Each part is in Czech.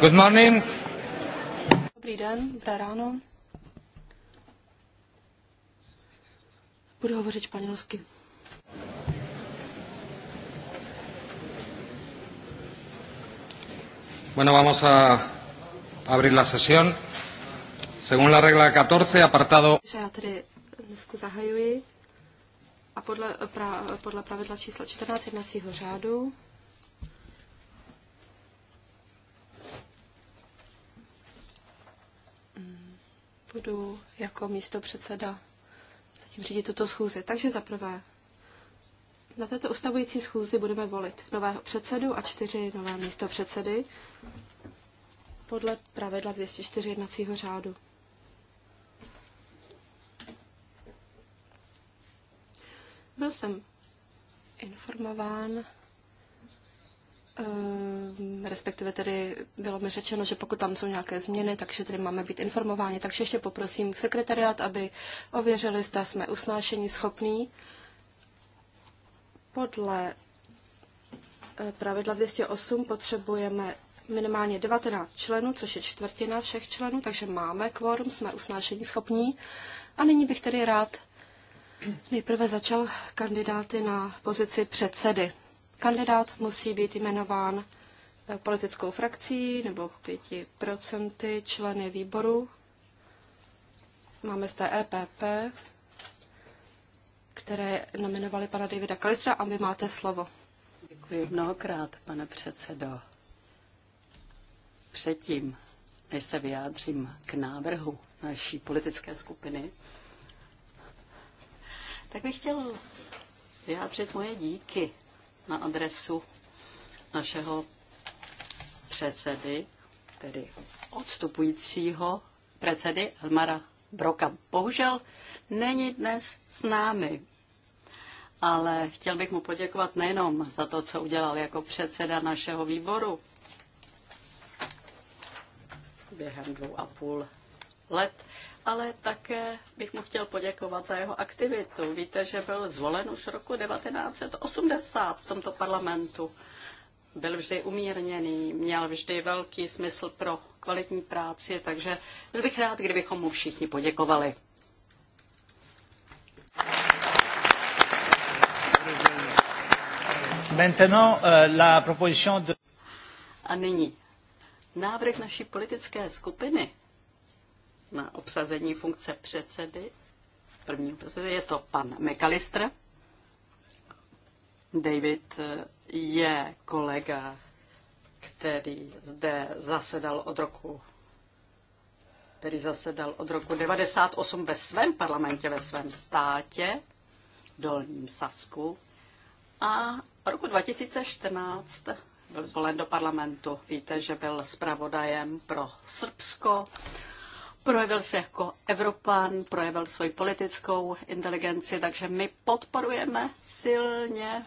Good morning. Dobrý den, dobré ráno. Budu hovořit španělsky. Bueno, vamos a abrir la sesión. Según la regla 14, apartado... Já tady dneska zahajuji a podle, pra, podle pravidla číslo 14 jednacího řádu budu jako místo předseda zatím řídit tuto schůzi. Takže za prvé, na této ustavující schůzi budeme volit nového předsedu a čtyři nové místo předsedy podle pravidla 204 jednacího řádu. Byl jsem informován, Ehm, respektive tedy bylo mi řečeno, že pokud tam jsou nějaké změny, takže tedy máme být informováni. Takže ještě poprosím sekretariát, aby ověřili, zda jsme usnášení schopní. Podle eh, pravidla 208 potřebujeme minimálně 19 členů, což je čtvrtina všech členů, takže máme kvórum, jsme usnášení schopní. A nyní bych tedy rád nejprve začal kandidáty na pozici předsedy. Kandidát musí být jmenován eh, politickou frakcí nebo 5% členy výboru. Máme zde EPP, které nominovali pana Davida Kalistra a vy máte slovo. Děkuji mnohokrát, pane předsedo. Předtím, než se vyjádřím k návrhu naší politické skupiny, tak bych chtěl vyjádřit moje díky na adresu našeho předsedy, tedy odstupujícího předsedy Elmara Broka. Bohužel není dnes s námi, ale chtěl bych mu poděkovat nejenom za to, co udělal jako předseda našeho výboru během dvou a půl let, ale také bych mu chtěl poděkovat za jeho aktivitu. Víte, že byl zvolen už roku 1980 v tomto parlamentu. Byl vždy umírněný, měl vždy velký smysl pro kvalitní práci, takže byl bych rád, kdybychom mu všichni poděkovali. Euh, A nyní návrh naší politické skupiny na obsazení funkce předsedy, prvního předsedy, je to pan McAllister. David eh, je kolega, který zde zasedal od roku který zasedal od roku 98 ve svém parlamentě, ve svém státě, v Dolním Sasku. A roku 2014 byl zvolen do parlamentu. Víte, že byl zpravodajem pro Srbsko Projevil se jako Evropan, projevil svoji politickou inteligenci, takže my podporujeme silně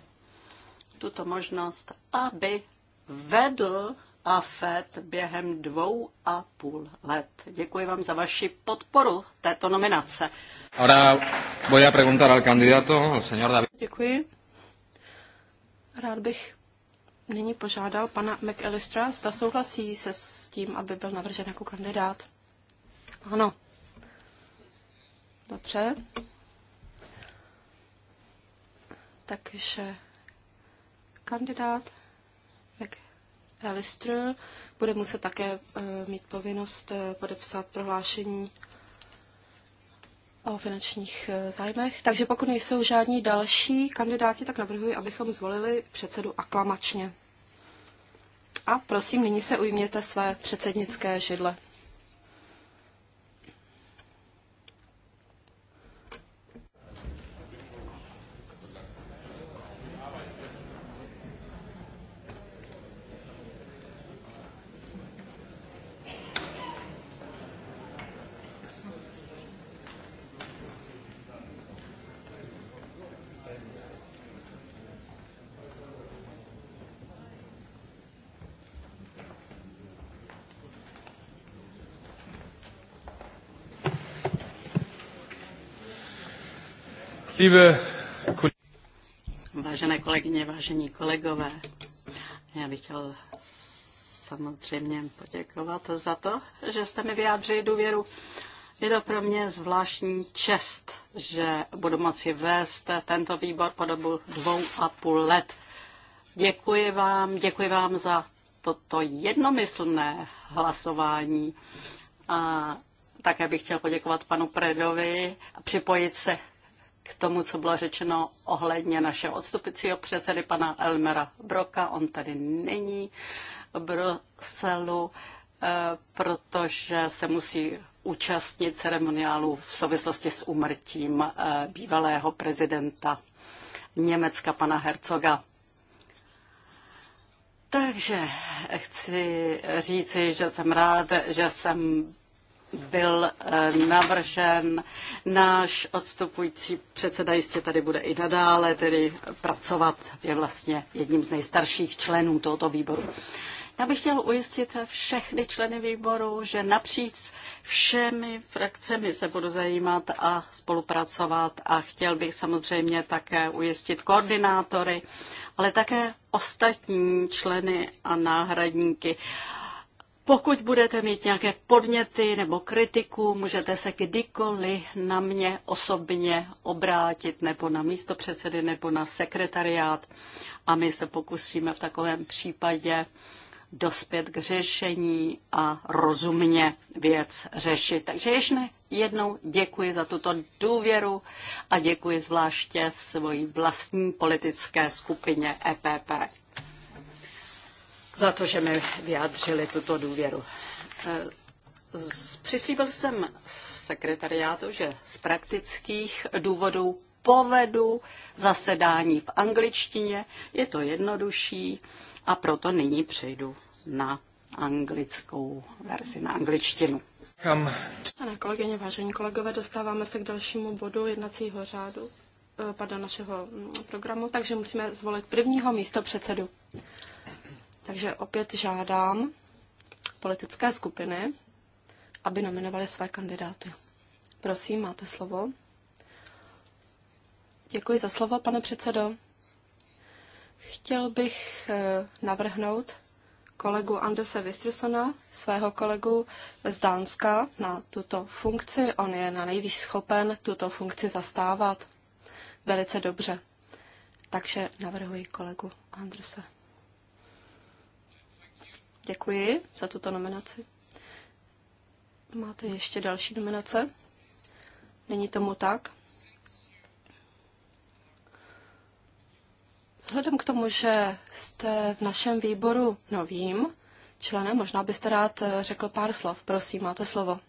tuto možnost, aby vedl AFET během dvou a půl let. Děkuji vám za vaši podporu této nominace. Ahora voy a preguntar al candidato, al señor David. Děkuji. Rád bych nyní požádal pana McAllistera, zda souhlasí se s tím, aby byl navržen jako kandidát. Ano. Dobře. Takže kandidát Elistr bude muset také eh, mít povinnost eh, podepsat prohlášení o finančních eh, zájmech. Takže pokud nejsou žádní další kandidáti, tak navrhuji, abychom zvolili předsedu aklamačně. A prosím, nyní se ujměte své předsednické židle. Liebe Vážené kolegyně, vážení kolegové, já bych chtěl samozřejmě poděkovat za to, že jste mi vyjádřili důvěru. Je to pro mě zvláštní čest, že budu moci vést tento výbor po dobu dvou a půl let. Děkuji vám, děkuji vám za toto jednomyslné hlasování. A také bych chtěl poděkovat panu Predovi a připojit se k tomu, co bylo řečeno ohledně našeho odstupujícího předsedy pana Elmera Broka. On tady není v Bruselu, eh, protože se musí účastnit ceremoniálu v souvislosti s úmrtím eh, bývalého prezidenta Německa, pana Hercoga. Takže chci říci, že jsem rád, že jsem byl eh, navržen. Náš odstupující předseda jistě tady bude i nadále, tedy pracovat je vlastně jedním z nejstarších členů tohoto výboru. Já bych chtěl ujistit všechny členy výboru, že napříč všemi frakcemi se budu zajímat a spolupracovat a chtěl bych samozřejmě také ujistit koordinátory, ale také ostatní členy a náhradníky. Uh, pokud budete mít nějaké podněty nebo kritiku, můžete se kdykoliv na mě osobně obrátit nebo na místo předsedy nebo na sekretariát a my se pokusíme v takovém případě dospět k řešení a rozumně věc řešit. Takže ještě jednou děkuji za tuto důvěru a děkuji zvláště svojí vlastní politické skupině EPP za to, že mi vyjádřili tuto důvěru. E, přislíbil jsem sekretariátu, že z praktických důvodů povedu zasedání v angličtině. Je to jednodušší a proto nyní přejdu na anglickou verzi, na angličtinu. Kam? Pane kolegyně, vážení kolegové, dostáváme se k dalšímu bodu jednacího řádu, e, pardon, našeho mm, programu, takže musíme zvolit prvního místo předsedu. Takže opět žádám politické skupiny, aby nominovali své kandidáty. Prosím, máte slovo. Děkuji za slovo, pane předsedo. Chtěl bych eh, navrhnout kolegu Andrese Vistrusona, svého kolegu z Dánska, na tuto funkci. On je na nejvíc schopen tuto funkci zastávat velice dobře. Takže navrhuji kolegu Andrese. Děkuji za tuto nominaci. Máte ještě další nominace? Není tomu tak? Vzhledem k tomu, že jste v našem výboru novým členem, možná byste rád eh, řekl pár slov. Prosím, máte slovo.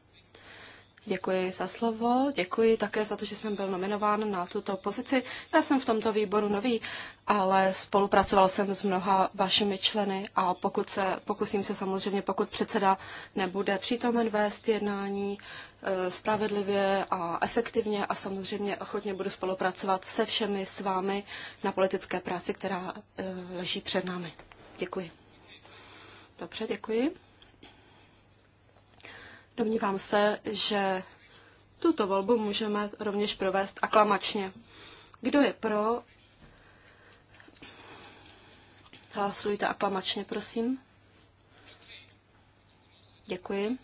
Děkuji za slovo, děkuji také za to, že jsem byl nominován na tuto pozici. Já jsem v tomto výboru nový, ale spolupracoval jsem s mnoha vašimi členy a pokud se, pokusím se samozřejmě, pokud předseda nebude přítomen vést jednání eh, spravedlivě a efektivně a samozřejmě ochotně budu spolupracovat se všemi s vámi na politické práci, která eh, leží před námi. Děkuji. Dobře, děkuji. Domnívám se, že tuto volbu můžeme rovněž provést aklamačně. Kdo je pro? Hlasujte aklamačně, prosím. Děkuji.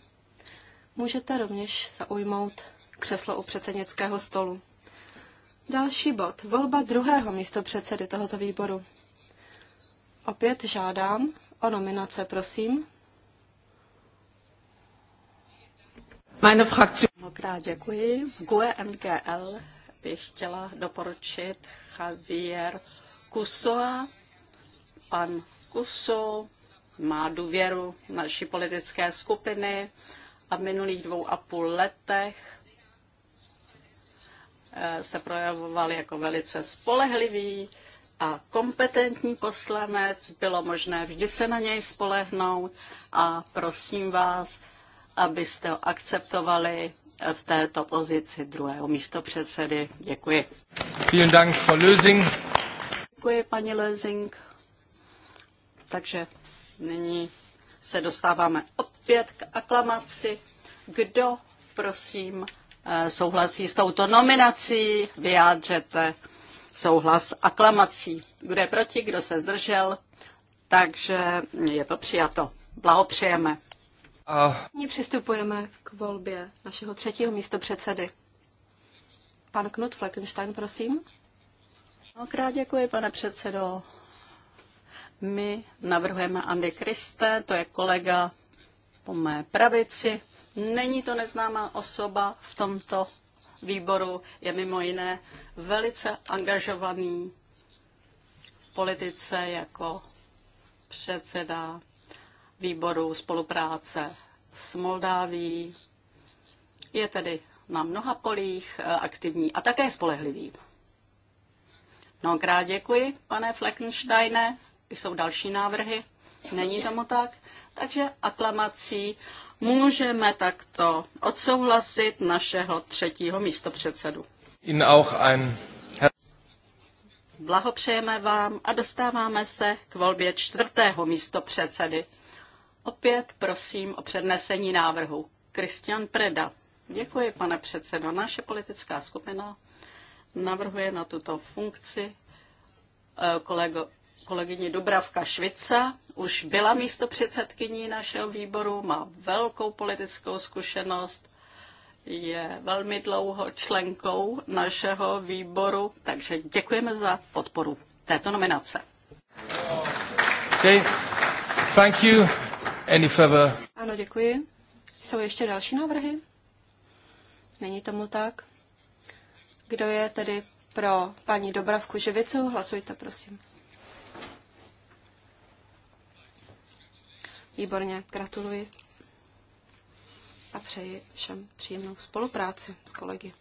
Můžete rovněž zaujmout křeslo u předsednického stolu. Další bod. Volba druhého místo předsedy tohoto výboru. Opět žádám o nominace, prosím. Meine Fraktion. děkuji. GUE NGL bych chtěla doporučit Javier Kusoa. Pan Kuso má důvěru naší politické skupiny a v minulých dvou a půl letech eh, se projevoval jako velice spolehlivý a kompetentní poslanec. Bylo možné vždy se na něj spolehnout a prosím vás, abyste ho akceptovali v této pozici druhého místo předsedy. Děkuji. Vielen Dank, Frau Lösing. Děkuji, paní Lösing. Takže nyní se dostáváme opět k aklamaci. Kdo, prosím, eh, souhlasí s touto nominací, vyjádřete souhlas aklamací. Kdo je proti, kdo se zdržel, takže je to přijato. Blahopřejeme. A... Nyní přistupujeme k volbě našeho třetího místo předsedy. Pan Knut Fleckenstein, prosím. Mnohokrát děkuji, pane předsedo. My navrhujeme Andy Kriste, to je kolega po mé pravici. Není to neznámá osoba v tomto výboru, je mimo jiné velice angažovaný v politice jako předseda výboru spolupráce s Moldáví. Je tedy na mnoha polích eh, aktivní a také spolehlivý. Mnohokrát děkuji, pane Fleckensteine. Jsou další návrhy? Není tomu tak? Takže aklamací můžeme takto odsouhlasit našeho třetího místopředsedu. Ihnen auch ein Blahopřejeme vám a dostáváme se k volbě čtvrtého místopředsedy. Opět prosím o přednesení návrhu. Kristian Preda. Děkuji, pane předsedo. Naše politická skupina navrhuje na tuto funkci eh, kolego, kolegyni Dubravka Švica. Už byla místo předsedkyní našeho výboru, má velkou politickou zkušenost, je velmi dlouho členkou našeho výboru, takže děkujeme za podporu této nominace. Okay. Thank you. Any further? Ano, děkuji. Jsou ještě další návrhy? Není tomu tak. Kdo je tedy pro paní Dobravku Živicu? Hlasujte, prosím. Výborně, gratuluji a přeji všem příjemnou spolupráci s kolegy.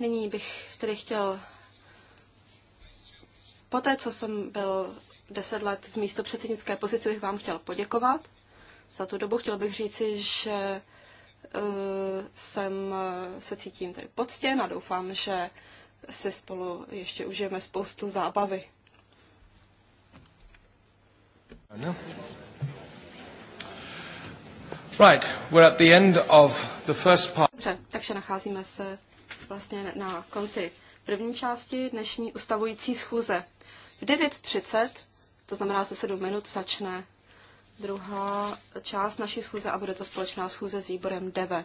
Nyní bych tedy chtěl, po té, co jsem byl deset let v místo předsednické pozici bych vám chtěl poděkovat. Za tu dobu chtěl bych říci, že eh, jsem, eh, se cítím tedy poctěn a doufám, že si spolu ještě užijeme spoustu zábavy. No. Right, we're at the end of the first part. Dobře, takže nacházíme se vlastně na konci první části dnešní ustavující schůze. V 9.30 to znamená že sedm minut začne druhá část naší schůze a bude to společná schůze s výborem DEVE.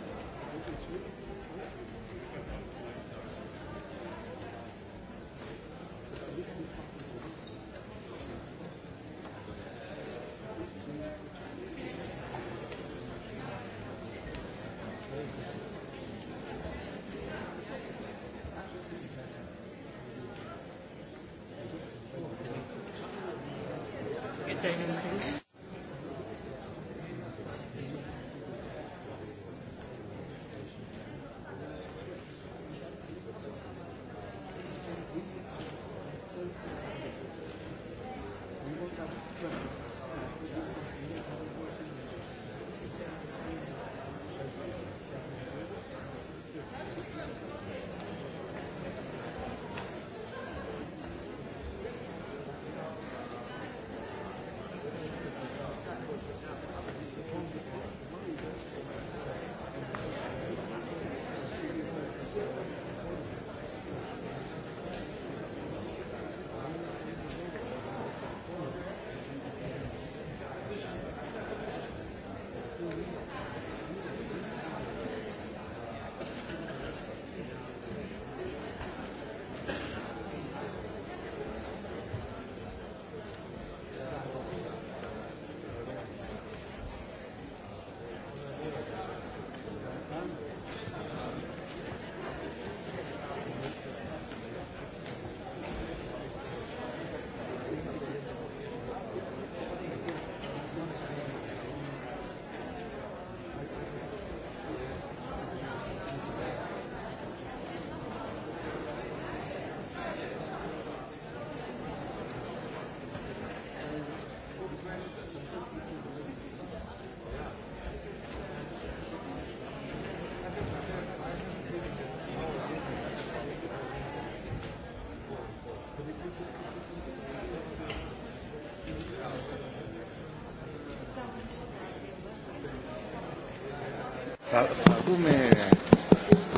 Θα, θα, δούμε,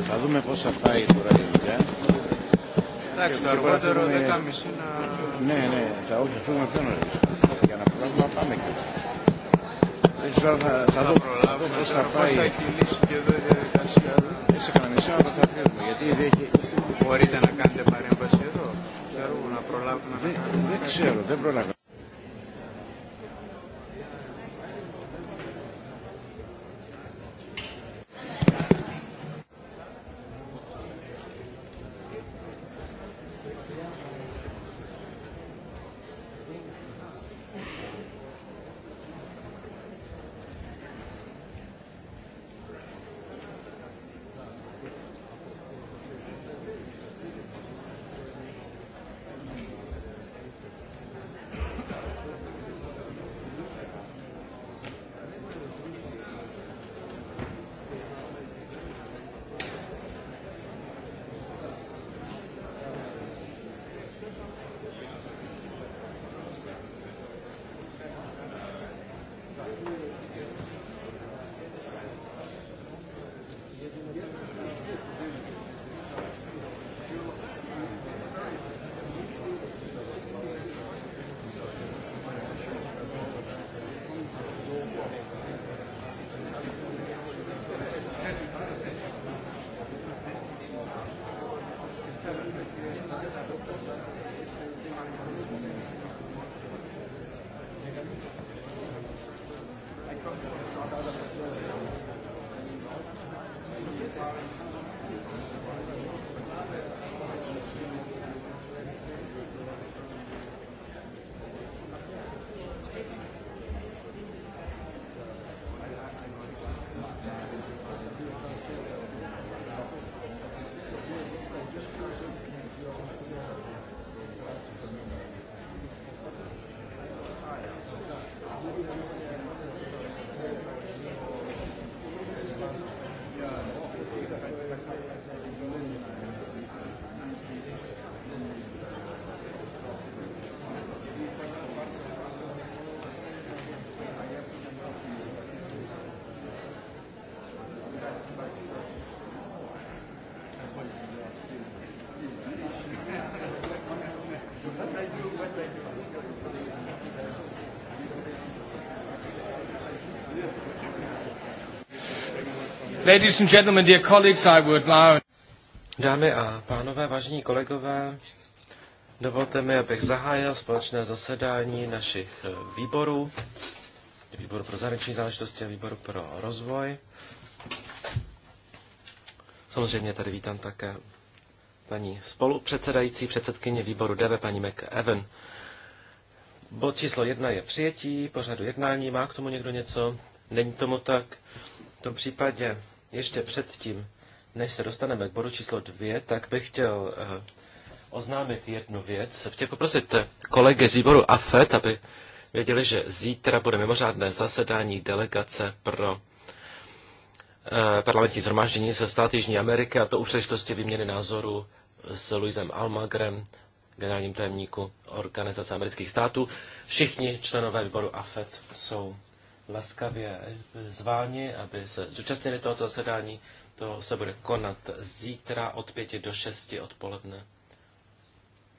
θα δούμε πώς θα πάει τώρα η δουλειά. Εντάξει, το αργότερο 10.30 να... Ναι, ναι, θα όχι, θα δούμε πιο νωρίς. Για να προλάβουμε να πάμε και Δεν ξέρω, θα, θα, δω, δω πώς θα πάει. Πώς θα κυλήσει και εδώ η διαδικασία. Σε κανένα μισή θα φύγουμε, γιατί δεν έχει... Μπορείτε να κάνετε παρέμβαση εδώ. Θέλω να προλάβουμε να κάνουμε. Δεν ξέρω, δεν προλάβω. Ladies and gentlemen, dear colleagues, I would now... Dámy a pánové, vážení kolegové, dovolte mi, abych zahájil společné zasedání našich eh, výborů, výboru pro zahraniční záležitosti a výboru pro rozvoj. Samozřejmě tady vítám také paní spolupředsedající předsedkyně výboru DEVE, paní McEwen. Bod číslo jedna je přijetí pořadu jednání. Má k tomu někdo něco? Není tomu tak. V tom případě ještě předtím, než se dostaneme k bodu číslo dvě, tak bych chtěl eh, oznámit jednu věc. Chtěl poprosit eh, kolegy z výboru AFET, aby věděli, že zítra bude mimořádné zasedání delegace pro eh, parlamentní zhromáždění se stát Jižní Ameriky a to u příležitosti výměny názoru s Luisem Almagrem, generálním tajemníku Organizace amerických států. Všichni členové výboru AFET jsou laskavě zváni, aby se zúčastnili tohoto zasedání. To se bude konat zítra od pěti do šesti odpoledne.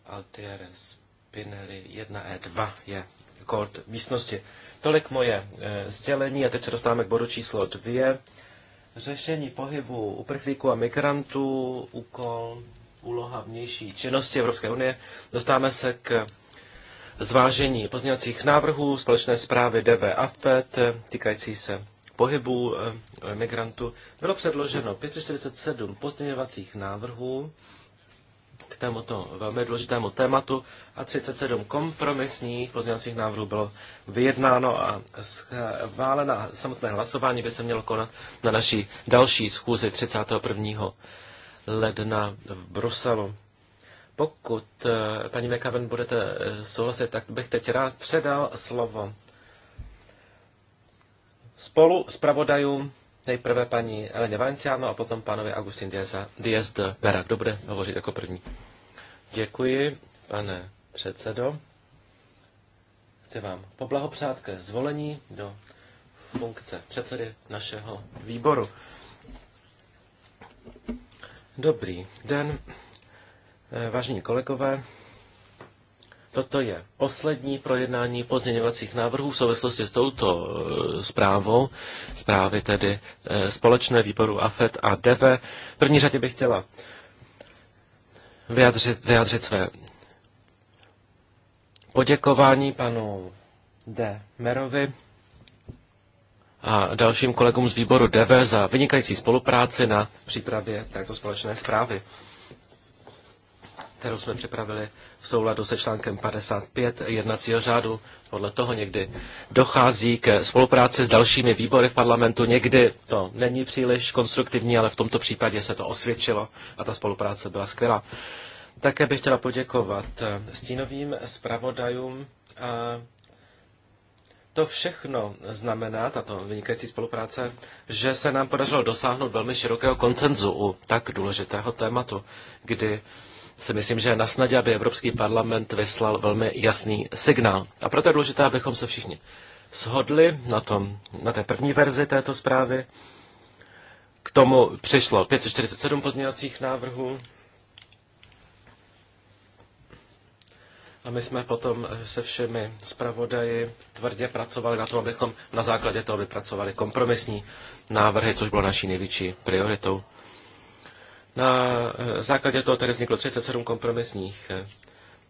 Altiere Spinelli 1E2 e je kód místnosti. Tolik moje e, sdělení a teď se dostáváme k bodu číslo 2. Řešení pohybu uprchlíků a migrantů, úkol, úloha vnější činnosti Evropské unie. Dostáváme se k zvážení pozměňovacích návrhů společné zprávy DB AFPET týkající se pohybu eh, migrantů bylo předloženo 547 pozměňovacích návrhů k tomuto velmi důležitému tématu a 37 kompromisních pozměňovacích návrhů bylo vyjednáno a schválena. Samotné hlasování by se mělo konat na naší další schůzi 31. ledna v Bruselu. Pokud, eh, paní McAven, budete eh, souhlasit, tak bych teď rád předal slovo spolu s pravodajům nejprve paní Eleně Valenciano a potom pánovi Agustin Diaz de Vera. Kdo bude hovořit jako první? Děkuji, pane předsedo. Chci vám poblahopřát ke zvolení do funkce předsedy našeho výboru. Dobrý den. Eh, vážení kolegové, toto je poslední projednání pozměňovacích návrhů v souvislosti s touto eh, zprávou, zprávy tedy eh, společné výboru AFET a DEVE. V první řadě bych chtěla vyjádřit, vyjádřit své poděkování panu D. Merovi a dalším kolegům z výboru DV za vynikající spolupráci na přípravě této společné zprávy kterou jsme připravili v souladu se článkem 55 jednacího řádu. Podle toho někdy dochází k spolupráci s dalšími výbory v parlamentu. Někdy to není příliš konstruktivní, ale v tomto případě se to osvědčilo a ta spolupráce byla skvělá. Také bych chtěla poděkovat eh, stínovým zpravodajům. A to všechno znamená, tato vynikající spolupráce, že se nám podařilo dosáhnout velmi širokého koncenzu u tak důležitého tématu, kdy si myslím, že je na snadě, aby Evropský parlament vyslal velmi jasný signál. A proto je důležité, abychom se všichni shodli na, tom, na té první verzi této zprávy. K tomu přišlo 547 pozměňovacích návrhů. A my jsme potom se všemi zpravodaji tvrdě pracovali na tom, abychom na základě toho vypracovali kompromisní návrhy, což bylo naší největší prioritou. Na eh, základě toho tady vzniklo 37 kompromisních eh,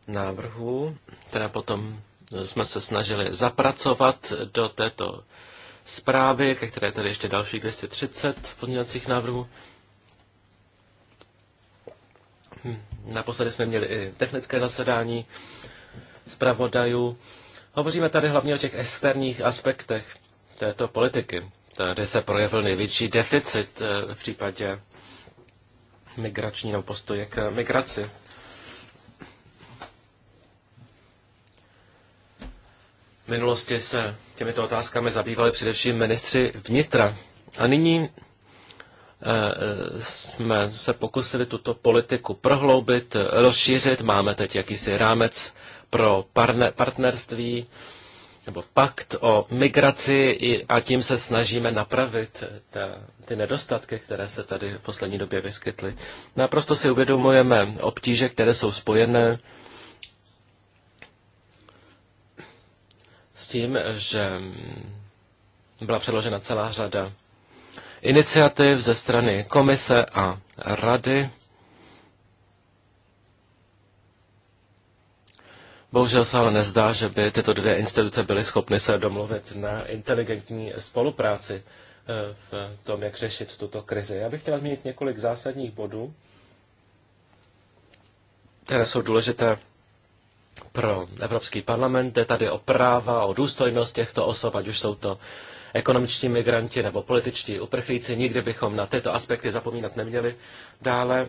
návrhů, které potom eh, jsme se snažili zapracovat do této zprávy, ke které tady ještě dalších 230 pozměňovacích návrhů. Hm, naposledy jsme měli i technické zasedání zpravodajů. Hovoříme tady hlavně o těch externích aspektech této politiky. Tady se projevil největší deficit v případě migrační nebo postoje k migraci. V minulosti se těmito otázkami zabývali především ministři vnitra. A nyní eh, eh, jsme se pokusili tuto politiku prohloubit, rozšířit. Máme teď jakýsi rámec pro partnerství nebo pakt o migraci a tím se snažíme napravit ta, ty nedostatky, které se tady v poslední době vyskytly. Naprosto si uvědomujeme obtíže, které jsou spojené s tím, že byla předložena celá řada iniciativ ze strany komise a rady. Bohužel se ale nezdá, že by tyto dvě instituce byly schopny se domluvit na inteligentní spolupráci eh, v tom, jak řešit tuto krizi. Já bych chtěla zmínit několik zásadních bodů, které jsou důležité pro Evropský parlament. Jde tady o práva, o důstojnost těchto osob, ať už jsou to ekonomičtí migranti nebo političtí uprchlíci. Nikdy bychom na tyto aspekty zapomínat neměli. Dále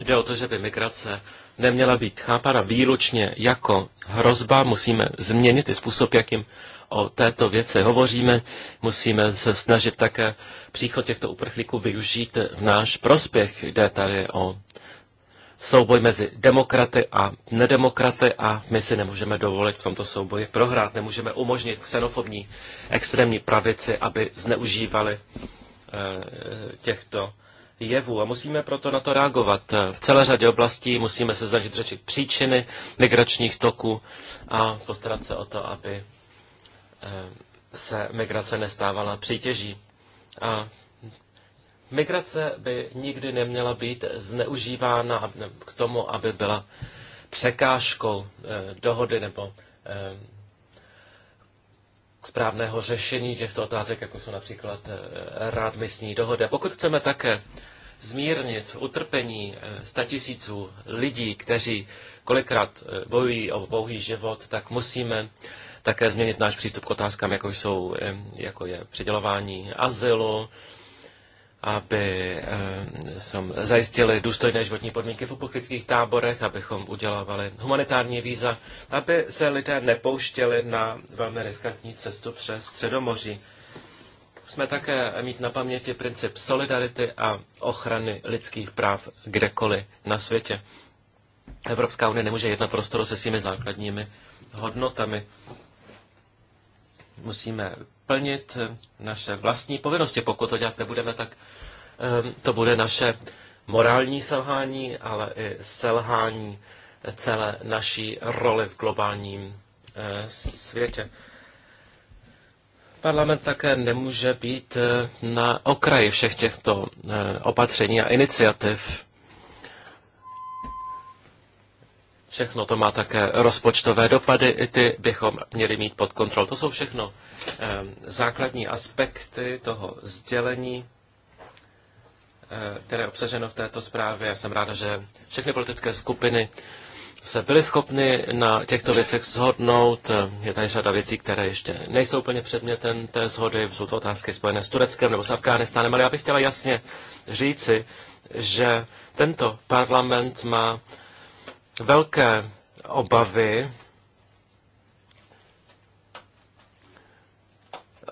jde o to, že by migrace neměla být chápána výlučně jako hrozba. Musíme změnit i způsob, jakým o této věci hovoříme. Musíme se snažit také příchod těchto uprchlíků využít v náš prospěch. Jde tady o souboj mezi demokraty a nedemokraty a my si nemůžeme dovolit v tomto souboji prohrát. Nemůžeme umožnit xenofobní extrémní pravici, aby zneužívali eh, těchto jevů a musíme proto na to reagovat. V celé řadě oblastí musíme se snažit řešit příčiny migračních toků a postarat se o to, aby eh, se migrace nestávala přítěží. A migrace by nikdy neměla být zneužívána k tomu, aby byla překážkou eh, dohody nebo eh, správného řešení těchto otázek, jako jsou například eh, rádmyslní dohody. A pokud chceme také zmírnit utrpení eh, statisíců lidí, kteří kolikrát eh, bojují o pouhý život, tak musíme také změnit náš přístup k otázkám, jako, jsou, jako je přidělování azylu, aby jsme eh, zajistili důstojné životní podmínky v uprchlických táborech, abychom udělávali humanitární víza, aby se lidé nepouštěli na velmi riskantní cestu přes Středomoří. Jsme také mít na paměti princip solidarity a ochrany lidských práv kdekoliv na světě. Evropská unie nemůže jednat v prostoru se svými základními hodnotami. Musíme plnit naše vlastní povinnosti. Pokud to dělat nebudeme, tak to bude naše morální selhání, ale i selhání celé naší roli v globálním eh, světě. Parlament také nemůže být eh, na okraji všech těchto eh, opatření a iniciativ. Všechno to má také rozpočtové dopady, i ty bychom měli mít pod kontrol. To jsou všechno ehm, základní aspekty toho sdělení, eh, které je obsaženo v této zprávě. Já jsem ráda, že všechny politické skupiny se byly schopny na těchto věcech shodnout. Je tady řada věcí, které ještě nejsou úplně předmětem té shody. Jsou to otázky spojené s Tureckem nebo s Afghánistánem, ale já bych chtěla jasně říci, že tento parlament má velké obavy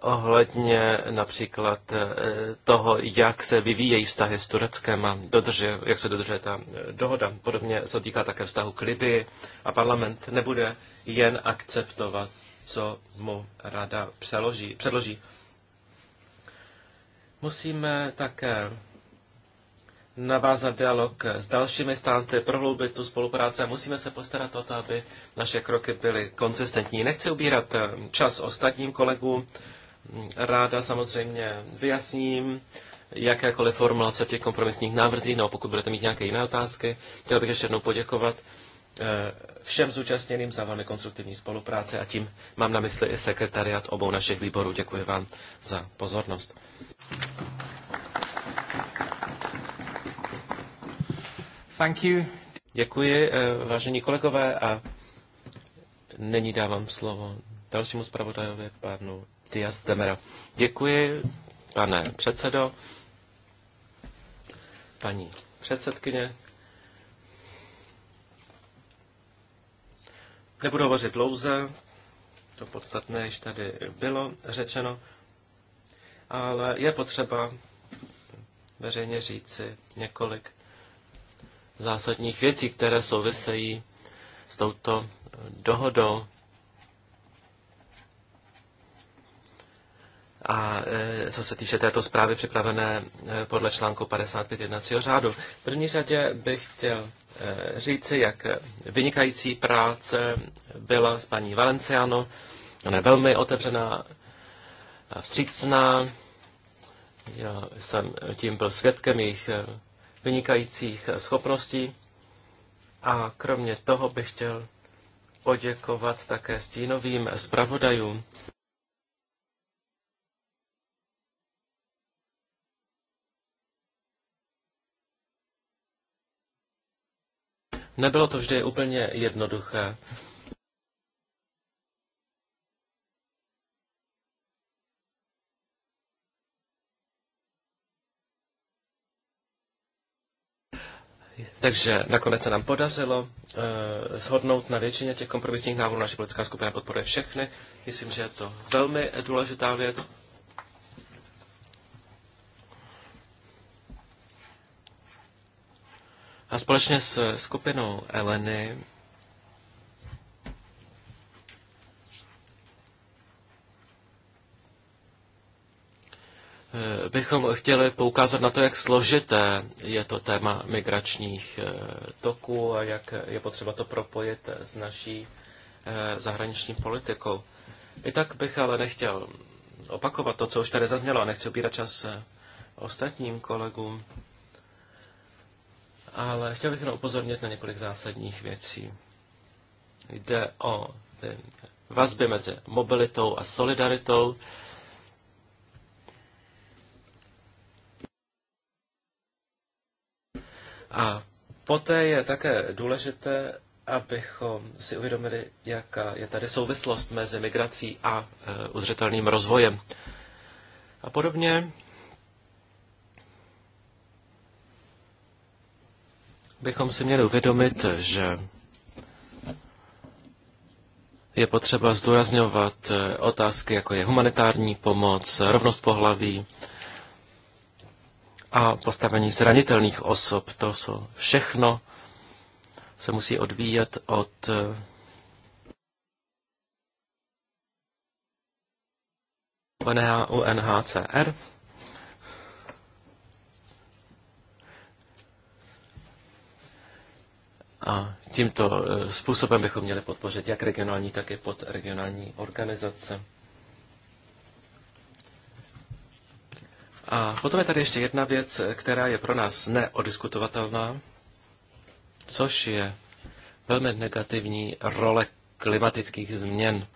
ohledně například eh, toho, jak se vyvíjejí vztahy s Tureckem a dodrži, jak se dodržuje ta eh, dohoda. Podobně se týká také vztahu k Libii a parlament nebude jen akceptovat, co mu rada přeloží, předloží. Musíme také navázat dialog s dalšími státy, prohloubit tu spolupráci a musíme se postarat o to, aby naše kroky byly konzistentní. Nechci ubírat eh, čas ostatním kolegům, ráda samozřejmě vyjasním jakékoliv formulace v těch kompromisních návrzích, nebo pokud budete mít nějaké jiné otázky. Chtěl bych ještě jednou poděkovat eh, všem zúčastněným za velmi konstruktivní spolupráci a tím mám na mysli i sekretariat obou našich výborů. Děkuji vám za pozornost. Thank you. Děkuji, eh, vážení kolegové, a nyní dávám slovo dalšímu zpravodajovi, panu Diaz Demera. Děkuji, pane předsedo, paní předsedkyně. Nebudu hovořit dlouze, to podstatné již tady bylo řečeno, ale je potřeba veřejně říci několik zásadních věcí, které souvisejí s touto dohodou. A e, co se týče této zprávy připravené e, podle článku 55 jednacího řádu. V první řadě bych chtěl e, říci, jak vynikající práce byla s paní Valenciano. Ona je velmi otevřená a vstřícná. Já jsem tím byl svědkem jejich vynikajících schopností. A kromě toho bych chtěl poděkovat také stínovým zpravodajům. Nebylo to vždy úplně jednoduché. Takže nakonec se nám podařilo uh, shodnout na většině těch kompromisních návrhů. Naše politická skupina podporuje všechny. Myslím, že je to velmi důležitá věc. A společně s eh, skupinou Eleny Eh, bychom chtěli poukázat na to, jak složité je to téma migračních eh, toků a jak je potřeba to propojit s naší eh, zahraniční politikou. I tak bych ale nechtěl opakovat to, co už tady zaznělo a nechci ubírat čas ostatním kolegům, ale chtěl bych jenom upozornit na několik zásadních věcí. Jde o vazby mezi mobilitou a solidaritou. A poté je také důležité, abychom si uvědomili, jaká je tady souvislost mezi migrací a eh, udržitelným rozvojem. A podobně bychom si měli uvědomit, že je potřeba zdůrazňovat eh, otázky, jako je humanitární pomoc, rovnost pohlaví, a postavení zranitelných osob. To jsou všechno se musí odvíjet od eh, UNHCR. A tímto eh, způsobem bychom měli podpořit jak regionální, tak i podregionální organizace. A potom je tady ještě jedna věc, která je pro nás neodiskutovatelná, což je velmi negativní role klimatických změn.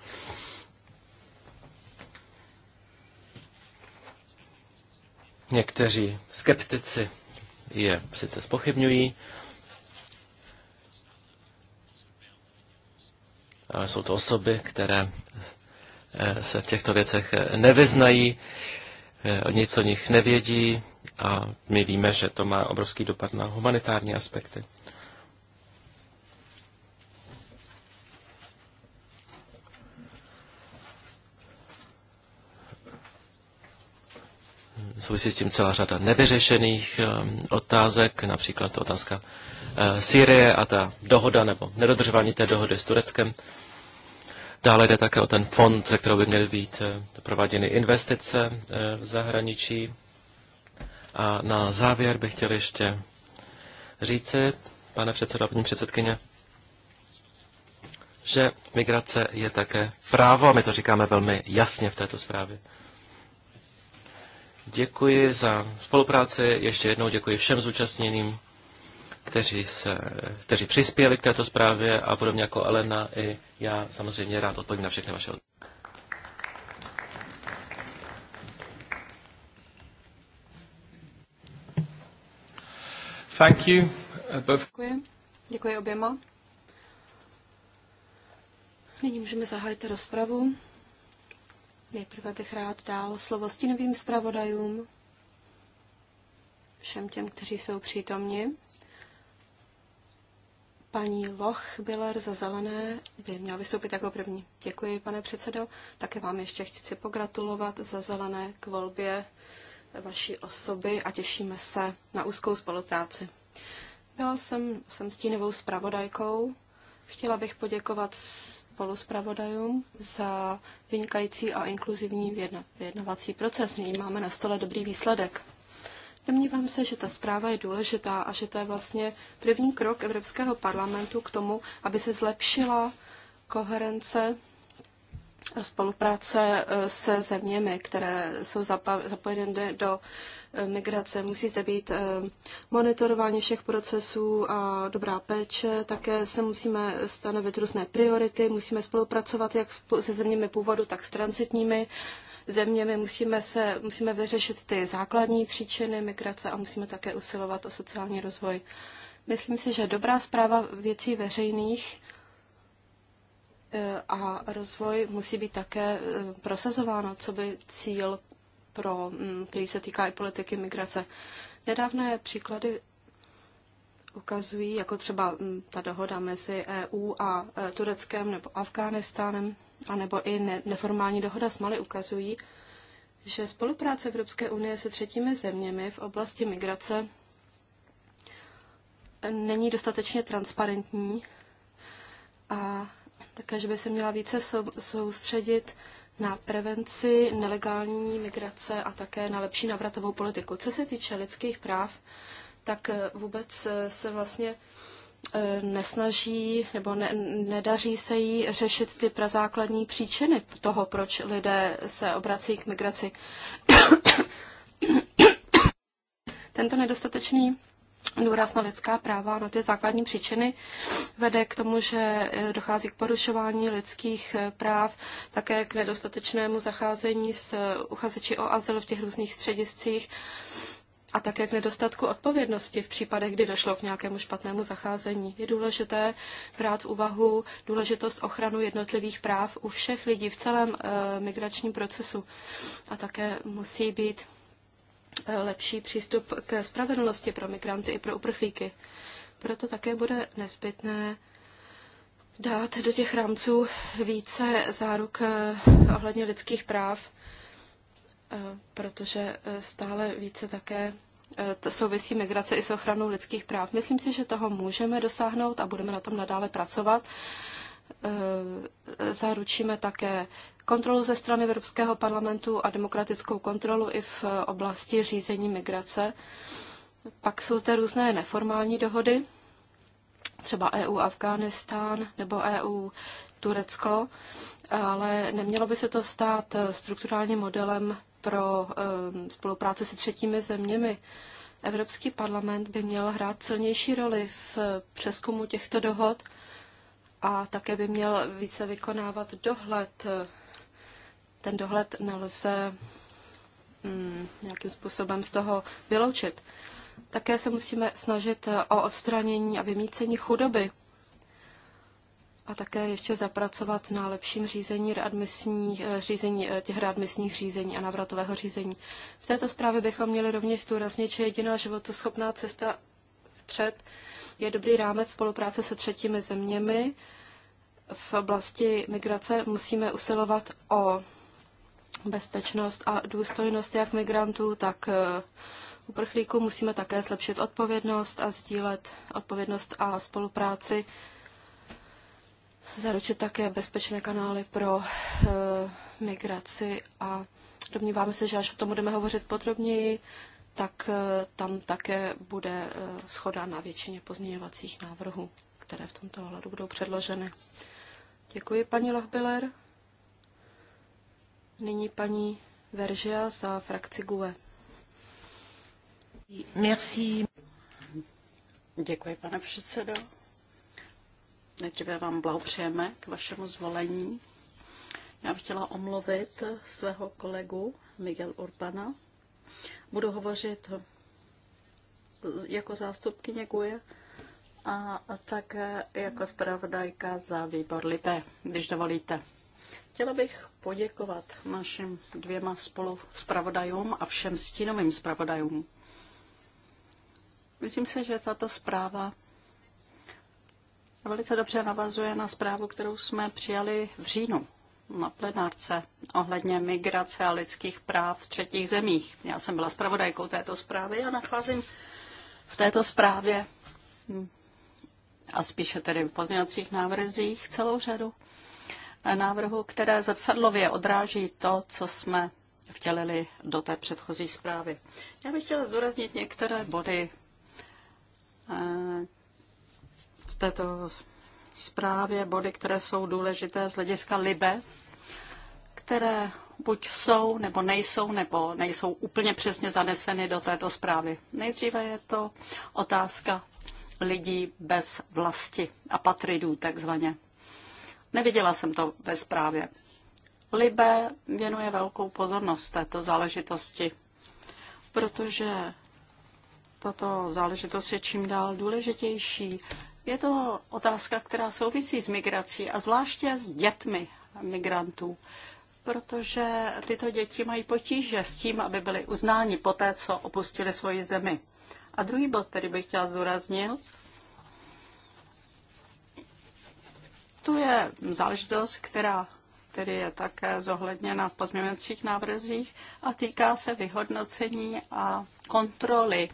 Někteří skeptici je sice spochybňují, ale jsou to osoby, které eh, se v těchto věcech eh, nevyznají. Eh, nic o nich nevědí a my víme, že to má obrovský dopad na humanitární aspekty. Souvisí s tím celá řada nevyřešených eh, otázek, například otázka eh, Syrie a ta dohoda nebo nedodržování té dohody s Tureckem. Dále jde také o ten fond, ze kterého by měly být eh, prováděny investice eh, v zahraničí. A na závěr bych chtěl ještě říci, pane předsedo a paní předsedkyně, že migrace je také právo a my to říkáme velmi jasně v této zprávě. Děkuji za spolupráci, ještě jednou děkuji všem zúčastněným, kteří, se, kteří přispěli k této zprávě a podobně jako Elena i já samozřejmě rád odpovím na všechny vaše otázky. Thank you. Uh, Děkuji. Děkuji oběma. Nyní můžeme zahájit rozpravu. Nejprve bych rád dal slovo stínovým zpravodajům, všem těm, kteří jsou přítomni Paní Loch Biller za zelené by měla vystoupit jako první. Děkuji, pane předsedo. Také vám ještě chci pogratulovat za zelené k volbě vaší osoby a těšíme se na úzkou spolupráci. Byla jsem, jsem stínovou zpravodajkou. Chtěla bych poděkovat spoluspravodajům za vynikající a inkluzivní vyjednavací proces. Nyní máme na stole dobrý výsledek. Domnívám se, že ta zpráva je důležitá a že to je vlastně první krok Evropského parlamentu k tomu, aby se zlepšila koherence spolupráce e, se zeměmi, které jsou zapojeny do e, migrace. Musí zde být e, monitorování všech procesů a dobrá péče. Také se musíme stanovit různé priority, musíme spolupracovat jak se zeměmi původu, tak s transitními zeměmi. Musíme, se, musíme vyřešit ty základní příčiny migrace a musíme také usilovat o sociální rozvoj. Myslím si, že dobrá zpráva věcí veřejných e, a rozvoj musí být také e, prosazováno, co by cíl, pro, mm, který se týká i politiky migrace. Nedávné příklady ukazují, jako třeba mm, ta dohoda mezi EU a e, Tureckem nebo Afghánistánem, anebo i neformální dohoda s Mali ukazují, že spolupráce Evropské unie se třetími zeměmi v oblasti migrace není dostatečně transparentní a také, že by se měla více soustředit na prevenci nelegální migrace a také na lepší navratovou politiku. Co se týče lidských práv, tak vůbec se vlastně E, nesnaží nebo ne, nedaří se jí řešit ty prazákladní příčiny toho, proč lidé se obrací k migraci. Tento nedostatečný důraz na lidská práva, na ty základní příčiny vede k tomu, že e, dochází k porušování lidských e, práv, také k nedostatečnému zacházení s uchazeči o azyl v těch různých střediscích a také k nedostatku odpovědnosti v případech, kdy došlo k nějakému špatnému zacházení. Je důležité brát v úvahu důležitost ochranu jednotlivých práv u všech lidí v celém e, migračním procesu. A také musí být eh, lepší přístup k spravedlnosti pro migranty i pro uprchlíky. Proto také bude nezbytné dát do těch rámců více záruk eh, ohledně lidských práv Eh, protože eh, stále více také eh, souvisí migrace i s ochranou lidských práv. Myslím si, že toho můžeme dosáhnout a budeme na tom nadále pracovat. Zaručíme také kontrolu ze strany Evropského parlamentu a demokratickou kontrolu i v oblasti řízení migrace. Pak jsou zde různé neformální dohody, třeba EU Afghánistán nebo EU Turecko, ale nemělo by se to stát strukturálním modelem pro ehm, spolupráci se třetími zeměmi. Evropský parlament by měl hrát silnější roli v eh, přeskumu těchto dohod a také by měl více vykonávat dohled. Ten dohled nelze mm, nějakým způsobem z toho vyloučit. Také se musíme snažit eh, o odstranění a vymícení chudoby a také ještě zapracovat na lepším řízení, readmisních, eh, řízení eh, těch readmisních řízení a navratového řízení. V této zprávě bychom měli rovněž zdůraznit, že jediná životoschopná cesta vpřed je dobrý rámec spolupráce se třetími zeměmi. V oblasti migrace musíme usilovat o bezpečnost a důstojnost jak migrantů, tak eh, uprchlíků. Musíme také zlepšit odpovědnost a sdílet odpovědnost a spolupráci zaručit také bezpečné kanály pro e, migraci a domníváme se, že až o tom budeme hovořit podrobněji, tak e, tam také bude e, eh, schoda na většině pozměňovacích návrhů, které v tomto ohledu budou předloženy. Děkuji, paní Lochbiller. Nyní paní Veržia za frakci GUE. Merci. Děkuji, pane předsedo. Nejdříve vám blahopřejeme k vašemu zvolení. Já bych chtěla omluvit svého kolegu Miguel Urbana. Budu hovořit jako zástupkyně GUE a také jako zpravodajka za výbor Libe, když dovolíte. Chtěla bych poděkovat našim dvěma spolu zpravodajům a všem stínovým zpravodajům. Myslím se, že tato zpráva velice dobře navazuje na zprávu, kterou jsme přijali v říjnu na plenárce ohledně migrace a lidských práv v třetích zemích. Já jsem byla zpravodajkou této zprávy a nacházím v této zprávě a spíše tedy v pozměňovacích návrzích celou řadu návrhů, které zrcadlově odráží to, co jsme vtělili do té předchozí zprávy. Já bych chtěla zdůraznit některé body, eh, této zprávě body, které jsou důležité z hlediska LIBE, které buď jsou, nebo nejsou, nebo nejsou úplně přesně zaneseny do této zprávy. Nejdříve je to otázka lidí bez vlasti, patridů takzvaně. Neviděla jsem to ve zprávě. Libe věnuje velkou pozornost této záležitosti, protože tato záležitost je čím dál důležitější. Je to otázka, která souvisí s migrací a zvláště s dětmi migrantů, protože tyto děti mají potíže s tím, aby byly uznáni po té, co opustili svoji zemi. A druhý bod, který bych chtěla zúraznit, to je záležitost, která který je také zohledněna v pozměňovacích návrzích a týká se vyhodnocení a kontroly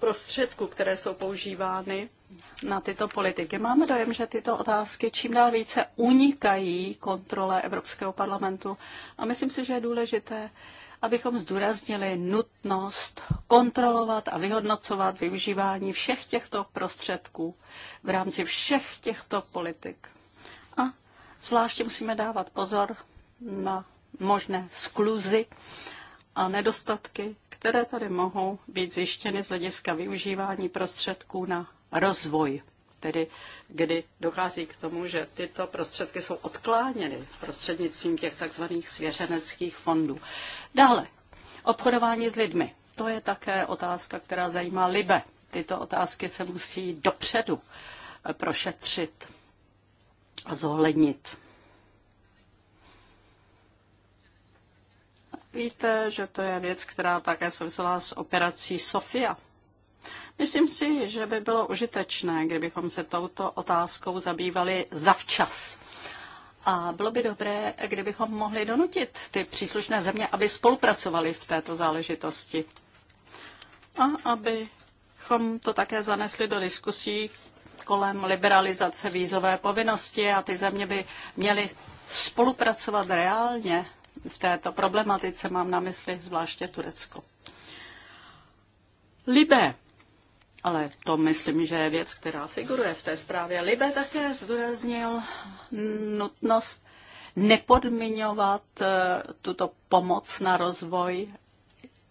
prostředků, které jsou používány na tyto politiky. Máme dojem, že tyto otázky čím dál více unikají kontrole Evropského parlamentu a myslím si, že je důležité, abychom zdůraznili nutnost kontrolovat a vyhodnocovat využívání všech těchto prostředků v rámci všech těchto politik. A zvláště musíme dávat pozor na možné skluzy a nedostatky, které tady mohou být zjištěny z hlediska využívání prostředků na rozvoj, tedy kdy dochází k tomu, že tyto prostředky jsou odkláněny prostřednictvím těch takzvaných svěřeneckých fondů. Dále, obchodování s lidmi. To je také otázka, která zajímá Libe. Tyto otázky se musí dopředu prošetřit a zohlednit. Víte, že to je věc, která také souvisela s operací Sofia. Myslím si, že by bylo užitečné, kdybychom se touto otázkou zabývali zavčas. A bylo by dobré, kdybychom mohli donutit ty příslušné země, aby spolupracovali v této záležitosti. A abychom to také zanesli do diskusí kolem liberalizace vízové povinnosti a ty země by měly spolupracovat reálně v této problematice, mám na mysli zvláště Turecko. Libé ale to myslím, že je věc, která figuruje v té zprávě. Libe také zdůraznil nutnost nepodmiňovat eh, tuto pomoc na rozvoj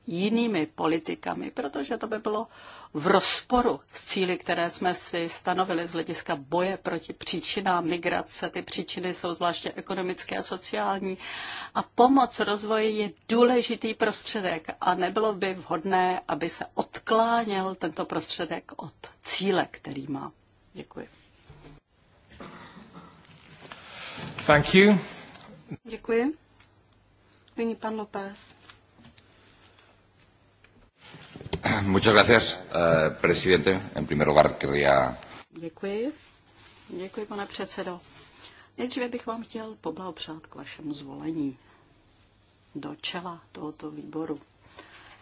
jinými politikami, protože to by bylo v rozporu s cíly, které jsme si stanovili z hlediska boje proti příčinám migrace. Ty příčiny jsou zvláště ekonomické a sociální. A pomoc rozvoji je důležitý prostředek a nebylo by vhodné, aby se odkláněl tento prostředek od cíle, který má. Děkuji. Thank you. Děkuji. Nyní pan López. Muchas gracias, uh, presidente. En primer lugar, querría. Děkuji. Děkuji, pane předsedo. Nejdříve bych vám chtěl poblahopřát k vašemu zvolení do čela tohoto výboru.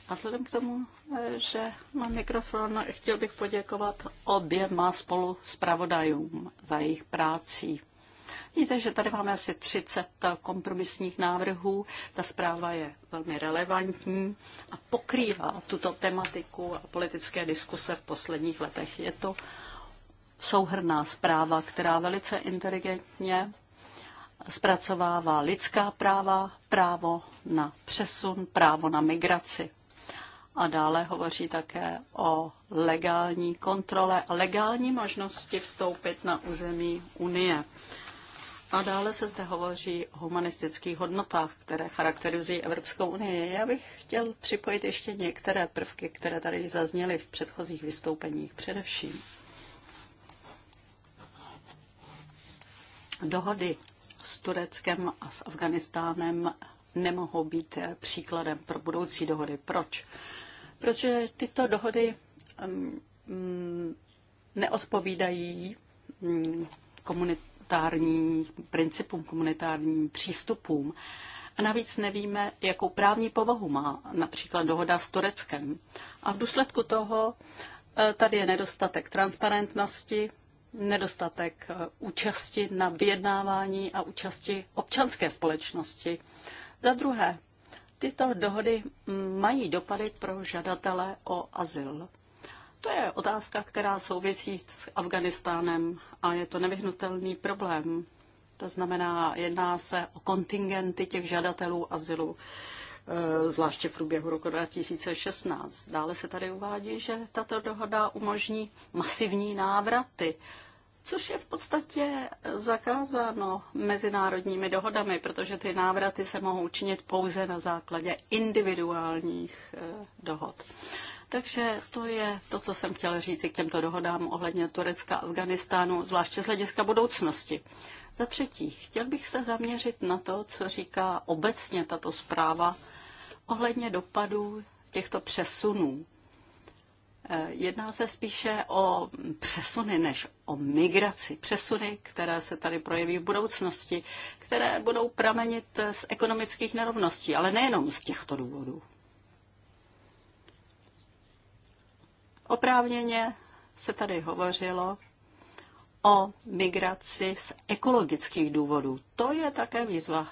A vzhledem k tomu, eh, že mám mikrofon, chtěl bych poděkovat oběma spolu zpravodajům za jejich práci. Víte, že tady máme asi 30 kompromisních návrhů. Ta zpráva je velmi relevantní a pokrývá tuto tematiku a politické diskuse v posledních letech. Je to souhrná zpráva, která velice inteligentně zpracovává lidská práva, právo na přesun, právo na migraci. A dále hovoří také o legální kontrole a legální možnosti vstoupit na území Unie. A dále se zde hovoří o humanistických hodnotách, které charakterizují Evropskou unii. Já bych chtěl připojit ještě některé prvky, které tady zazněly v předchozích vystoupeních především. Dohody s Tureckem a s Afganistánem nemohou být příkladem pro budoucí dohody. Proč? Protože tyto dohody um, neodpovídají um, komunit komunitárním principům, komunitárním přístupům. A navíc nevíme, jakou právní povahu má například dohoda s Tureckem. A v důsledku toho eh, tady je nedostatek transparentnosti, nedostatek eh, účasti na vyjednávání a účasti občanské společnosti. Za druhé, tyto dohody mm, mají dopady pro žadatele o azyl. To je otázka, která souvisí s Afganistánem a je to nevyhnutelný problém. To znamená, jedná se o kontingenty těch žadatelů azylu, e, zvláště v průběhu roku 2016. Dále se tady uvádí, že tato dohoda umožní masivní návraty což je v podstatě zakázáno mezinárodními dohodami, protože ty návraty se mohou učinit pouze na základě individuálních e, dohod. Takže to je to, co jsem chtěla říct k těmto dohodám ohledně Turecka a Afganistánu, zvláště z hlediska budoucnosti. Za třetí, chtěl bych se zaměřit na to, co říká obecně tato zpráva ohledně dopadů těchto přesunů. Eh, jedná se spíše o přesuny než o migraci. Přesuny, které se tady projeví v budoucnosti, které budou pramenit z ekonomických nerovností, ale nejenom z těchto důvodů. Oprávněně se tady hovořilo o migraci z ekologických důvodů. To je také výzva,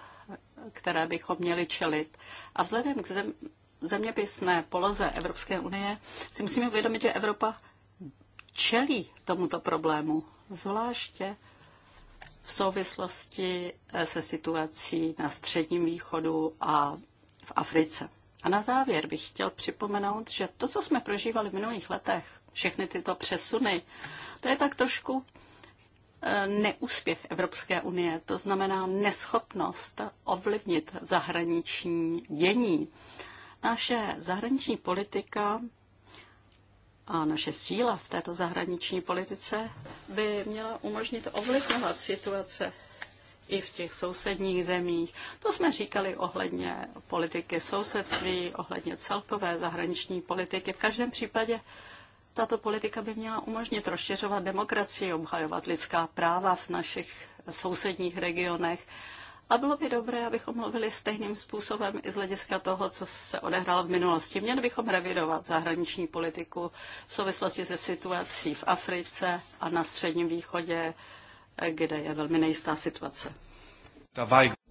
které bychom měli čelit. A vzhledem k zem, zeměpisné poloze Evropské unie si musíme uvědomit, že Evropa čelí tomuto problému, zvláště v souvislosti se situací na Středním východu a v Africe. A na závěr bych chtěl připomenout, že to, co jsme prožívali v minulých letech, všechny tyto přesuny, to je tak trošku e, neúspěch Evropské unie, to znamená neschopnost ovlivnit zahraniční dění. Naše zahraniční politika a naše síla v této zahraniční politice by měla umožnit ovlivňovat situace i v těch sousedních zemích. To jsme říkali ohledně politiky sousedství, ohledně celkové zahraniční politiky. V každém případě tato politika by měla umožnit rozšiřovat demokracii, obhajovat lidská práva v našich sousedních regionech. A bylo by dobré, abychom mluvili stejným způsobem i z hlediska toho, co se odehrálo v minulosti. Měli bychom revidovat zahraniční politiku v souvislosti se situací v Africe a na Středním východě, kde je velmi nejistá situace.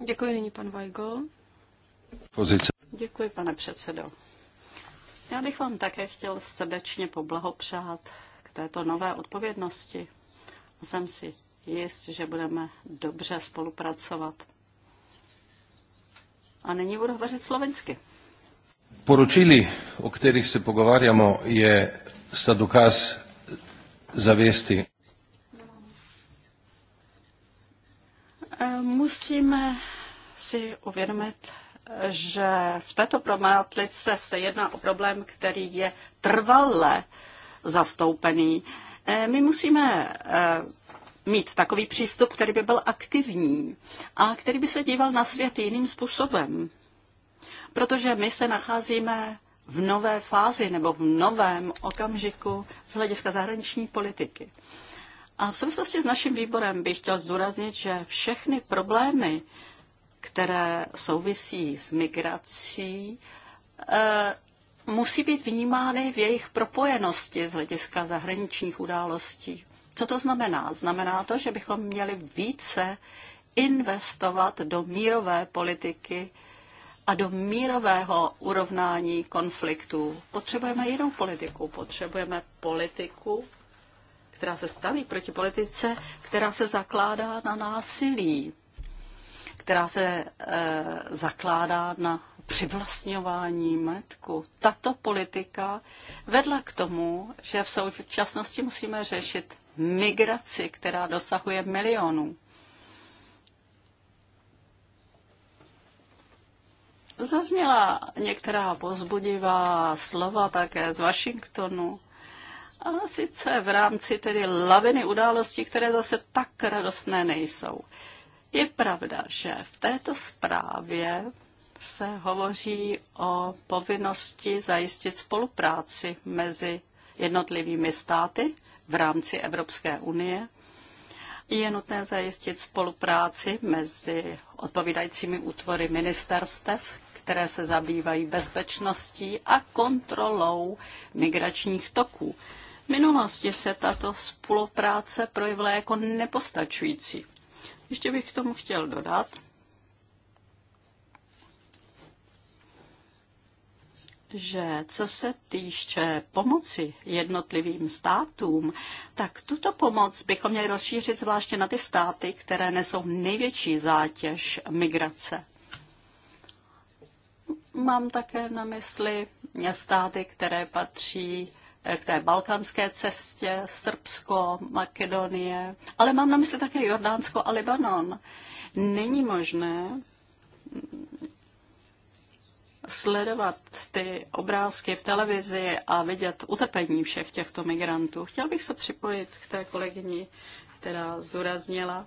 Děkuji, nyní pan Weigl. Pozice. Děkuji, pane předsedo. Já bych vám také chtěl srdečně poblahopřát k této nové odpovědnosti. Jsem si jist, že budeme dobře spolupracovat. A nyní budu hovořit slovensky. Poručili, o kterých se pogovářeme, je sta dokaz zavěsty. Musíme si uvědomit, že v této problematice se jedná o problém, který je trvale zastoupený. Eh, my musíme eh, mít takový přístup, který by byl aktivní a který by se díval na svět jiným způsobem. Protože my se nacházíme v nové fázi nebo v novém okamžiku z hlediska zahraniční politiky. A v souvislosti s naším výborem bych chtěl zdůraznit, že všechny problémy, které souvisí s migrací, eh, musí být vnímány v jejich propojenosti z hlediska zahraničních událostí. Co to znamená? Znamená to, že bychom měli více investovat do mírové politiky a do mírového urovnání konfliktů. Potřebujeme jinou politiku. Potřebujeme politiku, která se staví proti politice, která se zakládá na násilí, která se e, zakládá na přivlastňování metku. Tato politika vedla k tomu, že v současnosti musíme řešit migraci, která dosahuje milionů. Zazněla některá pozbudivá slova také z Washingtonu, a sice v rámci tedy laviny událostí, které zase tak radostné nejsou. Je pravda, že v této zprávě se hovoří o povinnosti zajistit spolupráci mezi jednotlivými státy v rámci Evropské unie. Je nutné zajistit spolupráci mezi odpovídajícími útvory ministerstev, které se zabývají bezpečností a kontrolou migračních toků minulosti se tato spolupráce projevila jako nepostačující. Ještě bych k tomu chtěl dodat, že co se týče pomoci jednotlivým státům, tak tuto pomoc bychom měli rozšířit zvláště na ty státy, které nesou největší zátěž migrace. Mám také na mysli státy, které patří k té Balkanské cestě, Srbsko, Makedonie, ale mám na mysli také Jordánsko a Libanon. Není možné sledovat ty obrázky v televizi a vidět utrpení všech těchto migrantů. Chtěl bych se připojit k té kolegyni, která zdůraznila,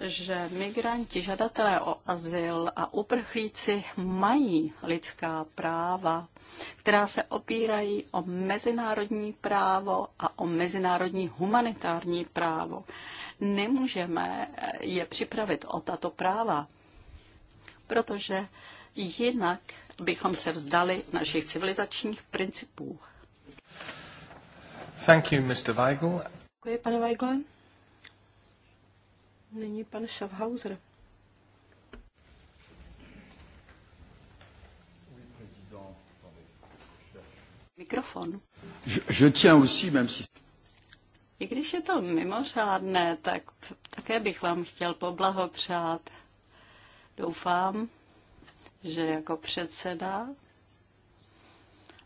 že migranti, žadatelé o azyl a uprchlíci mají lidská práva, která se opírají o mezinárodní právo a o mezinárodní humanitární právo. Nemůžeme je připravit o tato práva, protože jinak bychom se vzdali našich civilizačních principů. Thank you, Mr. Weigl. Děkuji, pane Weigl. Nyní pan Schaffhauser. Mikrofon. Je, je tiens aussi, même si... I když je to mimořádné, tak také bych vám chtěl poblahopřát. Doufám, že jako předseda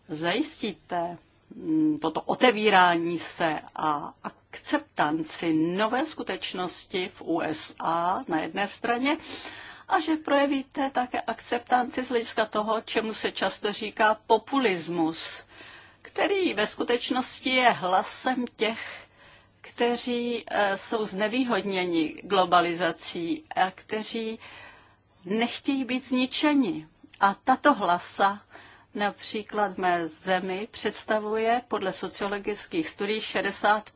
zajistíte mm, toto otevírání se a akceptanci nové skutečnosti v USA na jedné straně a že projevíte také akceptanci z hlediska toho, čemu se často říká populismus, který ve skutečnosti je hlasem těch, kteří eh, jsou znevýhodněni globalizací a kteří nechtějí být zničeni. A tato hlasa například v mé zemi představuje podle sociologických studií 60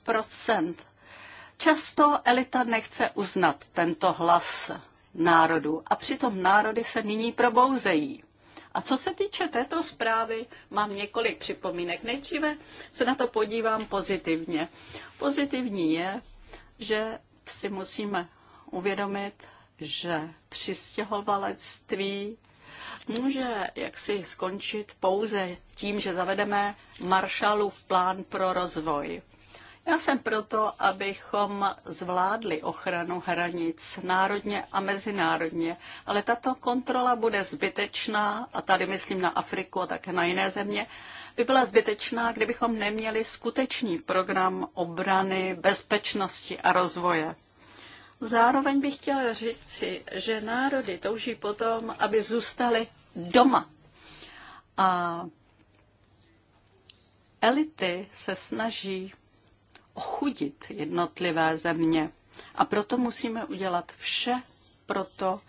Často elita nechce uznat tento hlas národů a přitom národy se nyní probouzejí. A co se týče této zprávy, mám několik připomínek. Nejdříve se na to podívám pozitivně. Pozitivní je, že si musíme uvědomit, že přistěhovalectví může jaksi skončit pouze tím, že zavedeme Marshallův plán pro rozvoj. Já jsem proto, abychom zvládli ochranu hranic národně a mezinárodně, ale tato kontrola bude zbytečná, a tady myslím na Afriku a také na jiné země, by byla zbytečná, kdybychom neměli skutečný program obrany, bezpečnosti a rozvoje. Zároveň bych chtěla říci, že národy touží potom, aby zůstaly doma. A elity se snaží ochudit jednotlivé země. A proto musíme udělat vše pro to,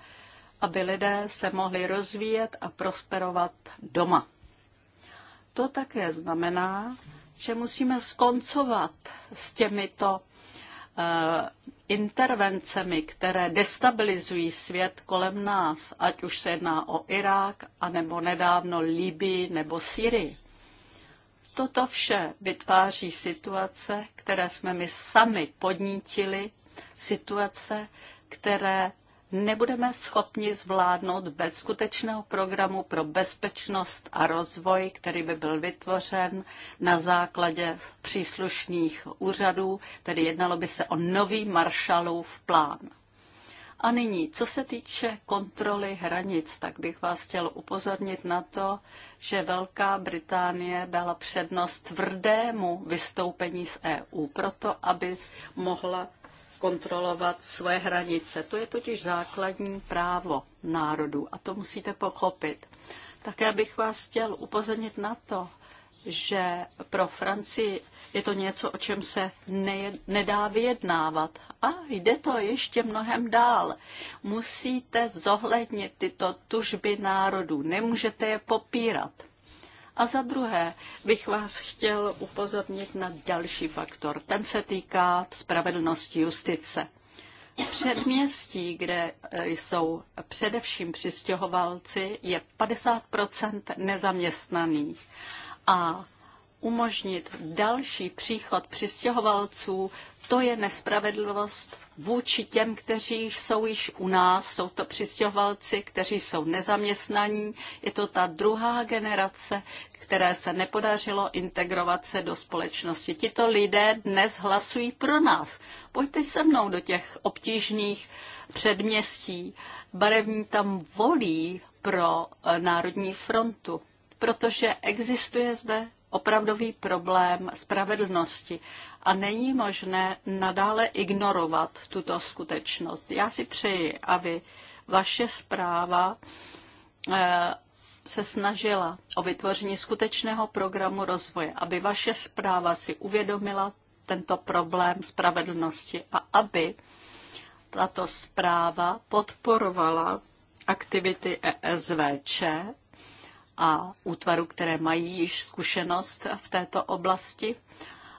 aby lidé se mohli rozvíjet a prosperovat doma. To také znamená, že musíme skoncovat s těmito Eh, intervencemi, které destabilizují svět kolem nás, ať už se jedná o Irák, anebo nedávno Libii nebo Syrii. Toto vše vytváří situace, které jsme my sami podnítili, situace, které nebudeme schopni zvládnout bez skutečného programu pro bezpečnost a rozvoj, který by byl vytvořen na základě příslušných úřadů, tedy jednalo by se o nový Marshallův plán. A nyní, co se týče kontroly hranic, tak bych vás chtěl upozornit na to, že Velká Británie dala přednost tvrdému vystoupení z EU proto, aby mohla kontrolovat svoje hranice. To je totiž základní právo národů a to musíte pochopit. Také bych vás chtěl upozornit na to, že pro Francii je to něco, o čem se ne, nedá vyjednávat. A jde to ještě mnohem dál. Musíte zohlednit tyto tužby národů, nemůžete je popírat. A za druhé bych vás chtěl upozornit na další faktor. Ten se týká spravedlnosti justice. Předměstí, kde e, jsou především přistěhovalci, je 50 nezaměstnaných. A umožnit další příchod přistěhovalců, to je nespravedlnost. vůči těm, kteří jsou již u nás. Jsou to přistěhovalci, kteří jsou nezaměstnaní. Je to ta druhá generace, které se nepodařilo integrovat se do společnosti. Tito lidé dnes hlasují pro nás. Pojďte se mnou do těch obtížných předměstí. Barevní tam volí pro eh, Národní frontu, protože existuje zde opravdový problém spravedlnosti a není možné nadále ignorovat tuto skutečnost. Já si přeji, aby vaše zpráva eh, se snažila o vytvoření skutečného programu rozvoje, aby vaše zpráva si uvědomila tento problém spravedlnosti a aby tato zpráva podporovala aktivity ESVČ a útvarů, které mají již zkušenost v této oblasti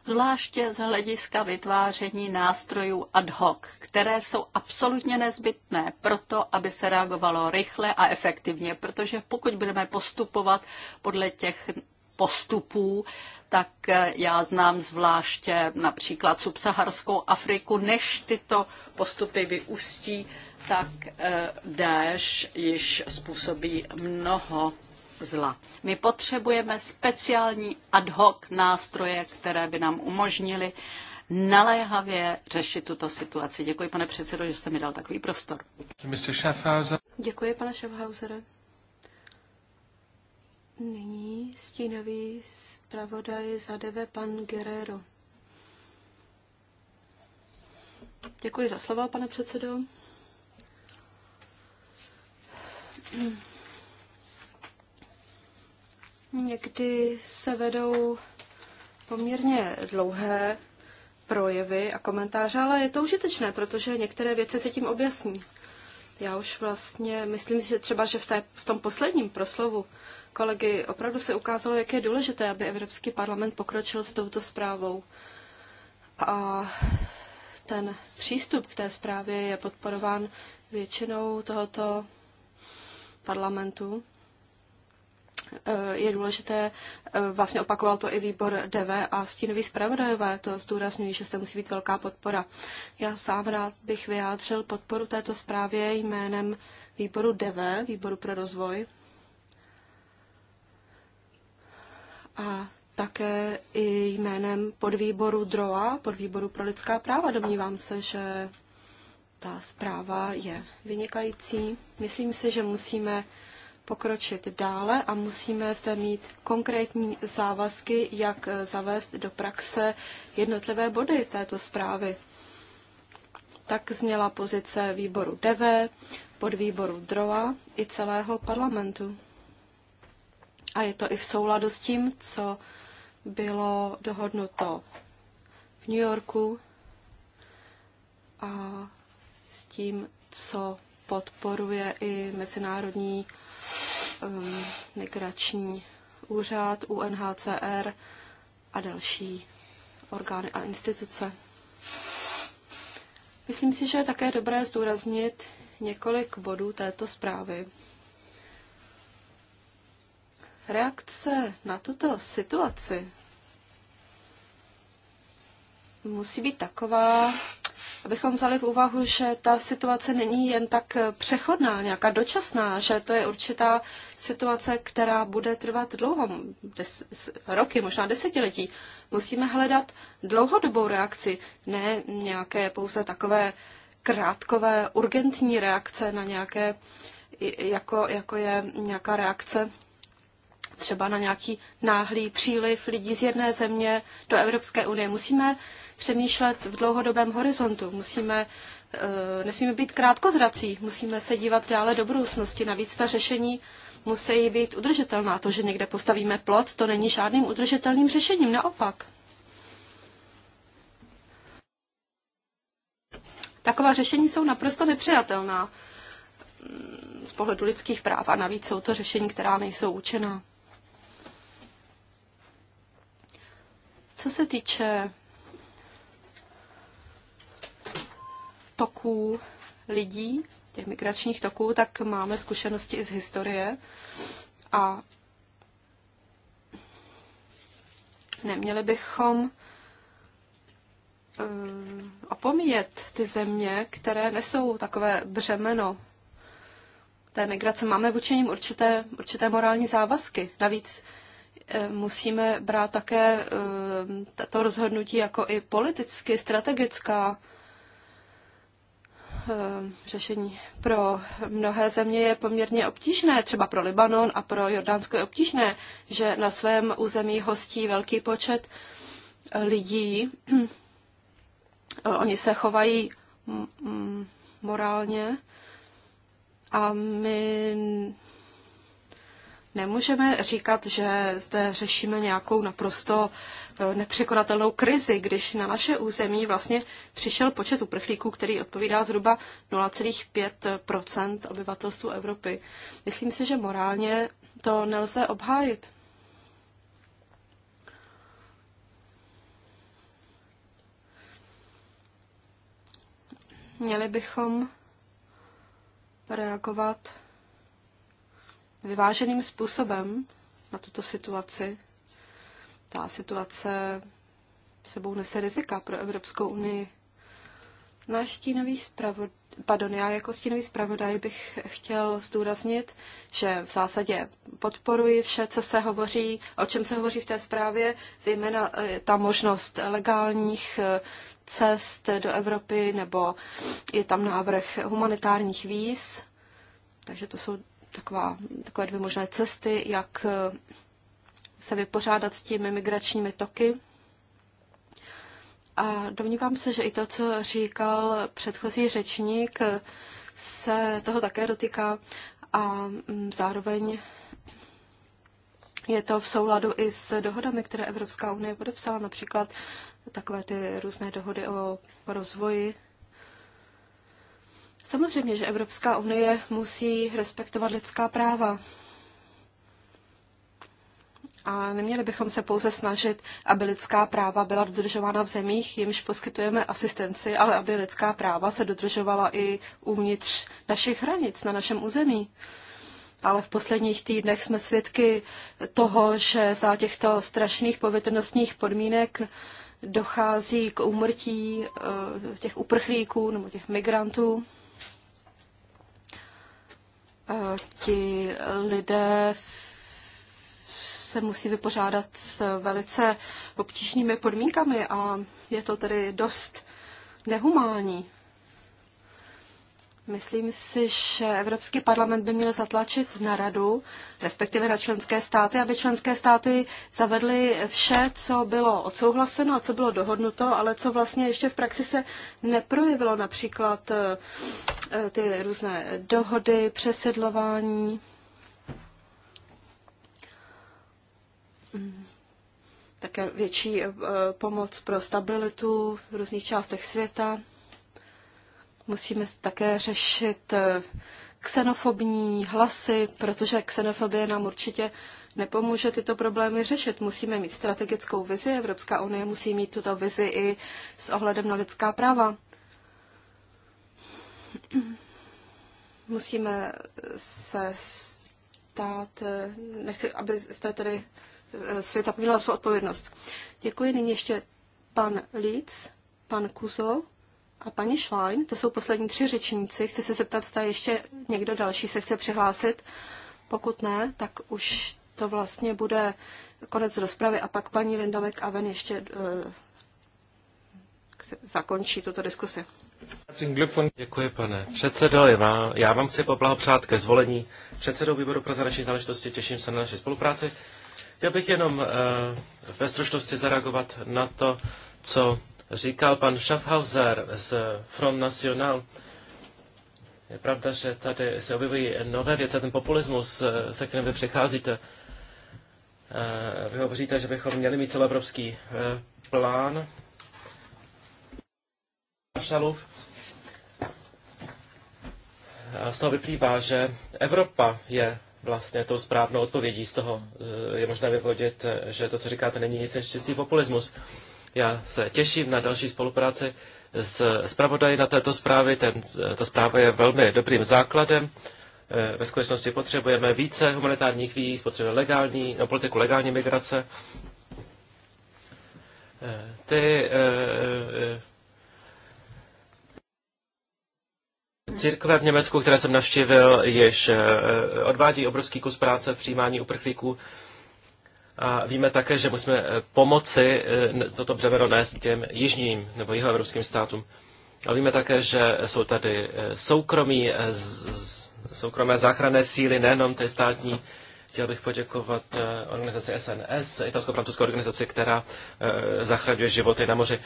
zvláště z hlediska vytváření nástrojů ad hoc, které jsou absolutně nezbytné pro to, aby se reagovalo rychle a efektivně, protože pokud budeme postupovat podle těch postupů, tak eh, já znám zvláště například subsaharskou Afriku, než tyto postupy vyústí, tak eh, déš již způsobí mnoho zla. My potřebujeme speciální ad hoc nástroje, které by nám umožnily naléhavě řešit tuto situaci. Děkuji, pane předsedo, že jste mi dal takový prostor. Děkuji, pane Schaffhauser. Nyní stínový zpravodaj za DV pan Guerrero. Děkuji za slovo, pane předsedo. Někdy se vedou poměrně dlouhé projevy a komentáře, ale je to užitečné, protože některé věci se tím objasní. Já už vlastně myslím, že třeba, že v, té, v tom posledním proslovu kolegy opravdu se ukázalo, jak je důležité, aby Evropský parlament pokročil s touto zprávou. A ten přístup k té zprávě je podporován většinou tohoto parlamentu. Eh, je důležité, eh, vlastně opakoval to i výbor DV a stínový zpravodajové, to zdůrazňují, že zde musí být velká podpora. Já sám rád bych vyjádřil podporu této zprávě jménem výboru DV, výboru pro rozvoj. A také i jménem podvýboru DROA, podvýboru pro lidská práva. Domnívám se, že ta zpráva je vynikající. Myslím si, že musíme pokročit dále a musíme zde mít konkrétní závazky, jak eh, zavést do praxe jednotlivé body této zprávy. Tak zněla pozice výboru DV, podvýboru DROA i celého parlamentu. A je to i v souladu s tím, co bylo dohodnuto v New Yorku a s tím, co podporuje i Mezinárodní um, migrační úřad, UNHCR a další orgány a instituce. Myslím si, že je také dobré zdůraznit několik bodů této zprávy. Reakce na tuto situaci musí být taková, abychom vzali v úvahu, že ta situace není jen tak eh, přechodná, nějaká dočasná, že to je určitá situace, která bude trvat dlouho, des, roky, možná desetiletí. Musíme hledat dlouhodobou reakci, ne nějaké pouze takové krátkové, urgentní reakce na nějaké, jako, jako je nějaká reakce třeba na nějaký náhlý příliv lidí z jedné země do Evropské unie. Musíme přemýšlet v dlouhodobém horizontu, musíme, eh, nesmíme být krátkozrací, musíme se dívat dále do budoucnosti. Navíc ta řešení musí být udržitelná. To, že někde postavíme plot, to není žádným udržitelným řešením, naopak. Taková řešení jsou naprosto nepřijatelná mm, z pohledu lidských práv a navíc jsou to řešení, která nejsou účinná. Co se týče toků lidí, těch migračních toků, tak máme zkušenosti i z historie a neměli bychom eh, opomíjet ty země, které nesou takové břemeno té migrace. Máme vůči nim určité, určité morální závazky. Navíc eh, musíme brát také eh, Ehm, to rozhodnutí jako i politicky, strategická ehm, řešení pro mnohé země je poměrně obtížné, třeba pro Libanon a pro Jordánsko je obtížné, že na svém území hostí velký počet lidí. Oni se chovají morálně a my Nemůžeme říkat, že zde řešíme nějakou naprosto eh, nepřekonatelnou krizi, když na naše území vlastně přišel počet uprchlíků, který odpovídá zhruba 0,5 obyvatelstvu Evropy. Myslím si, že morálně to nelze obhájit. Měli bychom reagovat vyváženým způsobem na tuto situaci. Ta situace sebou nese rizika pro Evropskou unii. Náš stínový zpravod... pardon, já jako stínový zpravodaj bych chtěl zdůraznit, že v zásadě podporuji vše, co se hovoří, o čem se hovoří v té zprávě, zejména eh, ta možnost legálních eh, cest do Evropy, nebo je tam návrh humanitárních víz, takže to jsou taková, takové dvě možné cesty, jak eh, se vypořádat s těmi migračními toky. A domnívám se, že i to, co říkal předchozí řečník, se toho také dotýká a mm, zároveň je to v souladu i s dohodami, které Evropská unie podepsala, například takové ty různé dohody o rozvoji Samozřejmě, že Evropská unie musí respektovat lidská práva. A neměli bychom se pouze snažit, aby lidská práva byla dodržována v zemích, jimž poskytujeme asistenci, ale aby lidská práva se dodržovala i uvnitř našich hranic, na našem území. Ale v posledních týdnech jsme svědky toho, že za těchto strašných povětrnostních podmínek dochází k úmrtí eh, těch uprchlíků nebo těch migrantů ti lidé se musí vypořádat s velice obtížnými podmínkami a je to tedy dost nehumální. Myslím si, že Evropský parlament by měl zatlačit na radu, respektive na členské státy, aby členské státy zavedly vše, co bylo odsouhlaseno a co bylo dohodnuto, ale co vlastně ještě v praxi se neprojevilo, například eh, eh, ty různé dohody, přesedlování. Mm. Také větší eh, pomoc pro stabilitu v různých částech světa. Musíme také řešit eh, ksenofobní hlasy, protože ksenofobie nám určitě nepomůže tyto problémy řešit. Musíme mít strategickou vizi, Evropská unie musí mít tuto vizi i s ohledem na lidská práva. Musíme se stát, eh, nechci, aby jste tedy eh, svět zapomněla svou odpovědnost. Děkuji. Nyní ještě pan Líc, pan Kuzo a paní Schlein, to jsou poslední tři řečníci. Chci se zeptat, zda ještě někdo další se chce přihlásit. Pokud ne, tak už to vlastně bude konec rozpravy a pak paní a ven ještě uh, zakončí tuto diskusi. Děkuji, pane předsedo. Já vám chci poblahopřát ke zvolení předsedou výboru pro zahraniční záležitosti. Těším se na naši spolupráci. Chtěl bych jenom uh, ve stručnosti zareagovat na to, co říkal pan Schaffhauser z Front National. Je pravda, že tady se objevují nové věci, ten populismus, eh, se kterým vy přicházíte. Eh, vy hovoříte, že bychom měli mít celoevropský eh, plán. Marshallův. z toho vyplývá, že Evropa je vlastně tou správnou odpovědí. Z toho je možné vyvodit, že to, co říkáte, není nic než čistý populismus. Já se těším na další spolupráci s zpravodají na této zprávě. Ten, ta zpráva je velmi dobrým základem. Eh, ve skutečnosti potřebujeme více humanitárních víz, potřebujeme legální, no, politiku legální migrace. Eh, ty eh, Církve v Německu, které jsem navštívil, již odvádí obrovský kus práce v přijímání uprchlíků. A víme také, že musíme eh, pomoci eh, toto břemeno nést těm jižním nebo jihoevropským státům. A víme také, že jsou tady eh, soukromí, soukromé záchranné síly, nejenom ty státní. Chtěl bych poděkovat organizaci SNS, italsko-francouzské organizaci, která zachraňuje životy na moři.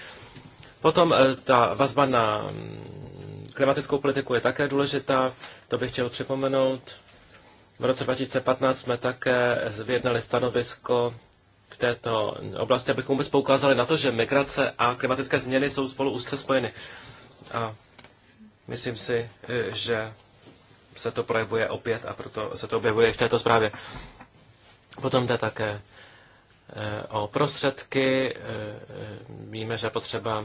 Potom ta vazba na mm, klimatickou politiku je také důležitá. To bych chtěl připomenout. V roce 2015 jsme také vyjednali stanovisko k této oblasti, abychom vůbec poukázali na to, že migrace a klimatické změny jsou spolu úzce spojeny. A myslím si, eh, že se to projevuje opět a proto se to objevuje v této zprávě. Potom jde také eh, o prostředky. Eh, víme, že potřeba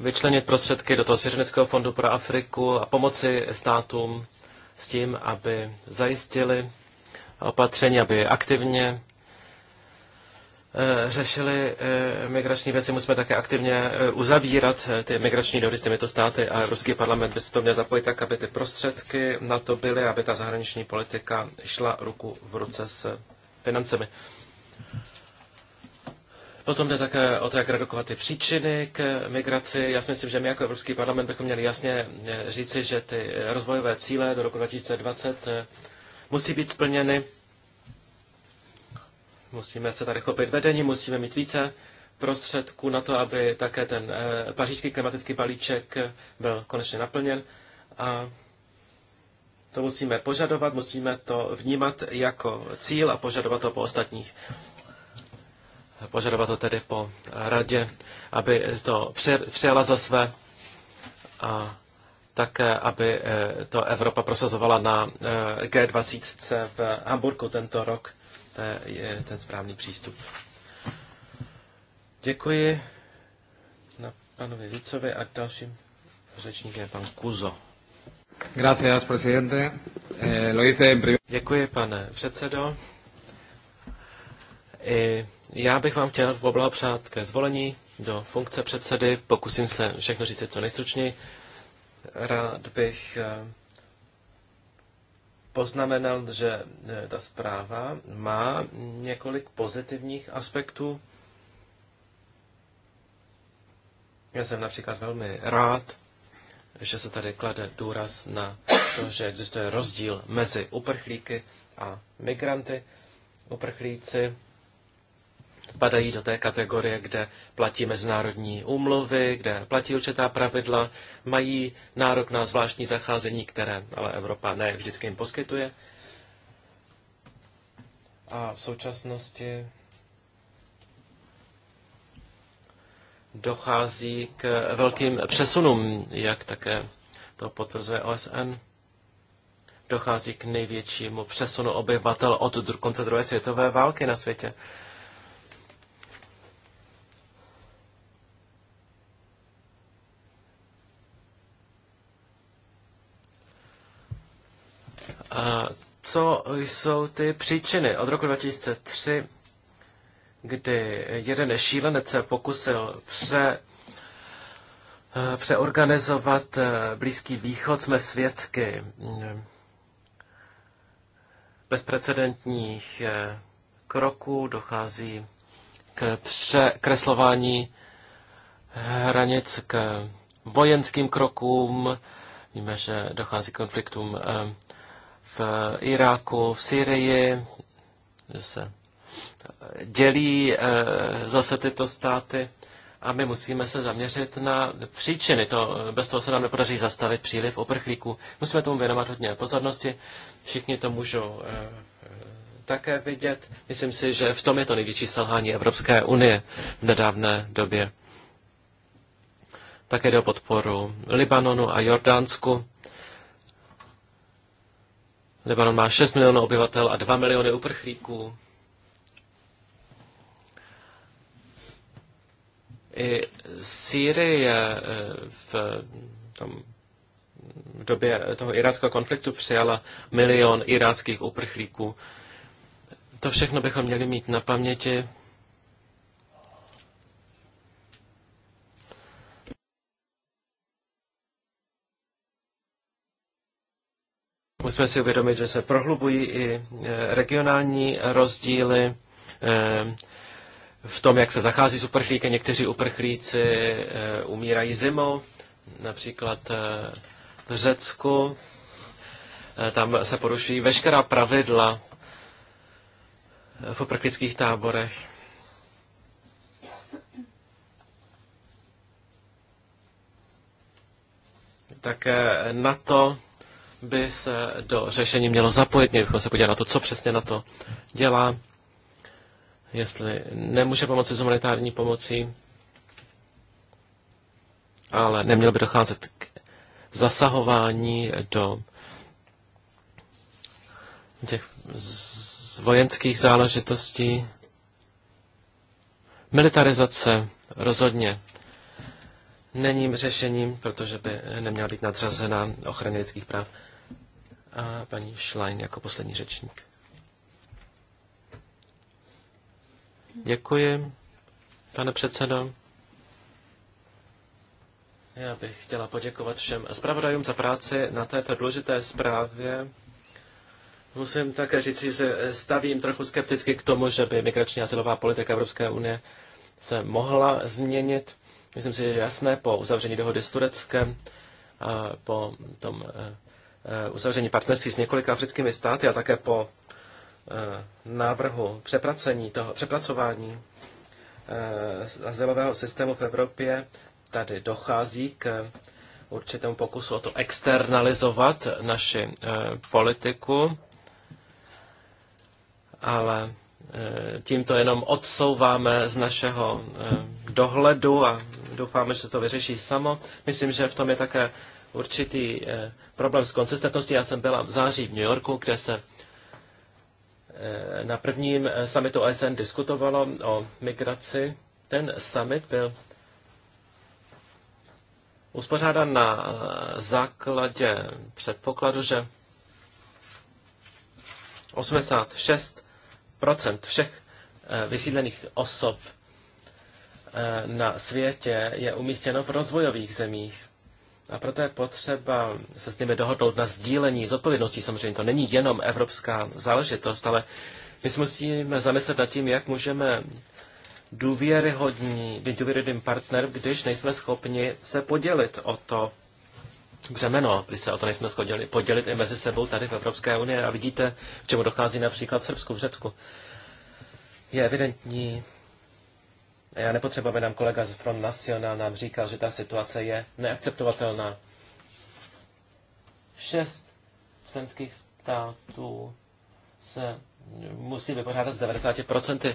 vyčlenit prostředky do toho svěřeneckého fondu pro Afriku a pomoci státům s tím, aby zajistili opatření, aby aktivně eh, řešili eh, migrační věci, musíme také aktivně eh, uzavírat ty migrační dohody s těmito státy a ruský parlament by se to měl zapojit tak, aby ty prostředky na to byly, aby ta zahraniční politika šla ruku v ruce s financemi. Potom jde také o to, jak redukovat ty příčiny k migraci. Já si myslím, že my jako Evropský parlament bychom měli jasně eh, říci, že ty rozvojové cíle do roku 2020 eh, musí být splněny. Musíme se tady chopit vedení, musíme mít více prostředků na to, aby také ten eh, pařížský klimatický balíček byl konečně naplněn. A to musíme požadovat, musíme to vnímat jako cíl a požadovat to po ostatních požadovat to tedy po radě, aby to přijala za své a také, aby eh, to Evropa prosazovala na eh, G20 v Hamburgu tento rok. To je ten správný přístup. Děkuji na panovi Vícovi a dalším řečníkem je pan Kuzo. Gracias, presidente. Eh, lo hice en Děkuji, pane předsedo. I já bych vám chtěl poblahopřát ke zvolení do funkce předsedy. Pokusím se všechno říct co nejstručněji. Rád bych eh, poznamenal, že eh, ta zpráva má několik pozitivních aspektů. Já jsem například velmi rád, že se tady klade důraz na to, že existuje rozdíl mezi uprchlíky a migranty. Uprchlíci spadají do té kategorie, kde platí mezinárodní úmluvy, kde platí určitá pravidla, mají nárok na zvláštní zacházení, které ale Evropa ne vždycky jim poskytuje. A v současnosti dochází k velkým přesunům, jak také to potvrzuje OSN. Dochází k největšímu přesunu obyvatel od konce druhé světové války na světě. co jsou ty příčiny? Od roku 2003, kdy jeden šílenec se pokusil pře, eh, přeorganizovat eh, Blízký východ, jsme svědky eh, bezprecedentních kroků, dochází k překreslování hranic, k vojenským krokům, víme, že dochází k konfliktům v Iráku, v Syrii, že se dělí eh, zase tyto státy a my musíme se zaměřit na příčiny. To, eh, bez toho se nám nepodaří zastavit příliv oprchlíků. Musíme tomu věnovat hodně pozornosti. Všichni to můžou eh, také vidět. Myslím si, že v tom je to největší selhání Evropské unie v nedávné době. Také jde o podporu Libanonu a Jordánsku. Libanon má 6 milionů obyvatel a 2 miliony uprchlíků. I Sýrie eh, v tom v době toho iráckého konfliktu přijala milion iráckých uprchlíků. To všechno bychom měli mít na paměti Musíme si uvědomit, že se prohlubují i e, regionální rozdíly e, v tom, jak se zachází s uprchlíky. Někteří uprchlíci e, umírají zimou, například v Řecku. Tam se porušují veškerá pravidla v uprchlických táborech. Také na to by se do řešení mělo zapojit. Měli bychom se podívat na to, co přesně na to dělá, jestli nemůže pomoci s humanitární pomocí, ale nemělo by docházet k zasahování do těch vojenských záležitostí. Militarizace rozhodně není řešením, protože by neměla být nadřazena ochrany lidských práv a paní Schlein jako poslední řečník. Děkuji, pane předsedo. Já bych chtěla poděkovat všem zpravodajům za práci na této důležité zprávě. Musím také říct, že se stavím trochu skepticky k tomu, že by migrační asilová politika Evropské unie se mohla změnit. Myslím si, že jasné po uzavření dohody s Tureckem a po tom eh, Eh, uzavření partnerství s několika africkými státy a také po eh, návrhu přepracení toho, přepracování eh, azylového systému v Evropě tady dochází k určitému pokusu o to externalizovat naši politiku, ale tímto jenom odsouváme z našeho dohledu a doufáme, že se to vyřeší samo. Myslím, že v tom je také určitý eh, problém s konsistentností. Já jsem byla v září v New Yorku, kde se eh, na prvním eh, summitu OSN diskutovalo o migraci. Ten summit byl uspořádán na základě předpokladu, že 86 všech vysídlených osob na světě je umístěno v rozvojových zemích. A proto je potřeba se s nimi dohodnout na sdílení zodpovědností. Samozřejmě to není jenom evropská záležitost, ale my si musíme zamyslet nad tím, jak můžeme důvěryhodní, být důvěryhodným partner, když nejsme schopni se podělit o to břemeno, když se o to nejsme schopni podělit i mezi sebou tady v Evropské unii. A vidíte, k čemu dochází například v Srbsku, v Řecku. Je evidentní, já nepotřebuji, aby nám kolega z Front National nám říkal, že ta situace je neakceptovatelná. Šest členských států se musí vypořádat s 90% eh,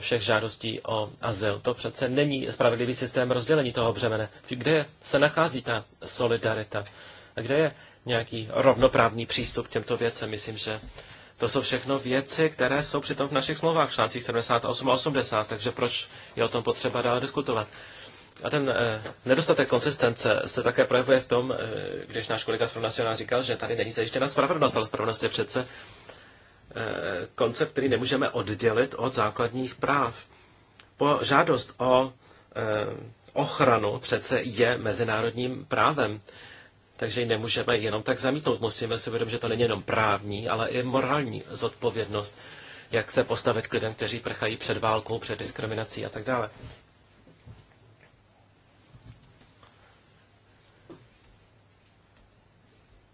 všech žádostí o azyl. To přece není spravedlivý systém rozdělení toho břemene. Kde se nachází ta solidarita? A kde je nějaký rovnoprávný přístup k těmto věcem? Myslím, že to jsou všechno věci, které jsou přitom v našich smlouvách, článcích 78 a 80, takže proč je o tom potřeba dále diskutovat? A ten eh, nedostatek konsistence se také projevuje v tom, eh, když náš kolega z Pronacionál říkal, že tady není zajištěna spravedlnost, ale spravedlnost je přece eh, koncept, který nemůžeme oddělit od základních práv. Po žádost o eh, ochranu přece je mezinárodním právem. Eh, takže ji nemůžeme jenom tak zamítnout. Musíme si uvědomit, že to není jenom právní, ale i morální zodpovědnost, jak se postavit k lidem, kteří prchají před válkou, před diskriminací a tak dále.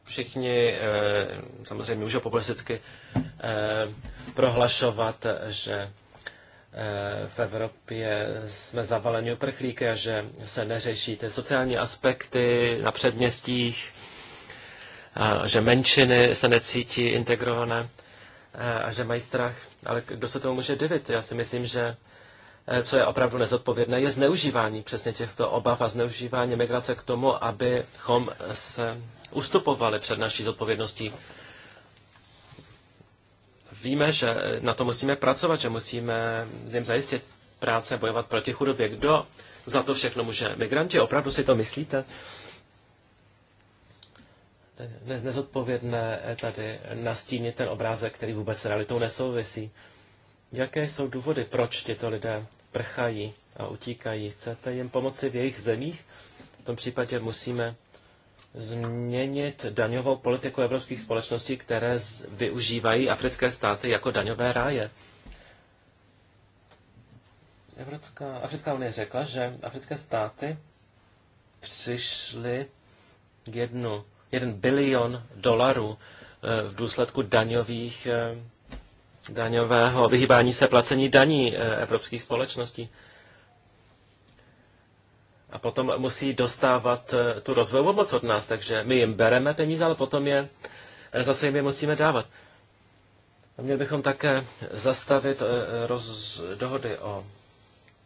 Všichni eh, samozřejmě můžou populisticky eh, prohlašovat, eh, že Eh, v Evropě jsme zavaleni uprchlíky a že se neřeší ty sociální aspekty na předměstích, a že menšiny se necítí integrované eh, a že mají strach. Ale kdo se tomu může divit? Já si myslím, že eh, co je opravdu nezodpovědné, je zneužívání přesně těchto obav a zneužívání migrace k tomu, abychom se ustupovali před naší zodpovědností víme, že na to musíme pracovat, že musíme jim zajistit práce, bojovat proti chudobě. Kdo za to všechno může? Migranti, opravdu si to myslíte? Ne, nezodpovědné tady nastínit ten obrázek, který vůbec s realitou nesouvisí. Jaké jsou důvody, proč tyto lidé prchají a utíkají? Chcete jim pomoci v jejich zemích? V tom případě musíme změnit daňovou politiku evropských společností, které využívají africké státy jako daňové ráje. Evropská, Africká unie řekla, že africké státy přišly jednu, jeden bilion dolarů eh, v důsledku daňových, eh, daňového vyhýbání se placení daní eh, evropských společností a potom musí dostávat eh, tu rozvojovou pomoc od nás. Takže my jim bereme peníze, ale potom je eh, zase jim je musíme dávat. A měli bychom také zastavit eh, roz, dohody o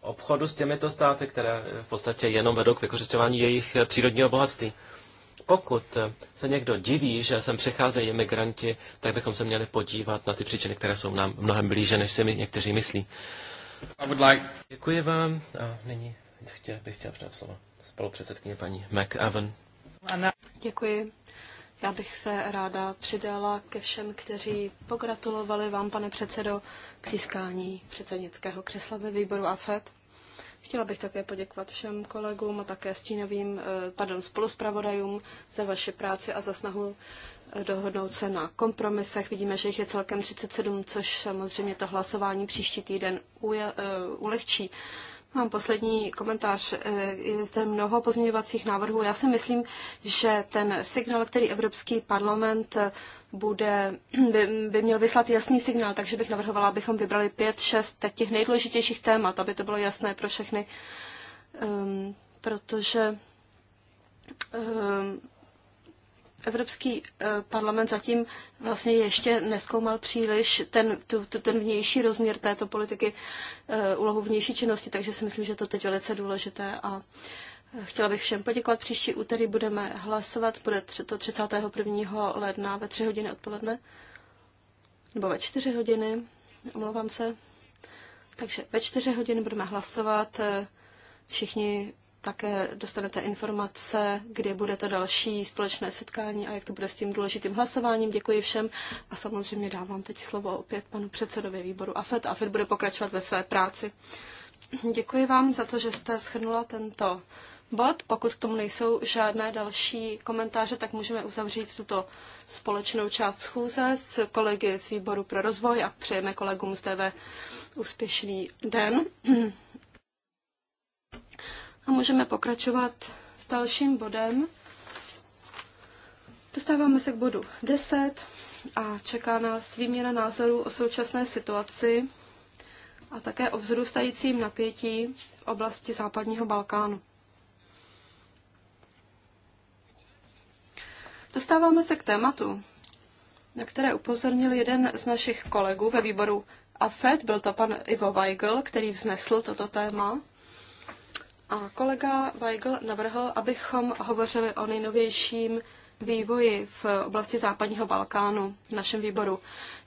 obchodu s těmito státy, které v podstatě jenom vedou k vykořišťování jejich přírodního bohatství. Pokud se někdo diví, že sem přecházejí imigranti, tak bychom se měli podívat na ty příčiny, které jsou nám mnohem blíže, než si my někteří myslí. Like... Děkuji vám a nyní chtěl, bych chtěl předat slovo spolupředsedkyně paní McAven. Děkuji. Já bych se ráda přidala ke všem, kteří pogratulovali vám, pane předsedo, k získání předsednického křesla ve výboru AFED. Chtěla bych také poděkovat všem kolegům a také stínovým, eh, pardon, spoluspravodajům za vaši práci a za snahu eh, dohodnout se na kompromisech. Vidíme, že jich je celkem 37, což samozřejmě to hlasování příští týden eh, ulehčí. Uh, Mám poslední komentář. Eh, je zde mnoho pozměňovacích návrhů. Já si myslím, že ten signál, který Evropský parlament eh, bude, by, by měl vyslat jasný signál, takže bych navrhovala, abychom vybrali pět, šest těch nejdůležitějších témat, aby to bylo jasné pro všechny, um, protože um, Evropský eh, parlament zatím vlastně ještě neskoumal příliš ten, tu, tu, ten vnější rozměr této politiky, eh, úlohu vnější činnosti, takže si myslím, že to teď velice důležité a eh, Chtěla bych všem poděkovat. Příští úterý budeme hlasovat, bude to 31. ledna ve 3 hodiny odpoledne, nebo ve 4 hodiny, omlouvám se. Takže ve 4 hodiny budeme hlasovat. Všichni také dostanete informace, kde bude to další společné setkání a jak to bude s tím důležitým hlasováním. Děkuji všem a samozřejmě dávám teď slovo opět panu předsedovi výboru AFED. AFED bude pokračovat ve své práci. Děkuji vám za to, že jste schrnula tento bod. Pokud k tomu nejsou žádné další komentáře, tak můžeme uzavřít tuto společnou část schůze s kolegy z výboru pro rozvoj a přejeme kolegům zde ve úspěšný den. A můžeme pokračovat s dalším bodem. Dostáváme se k bodu 10 a čeká nás výměna názorů o současné situaci a také o vzrůstajícím napětí v oblasti západního Balkánu. Dostáváme se k tématu, na které upozornil jeden z našich kolegů ve výboru AFED, byl to pan Ivo Weigl, který vznesl toto téma. A kolega Weigl navrhl, abychom hovořili o nejnovějším vývoji v oblasti západního Balkánu v našem výboru.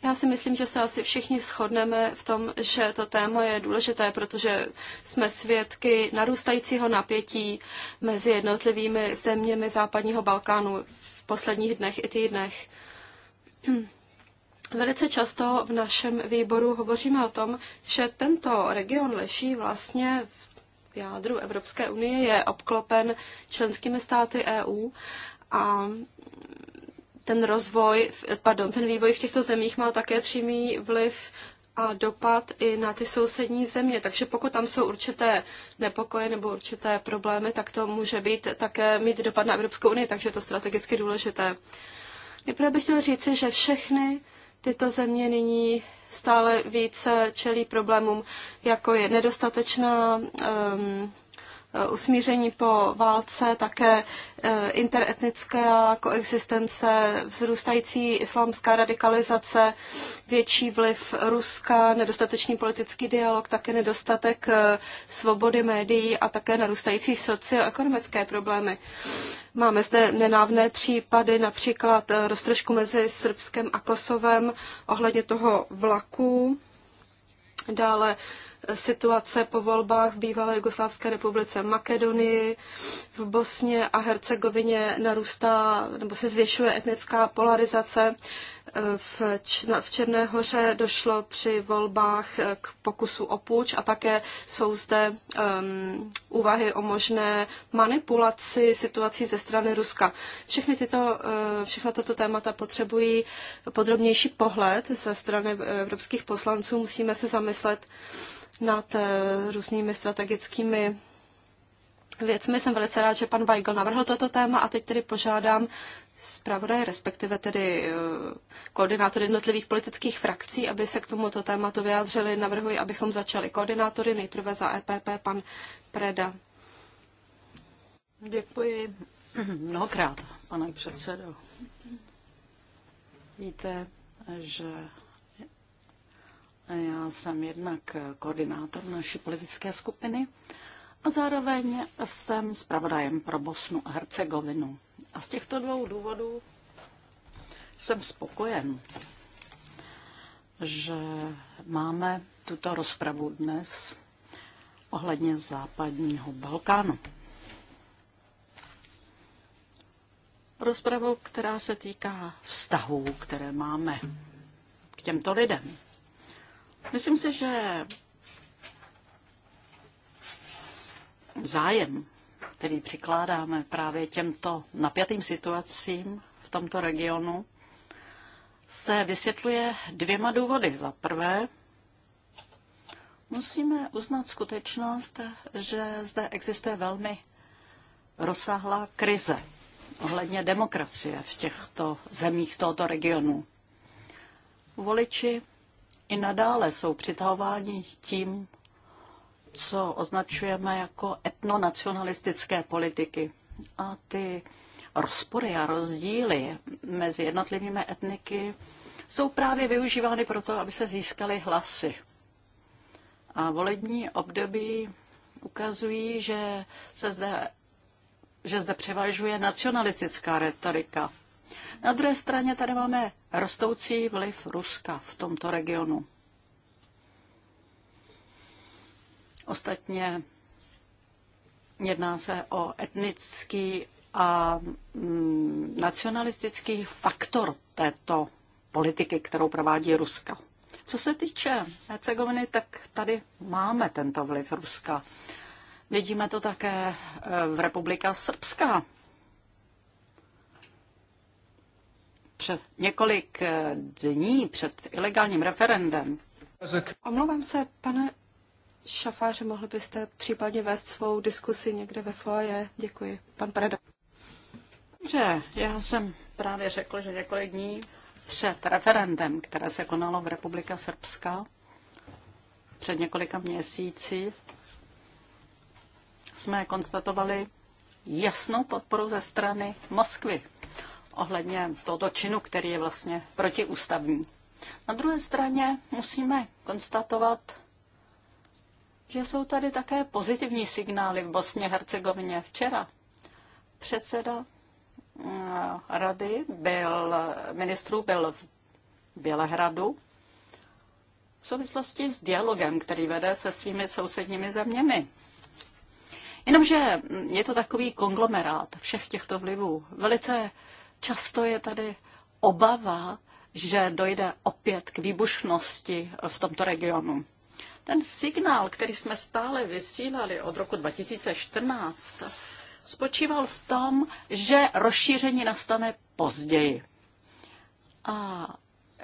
Já si myslím, že se asi všichni shodneme v tom, že to téma je důležité, protože jsme svědky narůstajícího napětí mezi jednotlivými zeměmi západního Balkánu v posledních dnech i týdnech. Velice často v našem výboru hovoříme o tom, že tento region leží vlastně v v jádru Evropské unie, je obklopen členskými státy EU a ten rozvoj, pardon, ten vývoj v těchto zemích má také přímý vliv a dopad i na ty sousední země. Takže pokud tam jsou určité nepokoje nebo určité problémy, tak to může být také mít dopad na Evropskou unii, takže je to strategicky důležité. Nejprve bych chtěl říci, že všechny Tyto země nyní stále více čelí problémům, jako je nedostatečná um, Eh, usmíření po válce, také eh, interetnická koexistence, vzrůstající islámská radikalizace, větší vliv Ruska, nedostatečný politický dialog, také nedostatek eh, svobody médií a také narůstající socioekonomické problémy. Máme zde nenávné případy, například roztržku mezi Srbskem a Kosovem ohledně toho vlaku, dále situace po volbách v bývalé Jugoslávské republice Makedonii, v Bosně a Hercegovině narůstá nebo se zvětšuje etnická polarizace. V, Čna, v Černé hoře došlo při volbách k pokusu o půjč a také jsou zde um, úvahy o možné manipulaci situací ze strany Ruska. Všechny tyto, uh, všechna tato témata potřebují podrobnější pohled ze strany evropských poslanců. Musíme se zamyslet, nad eh, různými strategickými věcmi. Jsem velice rád, že pan Weigl navrhl toto téma a teď tedy požádám zpravodaje, respektive tedy eh, koordinátory jednotlivých politických frakcí, aby se k tomuto tématu vyjádřili. Navrhuji, abychom začali koordinátory, nejprve za EPP pan Preda. Děkuji mnohokrát, pane předsedo. Víte, že já jsem jednak koordinátor naší politické skupiny a zároveň jsem zpravodajem pro Bosnu a Hercegovinu. A z těchto dvou důvodů jsem spokojen, že máme tuto rozpravu dnes ohledně západního Balkánu. Rozpravu, která se týká vztahů, které máme k těmto lidem. Myslím si, že zájem, který přikládáme právě těmto napjatým situacím v tomto regionu, se vysvětluje dvěma důvody. Za prvé, musíme uznat skutečnost, že zde existuje velmi rozsáhlá krize ohledně demokracie v těchto zemích tohoto regionu. Voliči i nadále jsou přitahováni tím, co označujeme jako etnonacionalistické politiky. A ty rozpory a rozdíly mezi jednotlivými etniky jsou právě využívány proto, aby se získaly hlasy. A volební období ukazují, že se zde že zde převažuje nacionalistická retorika. Na druhé straně tady máme rostoucí vliv Ruska v tomto regionu. Ostatně jedná se o etnický a mm, nacionalistický faktor této politiky, kterou provádí Ruska. Co se týče Hercegoviny, tak tady máme tento vliv Ruska. Vidíme to také e, v Republika Srbská, před několik eh, dní před ilegálním referendem. Omlouvám se, pane šafáře, mohli byste případně vést svou diskusi někde ve foaje? Děkuji. Pan Predo. Dobře, já jsem právě řekl, že několik dní před referendem, které se konalo v Republika Srbska, před několika měsíci, jsme konstatovali jasnou podporu ze strany Moskvy ohledně tohoto činu, který je vlastně protiústavní. Na druhé straně musíme konstatovat, že jsou tady také pozitivní signály v Bosně Hercegovině. Včera předseda eh, rady byl, ministrů byl v Bělehradu v souvislosti s dialogem, který vede se svými sousedními zeměmi. Jenomže je to takový konglomerát všech těchto vlivů. Velice Často je tady obava, že dojde opět k výbušnosti v tomto regionu. Ten signál, který jsme stále vysílali od roku 2014, spočíval v tom, že rozšíření nastane později. A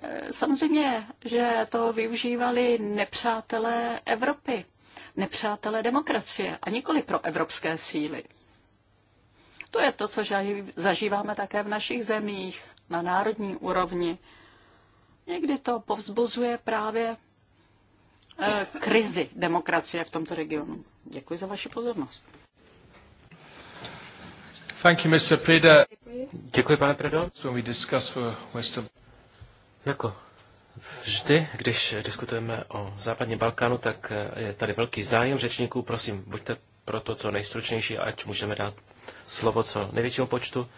e, samozřejmě, že to využívali nepřátelé Evropy, nepřátelé demokracie a nikoli pro evropské síly. To je to, co zažíváme také v našich zemích na národní úrovni. Někdy to povzbuzuje právě e, krizi demokracie v tomto regionu. Děkuji za vaši pozornost. Thank you, Mr. Preda. Děkuji. pane Predo. Jako vždy, když diskutujeme o západním Balkánu, tak e, je tady velký zájem řečníků. Prosím, buďte proto co nejstručnější, ať můžeme dát slovo co největšímu počtu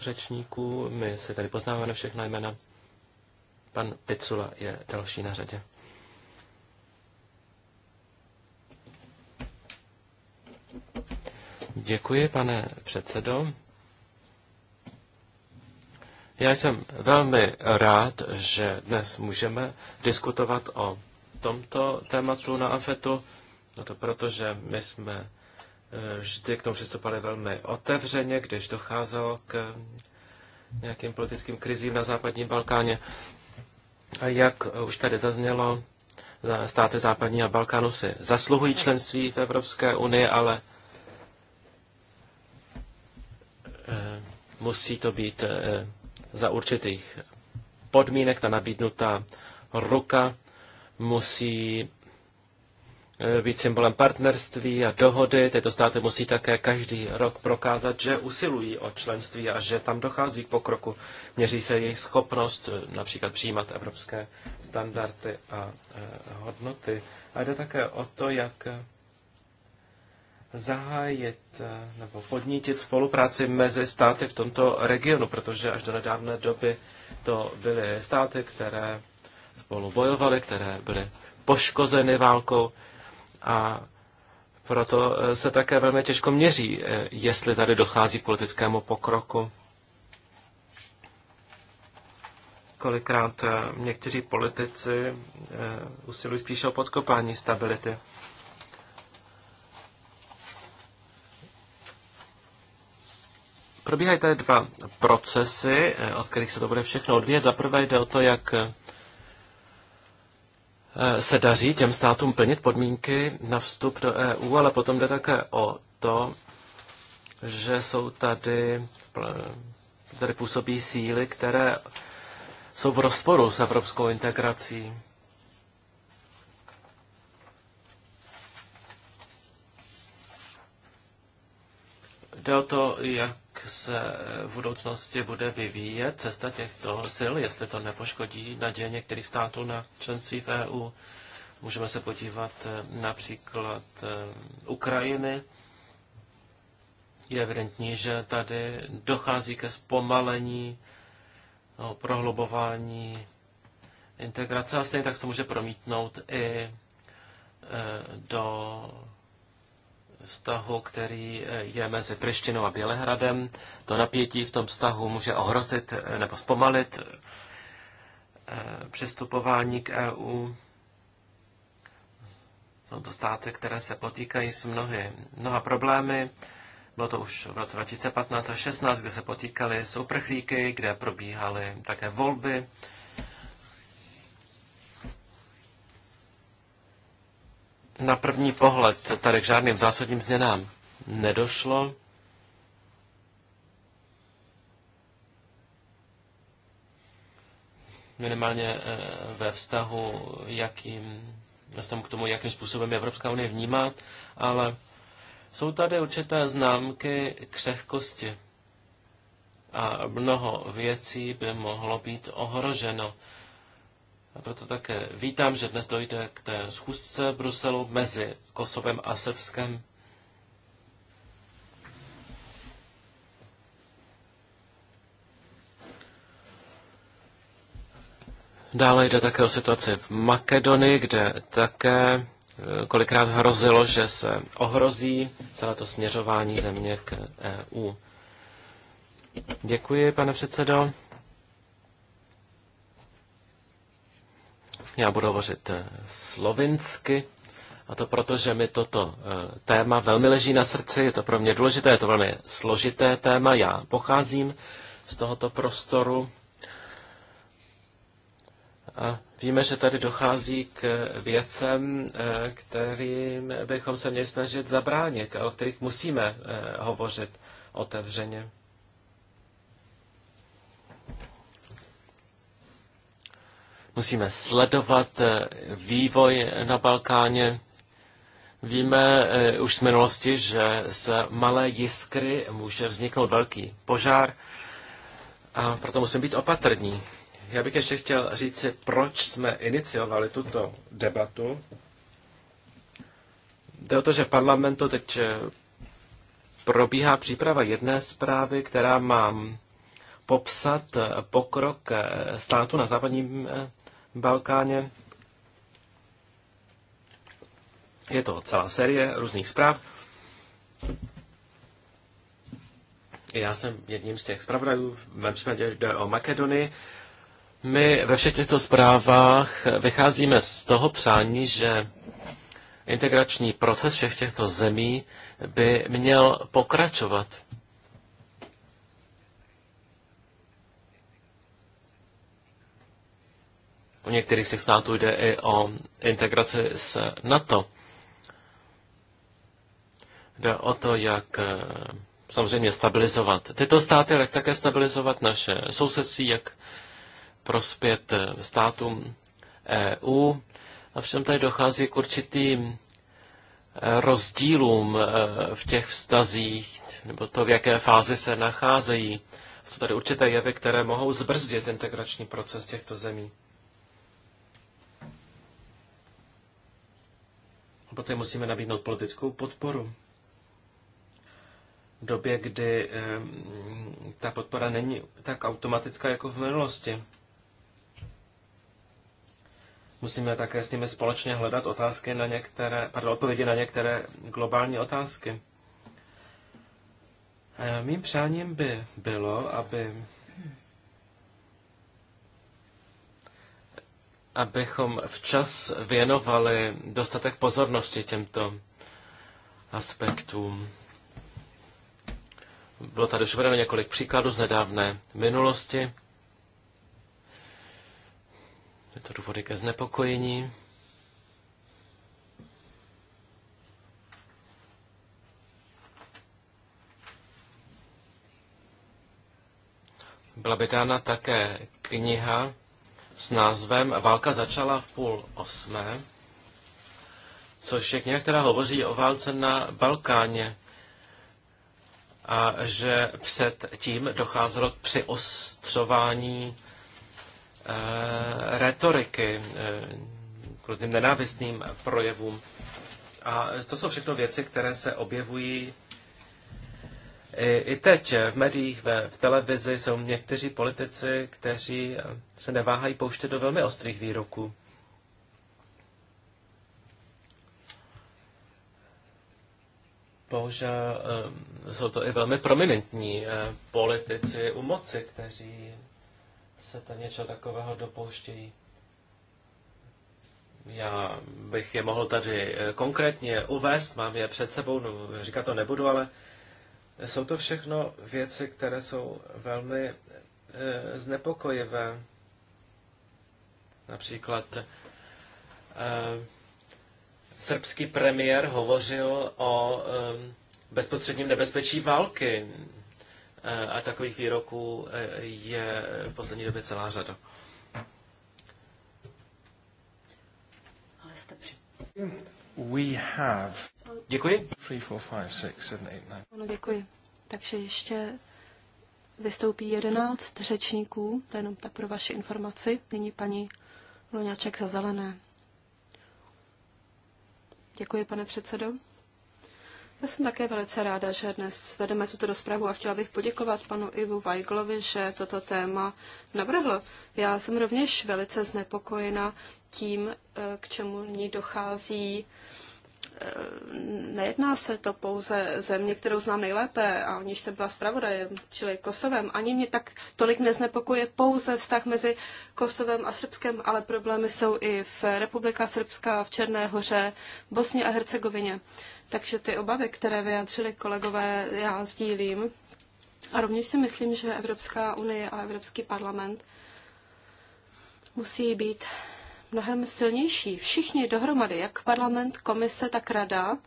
řečníků. My si tady poznáváme všechna jména. Pan Picula je další na řadě. Děkuji, pane předsedo. Já jsem velmi rád, že dnes můžeme diskutovat o tomto tématu na AFETu, no to protože my jsme Eh, vždy k tomu přistupovali velmi otevřeně, když docházelo k eh, nějakým politickým krizím na západním Balkáně. A jak už tady zaznělo, státy západního Balkánu si zasluhují členství v Evropské unii, ale eh, musí to být za určitých podmínek, ta nabídnutá ruka musí Eh, být symbolem partnerství a dohody. Tyto státy musí také každý rok prokázat, že usilují o členství a že tam dochází k pokroku. Měří se jejich schopnost eh, například přijímat evropské standardy a eh, hodnoty. A jde také o to, jak zahájit nebo podnítit spolupráci mezi státy v tomto regionu, protože až do nedávné doby to byly státy, které spolu bojovaly, které byly poškozeny válkou a proto e, se také velmi těžko měří, e, jestli tady dochází k politickému pokroku. Kolikrát e, někteří politici usilují spíše o podkopání stability. Probíhají tady dva procesy, od kterých se to bude všechno odvíjet. Za prvé jde o to, jak Eh, se daří těm státům plnit podmínky na vstup do EU, ale potom jde také o to, že jsou tady, eh, tady působí síly, které jsou v rozporu s evropskou integrací. Jde o to, jak se v budoucnosti bude vyvíjet cesta těchto sil, jestli to nepoškodí naděje některých států na členství v EU. Můžeme se podívat eh, například eh, Ukrajiny. Je evidentní, že tady dochází ke zpomalení, no, prohlubování integrace a stejně tak se může promítnout i eh, do vztahu, který eh, je mezi Prištinou a Bělehradem. To napětí v tom vztahu může ohrozit eh, nebo zpomalit eh, přistupování k EU. Jsou to státy, které se potýkají s mnohy, mnoha problémy. Bylo to už v roce 2015 a 2016, kde se potýkali s uprchlíky, kde probíhaly také volby Na první pohled tady k žádným zásadním změnám nedošlo. Minimálně eh, ve vztahu, jakým, ve vztahu k tomu, jakým způsobem je Evropská unie vnímá, ale jsou tady určité známky křehkosti a mnoho věcí by mohlo být ohroženo a proto také vítám, že dnes dojde k té schůzce v Bruselu mezi Kosovem a Srbskem. Dále jde také o situaci v Makedonii, kde také eh, kolikrát hrozilo, že se ohrozí celé to směřování země k EU. Děkuji, pane předsedo. Já budu hovořit eh, slovinsky, a to proto, že mi toto eh, téma velmi leží na srdci, je to pro mě důležité, je to velmi složité téma. Já pocházím z tohoto prostoru a víme, že tady dochází k věcem, eh, kterým bychom se měli snažit zabránit a o kterých musíme hovořit otevřeně. Musíme sledovat eh, vývoj na Balkáně. Víme eh, už z minulosti, že z malé jiskry může vzniknout velký požár a proto musíme být opatrní. Já bych ještě chtěl říci, proč jsme iniciovali tuto debatu. Jde o to, že v parlamentu teď eh, probíhá příprava jedné zprávy, která má popsat pokrok státu na západním Balkáně. Je to celá série různých zpráv. Já jsem jedním z těch zpravodajů, v mém případě jde o Makedonii. My ve všech těchto zprávách vycházíme z toho přání, že integrační proces všech těchto zemí by měl pokračovat. U některých z těch států jde i o integraci s NATO. Jde o to, jak eh, samozřejmě stabilizovat tyto státy, ale také stabilizovat naše sousedství, jak prospět eh, státům EU. A všem tady dochází k určitým eh, rozdílům v těch vztazích, nebo to, v jaké fázi se nacházejí. Jsou tady určité jevy, které mohou zbrzdit integrační proces těchto zemí. poté musíme nabídnout politickou podporu. V době, kdy ta podpora není tak automatická jako v minulosti. Musíme také s nimi společně hledat otázky na některé, pardon, odpovědi na některé globální otázky. A mým přáním by bylo, aby abychom včas věnovali dostatek pozornosti těmto aspektům. Bylo tady už uvedeno několik příkladů z nedávné minulosti. Je to důvody ke znepokojení. Byla by dána také kniha s názvem Válka začala v půl osmé, což je kniha, která hovoří o válce na Balkáně a že před tím docházelo k přiostřování e, eh, retoriky, e, eh, k různým nenávistným projevům. A to jsou všechno věci, které se objevují i, I teď v médiích, ve, v televizi jsou někteří politici, kteří eh, se neváhají pouštět do velmi ostrých výroků. Bohužel eh, jsou to i velmi prominentní eh, politici u moci, kteří se to něčeho takového dopouštějí. Já bych je mohl tady konkrétně uvést, mám je před sebou, no, říkat to nebudu, ale jsou to všechno věci, které jsou velmi e, znepokojivé. Například e, srbský premiér hovořil o e, bezprostředním nebezpečí války e, a takových výroků e, je v poslední době celá řada. We have Děkuji. Three, four, five, six, seven, eight, nine. Ano, děkuji. Takže ještě vystoupí jedenáct řečníků, to je jenom tak pro vaši informaci. Nyní paní Loňáček za zelené. Děkuji, pane předsedo. Já jsem také velice ráda, že dnes vedeme tuto rozpravu a chtěla bych poděkovat panu Ivu Weiglovi, že toto téma navrhl. Já jsem rovněž velice znepokojena tím, eh, k čemu ní dochází Eh, nejedná se to pouze země, kterou znám nejlépe a o níž jsem byla zpravodajem, čili Kosovem. Ani mě tak tolik neznepokuje pouze vztah mezi Kosovem a Srbskem, ale problémy jsou i v Republika Srbská, v Černé hoře, Bosně a Hercegovině. Takže ty obavy, které vyjádřili kolegové, já sdílím. A rovněž si myslím, že Evropská unie a Evropský parlament musí být mnohem silnější. Všichni dohromady, jak parlament, komise, tak rada,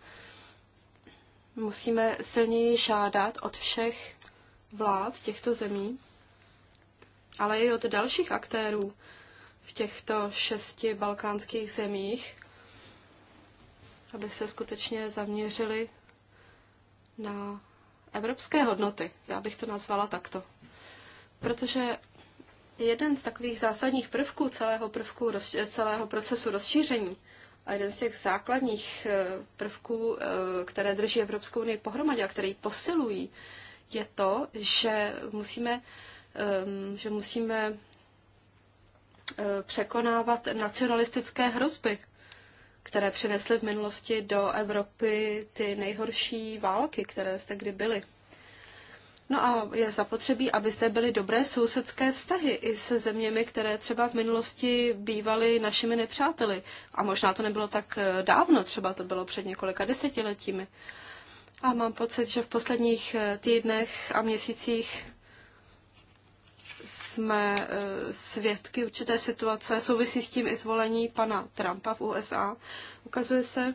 musíme silněji žádat od všech vlád těchto zemí, ale i od dalších aktérů v těchto šesti balkánských zemích, aby se skutečně zaměřili na evropské hodnoty. Já bych to nazvala takto. Protože jeden z takových zásadních prvků celého, prvku, celého procesu rozšíření a jeden z těch základních eh, prvků, eh, které drží Evropskou unii pohromadě a ji posilují, je to, že musíme, ehm, že musíme eh, překonávat nacionalistické hrozby, které přinesly v minulosti do Evropy ty nejhorší války, které zde kdy byly. No a je zapotřebí, aby zde byly dobré sousedské vztahy i se zeměmi, které třeba v minulosti bývaly našimi nepřáteli. A možná to nebylo tak eh, dávno, třeba to bylo před několika desetiletími. A mám pocit, že v posledních eh, týdnech a měsících jsme eh, svědky určité situace, souvisí s tím i zvolení pana Trumpa v USA. Ukazuje se,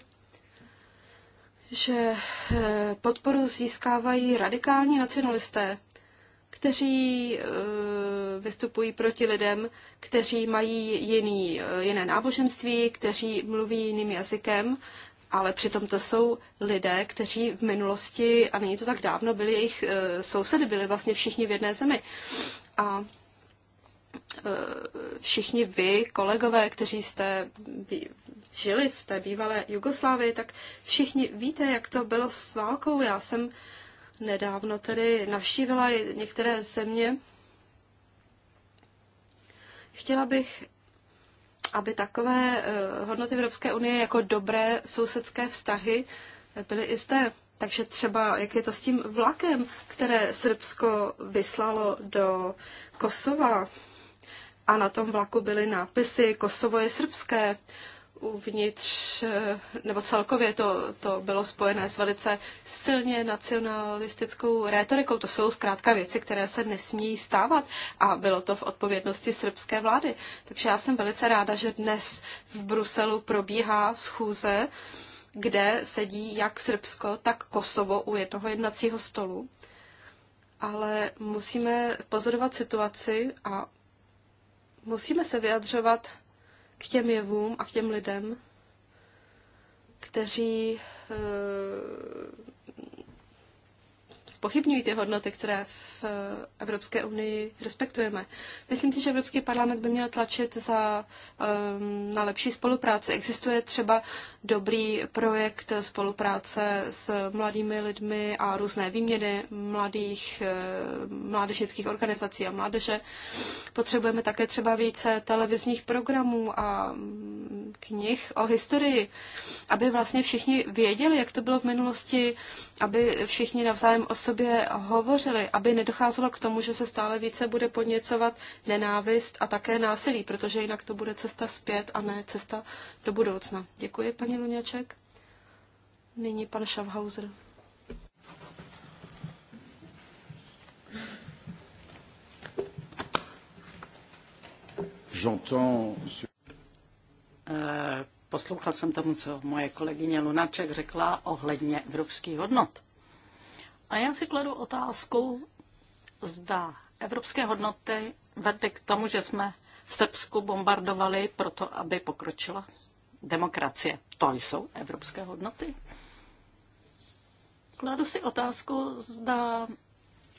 že eh, podporu získávají radikální nacionalisté, kteří eh, vystupují proti lidem, kteří mají jiný, eh, jiné náboženství, kteří mluví jiným jazykem, ale přitom to jsou lidé, kteří v minulosti, a není to tak dávno, byli jejich sousedy, byli vlastně všichni v jedné zemi. A Eh, všichni vy, kolegové, kteří jste žili v té bývalé Jugoslávii, tak všichni víte, jak to bylo s válkou. Já jsem nedávno tedy navštívila některé země. Chtěla bych, aby takové eh, hodnoty Evropské unie jako dobré sousedské vztahy byly i zde. Takže třeba, jak je to s tím vlakem, které Srbsko vyslalo do Kosova, a na tom vlaku byly nápisy Kosovo je srbské uvnitř, eh, nebo celkově to, to bylo spojené s velice silně nacionalistickou rétorikou. To jsou zkrátka věci, které se nesmí stávat a bylo to v odpovědnosti srbské vlády. Takže já jsem velice ráda, že dnes v Bruselu probíhá schůze, kde sedí jak Srbsko, tak Kosovo u jednoho jednacího stolu. Ale musíme pozorovat situaci a musíme se vyjadřovat k těm jevům a k těm lidem, kteří eh, spochybňují ty hodnoty, které v eh, Evropské unii respektujeme. Myslím si, že Evropský parlament by měl tlačit za, ehm, na lepší spolupráci. Existuje třeba dobrý projekt spolupráce s mladými lidmi a různé výměny mladých, eh, mládežnických organizací a mládeže. Potřebujeme také třeba více televizních programů a mm, knih o historii, aby vlastně všichni věděli, jak to bylo v minulosti, aby všichni navzájem o sobě hovořili, aby nedocházelo k tomu, že se stále více bude podněcovat nenávist a také násilí, protože jinak to bude cesta zpět a ne cesta do budoucna. Děkuji, paní Luňaček. Nyní pan Schaffhauser. J'entends eh, Poslouchal jsem tomu, co moje kolegyně Lunaček řekla ohledně evropských hodnot. A já si kladu otázku, zda evropské hodnoty vedly k tomu, že jsme v Srbsku bombardovali proto, aby pokročila demokracie. To jsou evropské hodnoty. Kladu si otázku, zda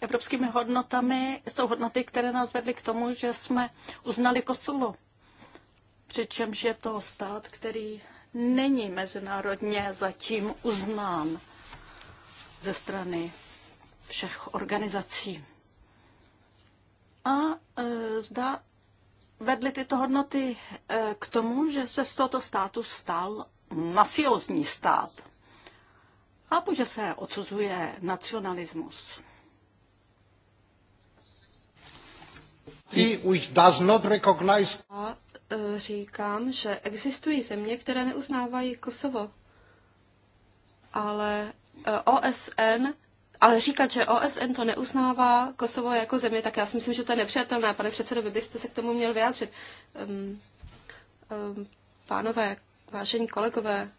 evropskými hodnotami jsou hodnoty, které nás vedly k tomu, že jsme uznali Kosovo přičemž je to stát, který není mezinárodně zatím uznán ze strany všech organizací. A e, zda vedly tyto hodnoty e, k tomu, že se z tohoto státu stal mafiozní stát. A že se odsuzuje nacionalismus. He which does not recognize... A Eh, říkám, že existují země, které neuznávají Kosovo. Ale eh, OSN, ale říkat, že OSN to neuznává Kosovo jako země, tak já si myslím, že to je nepřijatelné. Pane předsedo, vy byste se k tomu měl vyjádřit. Um, um, pánové, vážení kolegové,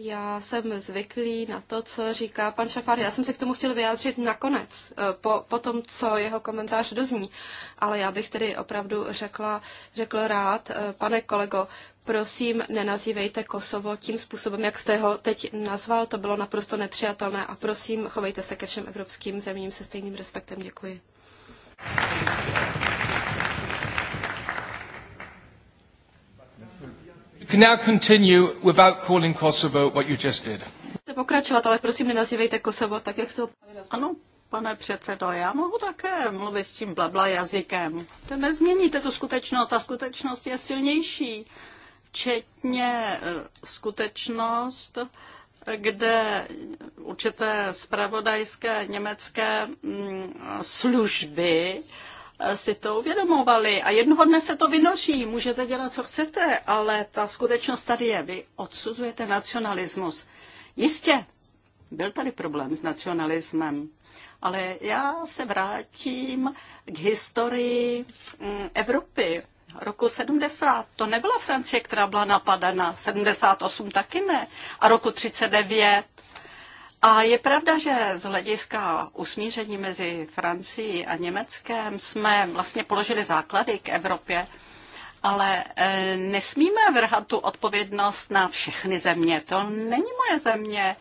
já jsem zvyklý na to, co říká pan Šafár. Já jsem se k tomu chtěl vyjádřit nakonec, eh, po, po tom, co jeho komentář dozní. Ale já bych tedy opravdu řekla, řekl rád, eh, pane kolego, prosím, nenazývejte Kosovo tím způsobem, jak jste ho teď nazval. To bylo naprosto nepřijatelné a prosím, chovejte se ke všem evropským zemím se stejným respektem. Děkuji. can now continue without calling Kosovo what you just did. Pokračovat, ale prosím nenazývejte Kosovo tak, jak se Ano, pane předsedo, já mohu také mluvit s tím blabla jazykem. To nezměníte tu skutečnost, ta skutečnost je silnější. Včetně eh, skutečnost, kde určité spravodajské německé mm, služby si to uvědomovali a jednoho dne se to vynoří, můžete dělat, co chcete, ale ta skutečnost tady je. Vy odsuzujete nacionalismus. Jistě, byl tady problém s nacionalismem, ale já se vrátím k historii mm, Evropy. Roku 70 to nebyla Francie, která byla napadena, 78 taky ne, a roku 39 a je pravda, že z hlediska usmíření mezi Francií a Německem jsme vlastně položili základy k Evropě, ale e, nesmíme vrhat tu odpovědnost na všechny země. To není moje země.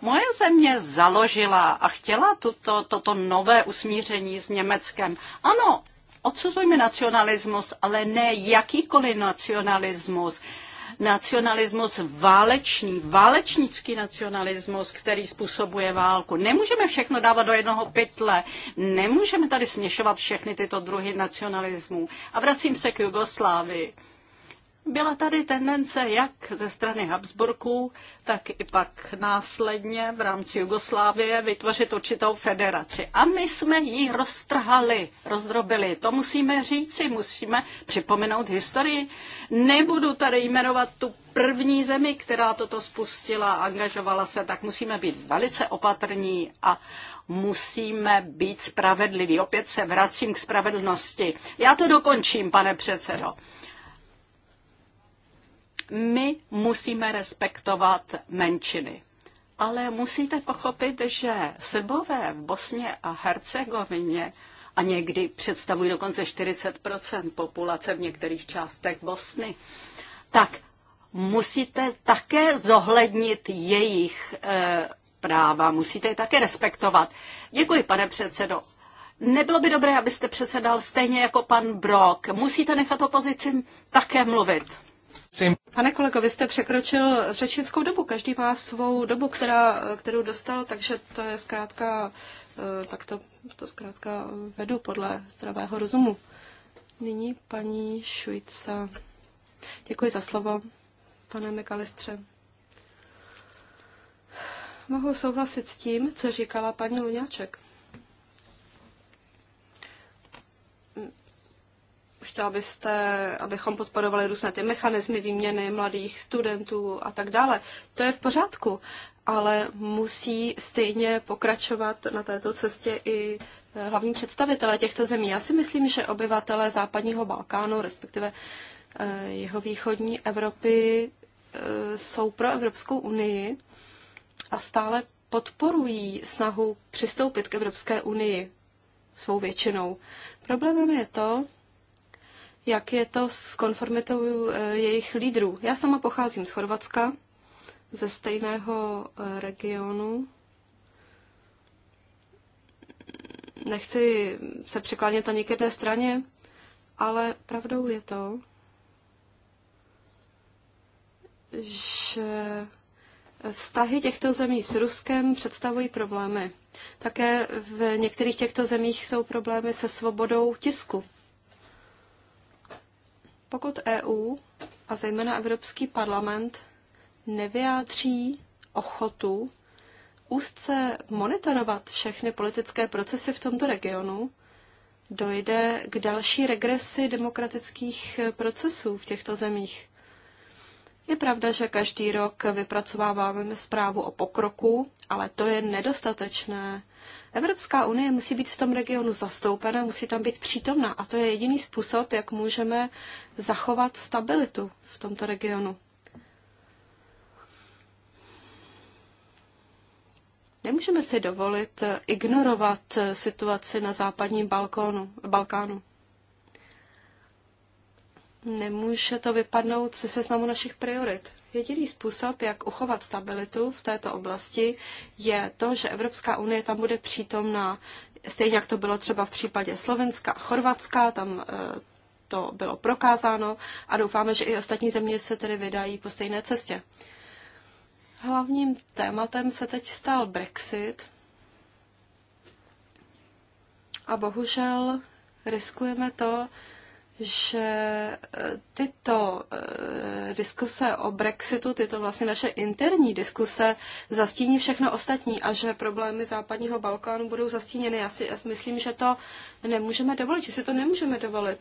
Moje země založila a chtěla tuto, toto nové usmíření s Německem. Ano, odsuzujme nacionalismus, ale ne jakýkoliv nacionalismus nacionalismus válečný, válečnický nacionalismus, který způsobuje válku. Nemůžeme všechno dávat do jednoho pytle, nemůžeme tady směšovat všechny tyto druhy nacionalismu. A vracím se k Jugoslávii. Byla tady tendence jak ze strany Habsburků, tak i pak následně v rámci Jugoslávie vytvořit určitou federaci. A my jsme ji roztrhali, rozdrobili. To musíme říci, musíme připomenout historii. Nebudu tady jmenovat tu první zemi, která toto spustila, angažovala se, tak musíme být velice opatrní a musíme být spravedliví. Opět se vracím k spravedlnosti. Já to dokončím, pane předsedo. My musíme respektovat menšiny. Ale musíte pochopit, že Srbové v Bosně a Hercegovině a někdy představují dokonce 40 populace v některých částech Bosny, tak musíte také zohlednit jejich e, práva, musíte je také respektovat. Děkuji, pane předsedo. Nebylo by dobré, abyste předsedal stejně jako pan Brok. Musíte nechat opozici také mluvit. Pane kolego, vy jste překročil řečnickou dobu. Každý má svou dobu, která, kterou dostal, takže to je zkrátka, eh, tak to, to zkrátka vedu podle zdravého rozumu. Nyní paní Šujca. Děkuji za slovo, pane Mekalistře. Mohu souhlasit s tím, co říkala paní Luňáček. chtěla byste, abychom podporovali různé ty mechanismy výměny mladých studentů a tak dále. To je v pořádku, ale musí stejně pokračovat na této cestě i eh, hlavní představitelé těchto zemí. Já si myslím, že obyvatelé západního Balkánu, respektive eh, jeho východní Evropy, eh, jsou pro Evropskou unii a stále podporují snahu přistoupit k Evropské unii svou většinou. Problémem je to, jak je to s konformitou e, jejich lídrů. Já sama pocházím z Chorvatska, ze stejného e, regionu. Nechci se přiklánět ani k jedné straně, ale pravdou je to, že vztahy těchto zemí s Ruskem představují problémy. Také v některých těchto zemích jsou problémy se svobodou tisku. Pokud EU a zejména Evropský parlament nevyjádří ochotu úzce monitorovat všechny politické procesy v tomto regionu, dojde k další regresi demokratických procesů v těchto zemích. Je pravda, že každý rok vypracováváme zprávu o pokroku, ale to je nedostatečné. Evropská unie musí být v tom regionu zastoupena, musí tam být přítomna a to je jediný způsob, jak můžeme zachovat stabilitu v tomto regionu. Nemůžeme si dovolit ignorovat situaci na západním Balkónu, Balkánu. Nemůže to vypadnout ze seznamu našich priorit. Jediný způsob, jak uchovat stabilitu v této oblasti, je to, že Evropská unie tam bude přítomná. Stejně jak to bylo třeba v případě Slovenska a Chorvatska, tam eh, to bylo prokázáno a doufáme, že i ostatní země se tedy vydají po stejné cestě. Hlavním tématem se teď stal Brexit a bohužel riskujeme to, že eh, tyto eh, diskuse o Brexitu, tyto vlastně naše interní diskuse zastíní všechno ostatní a že problémy západního Balkánu budou zastíněny. Já si já myslím, že to nemůžeme dovolit, že si to nemůžeme dovolit.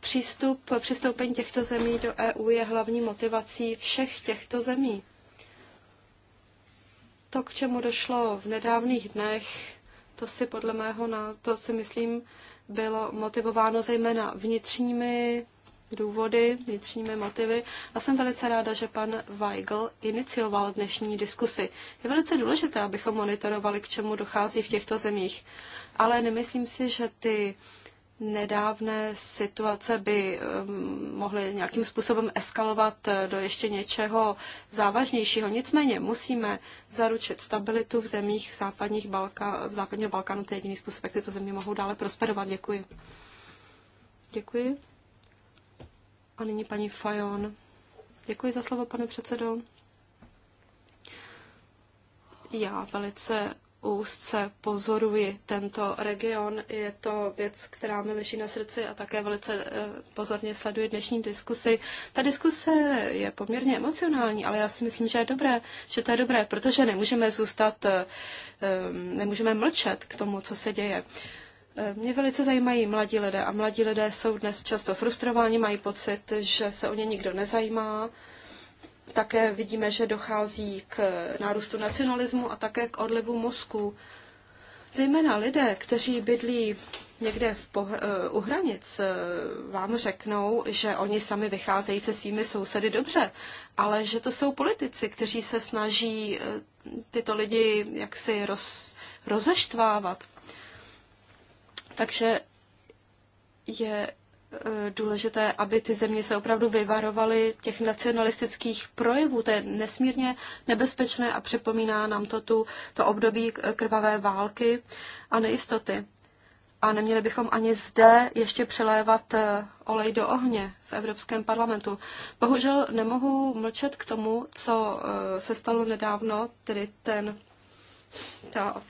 Přístup, přistoupení těchto zemí do EU je hlavní motivací všech těchto zemí. To, k čemu došlo v nedávných dnech, to si podle mého, to si myslím, bylo motivováno zejména vnitřními důvody, vnitřními motivy a jsem velice ráda, že pan Weigl inicioval dnešní diskusy. Je velice důležité, abychom monitorovali, k čemu dochází v těchto zemích, ale nemyslím si, že ty nedávné situace by um, mohly nějakým způsobem eskalovat eh, do ještě něčeho závažnějšího. Nicméně musíme zaručit stabilitu v zemích západních Balka, v západního Balkánu. To je jediný způsob, jak tyto země mohou dále prosperovat. Děkuji. Děkuji. A nyní paní Fajon. Děkuji za slovo, pane předsedo. Já velice úzce pozoruji tento region. Je to věc, která mi leží na srdci a také velice eh, pozorně sleduji dnešní diskusi. Ta diskuse je poměrně emocionální, ale já si myslím, že je dobré, že to je dobré, protože nemůžeme zůstat, eh, nemůžeme mlčet k tomu, co se děje. Eh, mě velice zajímají mladí lidé a mladí lidé jsou dnes často frustrováni, mají pocit, že se o ně nikdo nezajímá, také vidíme, že dochází k nárůstu nacionalismu a také k odlivu mozku. Zejména lidé, kteří bydlí někde v pohr- eh, u hranic, eh, vám řeknou, že oni sami vycházejí se svými sousedy dobře, ale že to jsou politici, kteří se snaží eh, tyto lidi jaksi roz- rozeštvávat. Takže je Eh, důležité, aby ty země se opravdu vyvarovaly těch nacionalistických projevů. To je nesmírně nebezpečné a připomíná nám to tu, to období krvavé války a nejistoty. A neměli bychom ani zde ještě přelévat eh, olej do ohně v Evropském parlamentu. Bohužel nemohu mlčet k tomu, co eh, se stalo nedávno, tedy ten, ta,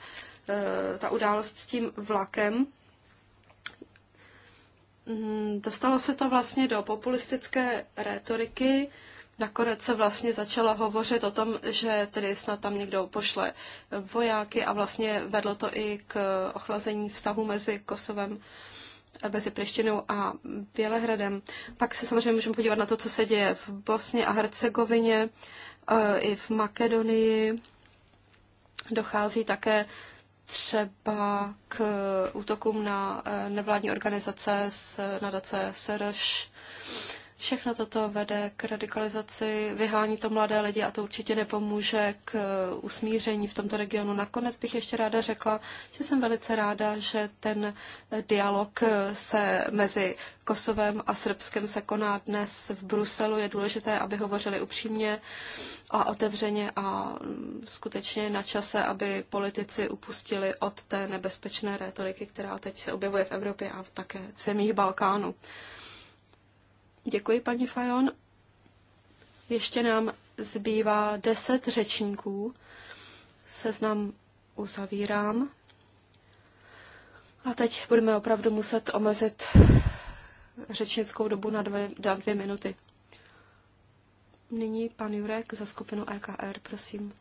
ta událost s tím vlakem, Mm, dostalo se to vlastně do populistické rétoriky. Nakonec se vlastně začalo hovořit o tom, že tedy snad tam někdo pošle vojáky a vlastně vedlo to i k ochlazení vztahu mezi Kosovem mezi Prištinou a Bělehradem. Pak se samozřejmě můžeme podívat na to, co se děje v Bosně a Hercegovině, e, i v Makedonii. Dochází také třeba k útokům na eh, nevládní organizace z nadace SRŠ. Všechno toto vede k radikalizaci, vyhání to mladé lidi a to určitě nepomůže k eh, usmíření v tomto regionu. Nakonec bych ještě ráda řekla, že jsem velice ráda, že ten eh, dialog eh, se mezi Kosovem a Srbskem se koná dnes v Bruselu. Je důležité, aby hovořili upřímně a otevřeně a mm, skutečně na čase, aby politici upustili od té nebezpečné rétoriky, která teď se objevuje v Evropě a také v zemích Balkánu. Děkuji, paní Fajon. Ještě nám zbývá deset řečníků. Seznam uzavírám. A teď budeme opravdu muset omezit řečnickou dobu na dvě, na dvě minuty. Nyní pan Jurek za skupinu EKR, prosím.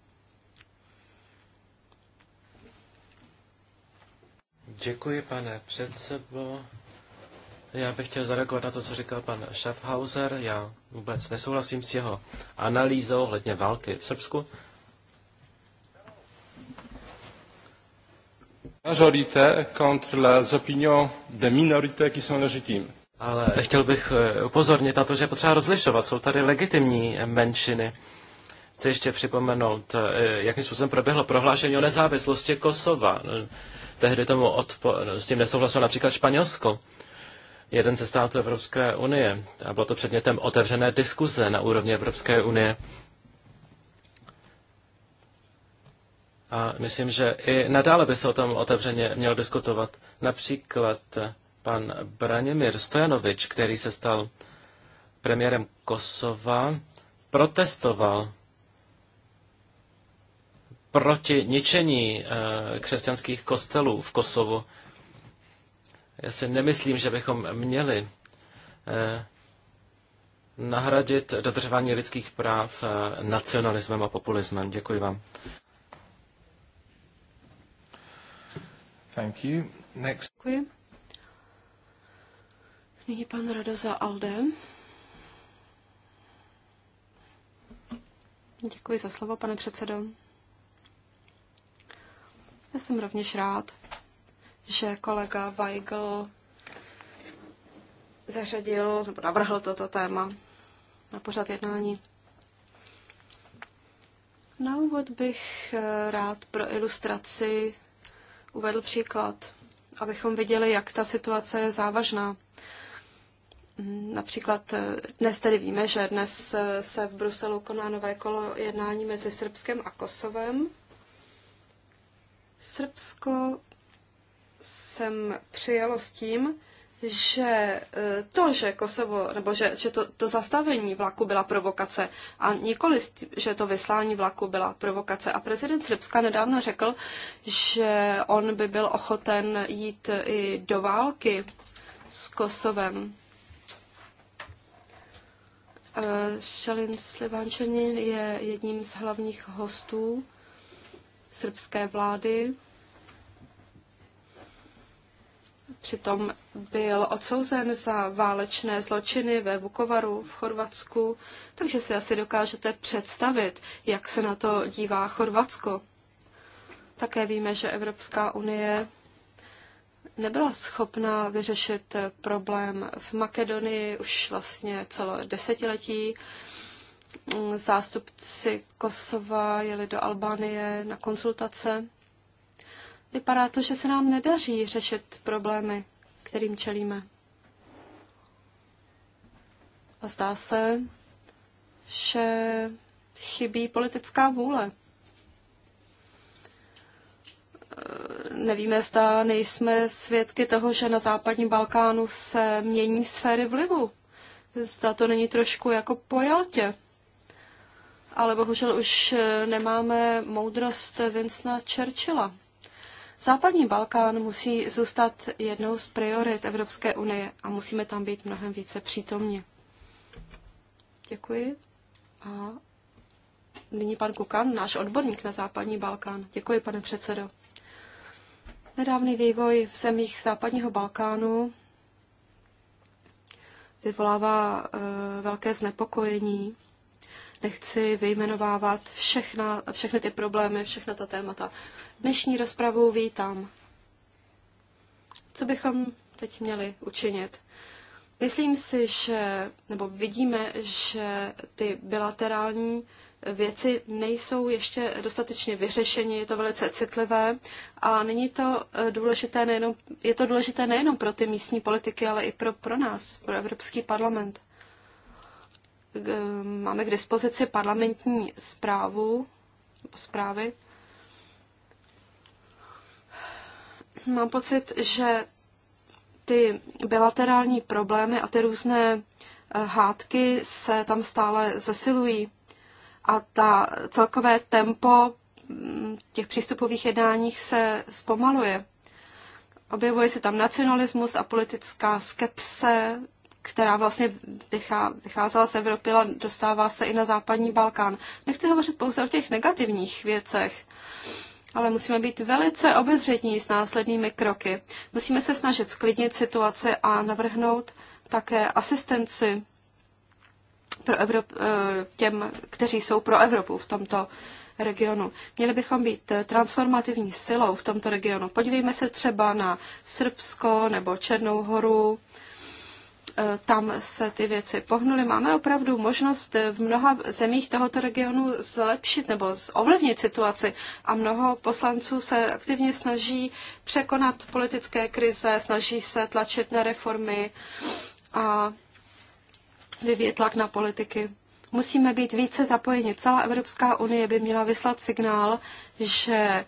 Děkuji, pane předsedo. Já bych chtěl zareagovat na to, co říkal pan Schaffhauser. Já vůbec nesouhlasím s jeho analýzou hledně války v Srbsku. Majorité contre les opinions des minorités qui sont légitimes. Ale chtěl bych eh, upozornit na to, že je potřeba rozlišovat. Jsou tady legitimní menšiny. Chci ještě připomenout, eh, jakým způsobem proběhlo prohlášení o nezávislosti Kosova. Tehdy tomu odpo- s tím nesouhlasilo například Španělsko jeden ze států Evropské unie. A bylo to předmětem otevřené diskuze na úrovni Evropské unie. A myslím, že i nadále by se o tom otevřeně měl diskutovat. Například pan Branimir Stojanovič, který se stal premiérem Kosova, protestoval proti ničení eh, křesťanských kostelů v Kosovu. Já si nemyslím, že bychom měli eh, nahradit dodržování lidských práv eh, nacionalismem a populismem. Děkuji vám. Thank you. Next. Děkuji. Nyní pan Radoza Alde. Děkuji za slovo, pane předsedo. Já jsem rovněž rád, že kolega Weigl zařadil nebo navrhl toto téma na pořad jednání. Na úvod bych eh, rád pro ilustraci uvedl příklad, abychom viděli, jak ta situace je závažná. Mm, například eh, dnes tedy víme, že dnes eh, se v Bruselu koná nové kolo jednání mezi Srbskem a Kosovem. Srbsko jsem přijelo s tím, že e, to, že Kosovo, nebo že, že to, to zastavení vlaku byla provokace a nikoli, že to vyslání vlaku byla provokace. A prezident Srbska nedávno řekl, že on by byl ochoten jít i do války s Kosovem. E, Šalin Slivančenin je jedním z hlavních hostů srbské vlády. Přitom byl odsouzen za válečné zločiny ve Vukovaru v Chorvatsku, takže si asi dokážete představit, jak se na to dívá Chorvatsko. Také víme, že Evropská unie nebyla schopna vyřešit problém v Makedonii už vlastně celé desetiletí. Zástupci Kosova jeli do Albánie na konsultace vypadá to, že se nám nedaří řešit problémy, kterým čelíme. A zdá se, že chybí politická vůle. Eh, nevíme, zda nejsme svědky toho, že na západním Balkánu se mění sféry vlivu. Zda to není trošku jako po Jaltě. Ale bohužel už eh, nemáme moudrost Vincenta Churchilla. Západní Balkán musí zůstat jednou z priorit Evropské unie a musíme tam být mnohem více přítomně. Děkuji. A nyní pan Kukan, náš odborník na Západní Balkán. Děkuji, pane předsedo. Nedávný vývoj v zemích Západního Balkánu vyvolává eh, velké znepokojení nechci vyjmenovávat všechna, všechny ty problémy, všechna ta témata. Dnešní rozpravu vítám. Co bychom teď měli učinit? Myslím si, že, nebo vidíme, že ty bilaterální věci nejsou ještě dostatečně vyřešeny, je to velice citlivé a není to eh, důležité nejenom, je to důležité nejenom pro ty místní politiky, ale i pro, pro nás, pro Evropský parlament. Eh, máme k dispozici parlamentní zprávu, zprávy. Mám pocit, že ty bilaterální problémy a ty různé eh, hádky se tam stále zesilují a ta celkové tempo mm, těch přístupových jednáních se zpomaluje. Objevuje se tam nacionalismus a politická skepse, která vlastně vycházela z Evropy, a dostává se i na západní Balkán. Nechci hovořit pouze o těch negativních věcech, ale musíme být velice obezřetní s následnými kroky. Musíme se snažit sklidnit situaci a navrhnout také asistenci pro Evrop, eh, těm, kteří jsou pro Evropu v tomto regionu. Měli bychom být transformativní silou v tomto regionu. Podívejme se třeba na Srbsko nebo Černou horu Eh, tam se ty věci pohnuly. Máme opravdu možnost v mnoha zemích tohoto regionu zlepšit nebo ovlivnit situaci a mnoho poslanců se aktivně snaží překonat politické krize, snaží se tlačit na reformy a vyvíjet tlak na politiky. Musíme být více zapojeni. Celá Evropská unie by měla vyslat signál, že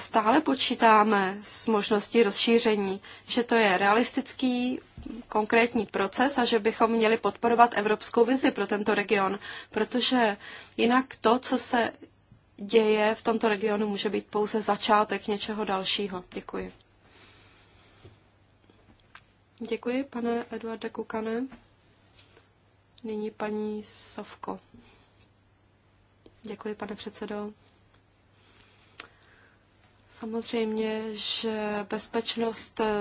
stále počítáme s možností rozšíření, že to je realistický konkrétní proces a že bychom měli podporovat evropskou vizi pro tento region, protože jinak to, co se děje v tomto regionu, může být pouze začátek něčeho dalšího. Děkuji. Děkuji, pane Eduarde Kukane. Nyní paní Sovko. Děkuji, pane předsedo. Samozřejmě, že bezpečnost eh,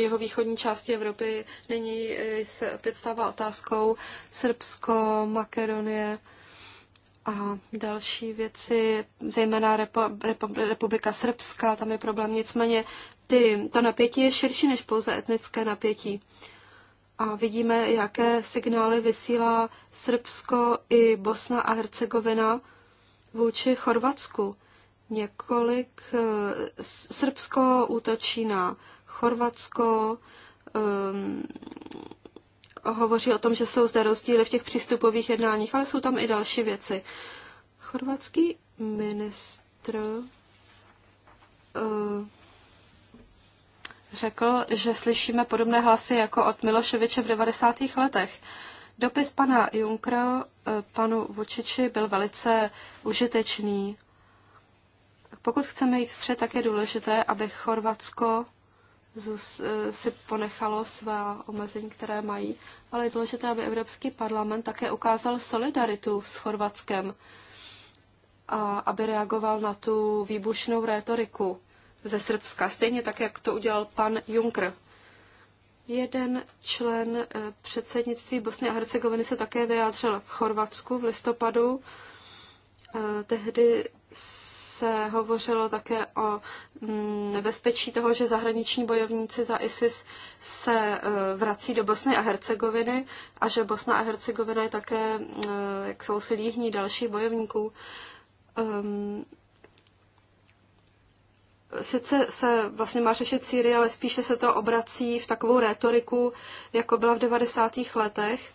jeho východní části Evropy nyní eh, se opět stává otázkou Srbsko, Makedonie a další věci, zejména Republika Srbská, tam je problém. Nicméně ty, to napětí je širší než pouze etnické napětí. A vidíme, jaké signály vysílá Srbsko i Bosna a Hercegovina vůči Chorvatsku Několik eh, Srbsko útočí na Chorvatsko, um, hovoří o tom, že jsou zde rozdíly v těch přístupových jednáních, ale jsou tam i další věci. Chorvatský ministr uh, řekl, že slyšíme podobné hlasy jako od Miloševiče v 90. letech. Dopis pana Junkra eh, panu Vučiči byl velice užitečný. Pokud chceme jít vpřed, tak je důležité, aby Chorvatsko eh, si ponechalo svá omezení, které mají, ale je důležité, aby Evropský parlament také ukázal solidaritu s Chorvatskem a aby reagoval na tu výbušnou rétoriku ze Srbska, stejně tak, jak to udělal pan Juncker. Jeden člen eh, předsednictví Bosny a Hercegoviny se také vyjádřil k Chorvatsku v listopadu. Eh, tehdy se hovořilo také o mm, nebezpečí toho, že zahraniční bojovníci za ISIS se e, vrací do Bosny a Hercegoviny a že Bosna a Hercegovina je také, e, jak jsou si líhní dalších bojovníků. Ehm, sice se vlastně má řešit Sýrie, ale spíše se to obrací v takovou rétoriku, jako byla v 90. letech,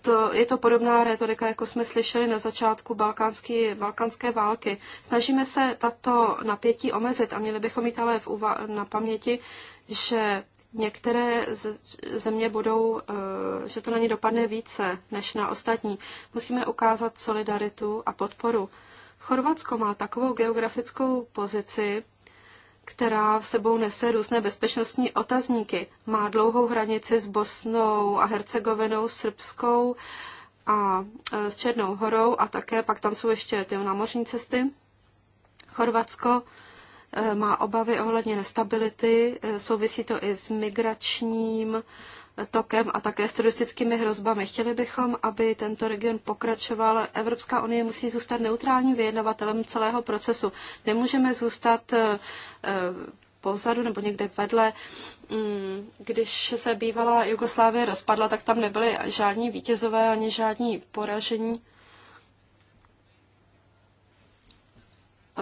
to, je to podobná retorika, jako jsme slyšeli na začátku balkánský, balkánské války. Snažíme se tato napětí omezit a měli bychom mít ale v uva- na paměti, že některé země budou, eh, že to na ně dopadne více než na ostatní. Musíme ukázat solidaritu a podporu. Chorvatsko má takovou geografickou pozici, která v sebou nese různé bezpečnostní otazníky. Má dlouhou hranici s Bosnou a Hercegovinou, Srbskou a e, s Černou horou a také pak tam jsou ještě ty námořní cesty. Chorvatsko e, má obavy ohledně nestability, e, souvisí to i s migračním tokem a také s teroristickými hrozbami. Chtěli bychom, aby tento region pokračoval. Evropská unie musí zůstat neutrálním vyjednavatelem celého procesu. Nemůžeme zůstat eh, eh, pozadu nebo někde vedle. Mm, když se bývala Jugoslávie rozpadla, tak tam nebyly žádní vítězové ani žádní poražení.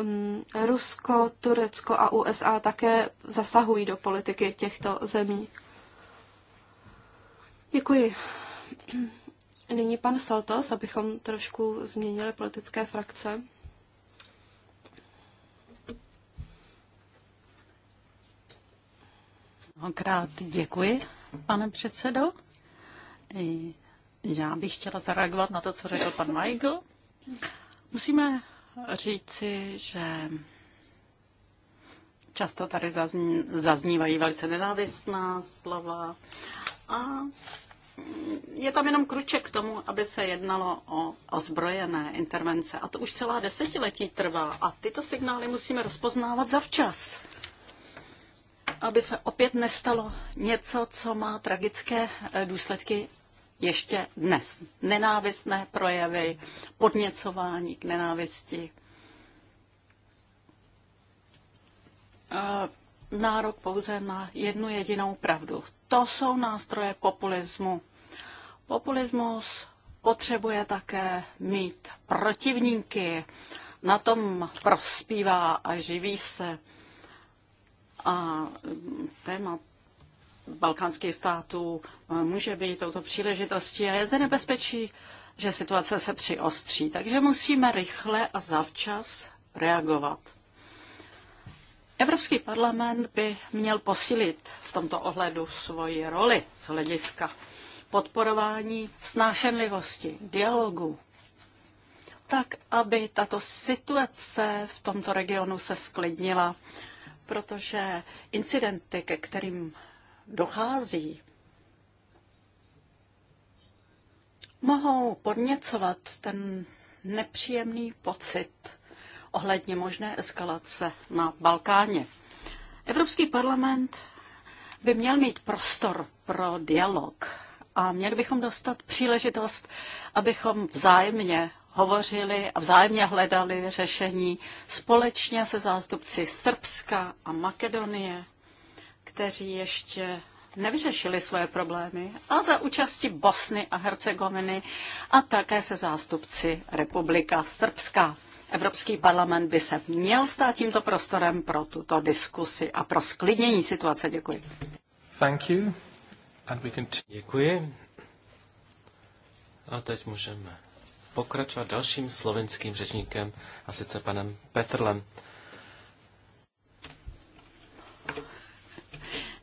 Mm, Rusko, Turecko a USA také zasahují do politiky těchto zemí. Děkuji. Nyní pan Saltos, abychom trošku změnili politické frakce. Mnohokrát děkuji, pane předsedo. Já bych chtěla zareagovat na to, co řekl pan Weigl. Musíme říci, že často tady zaznívají velice nenávistná slova a je tam jenom kruček k tomu, aby se jednalo o ozbrojené intervence. A to už celá desetiletí trvá. A tyto signály musíme rozpoznávat zavčas, aby se opět nestalo něco, co má tragické eh, důsledky ještě dnes. Nenávistné projevy, podněcování k nenávisti. Eh, nárok pouze na jednu jedinou pravdu to jsou nástroje populismu. Populismus potřebuje také mít protivníky, na tom prospívá a živí se. A téma balkánských států může být touto příležitostí a je zde nebezpečí, že situace se přiostří. Takže musíme rychle a zavčas reagovat. Evropský parlament by měl posílit v tomto ohledu svoji roli z hlediska podporování snášenlivosti, dialogu, tak, aby tato situace v tomto regionu se sklidnila, protože incidenty, ke kterým dochází, mohou podněcovat ten nepříjemný pocit ohledně možné eskalace na Balkáně. Evropský parlament by měl mít prostor pro dialog a měli bychom dostat příležitost, abychom vzájemně hovořili a vzájemně hledali řešení společně se zástupci Srbska a Makedonie, kteří ještě nevyřešili své problémy a za účasti Bosny a Hercegoviny a také se zástupci Republika Srbská. Evropský parlament by se měl stát tímto prostorem pro tuto diskusi a pro sklidnění situace. Děkuji. Thank you. And we can Děkuji. A teď můžeme pokračovat dalším slovenským řečníkem, a sice panem Petrlem.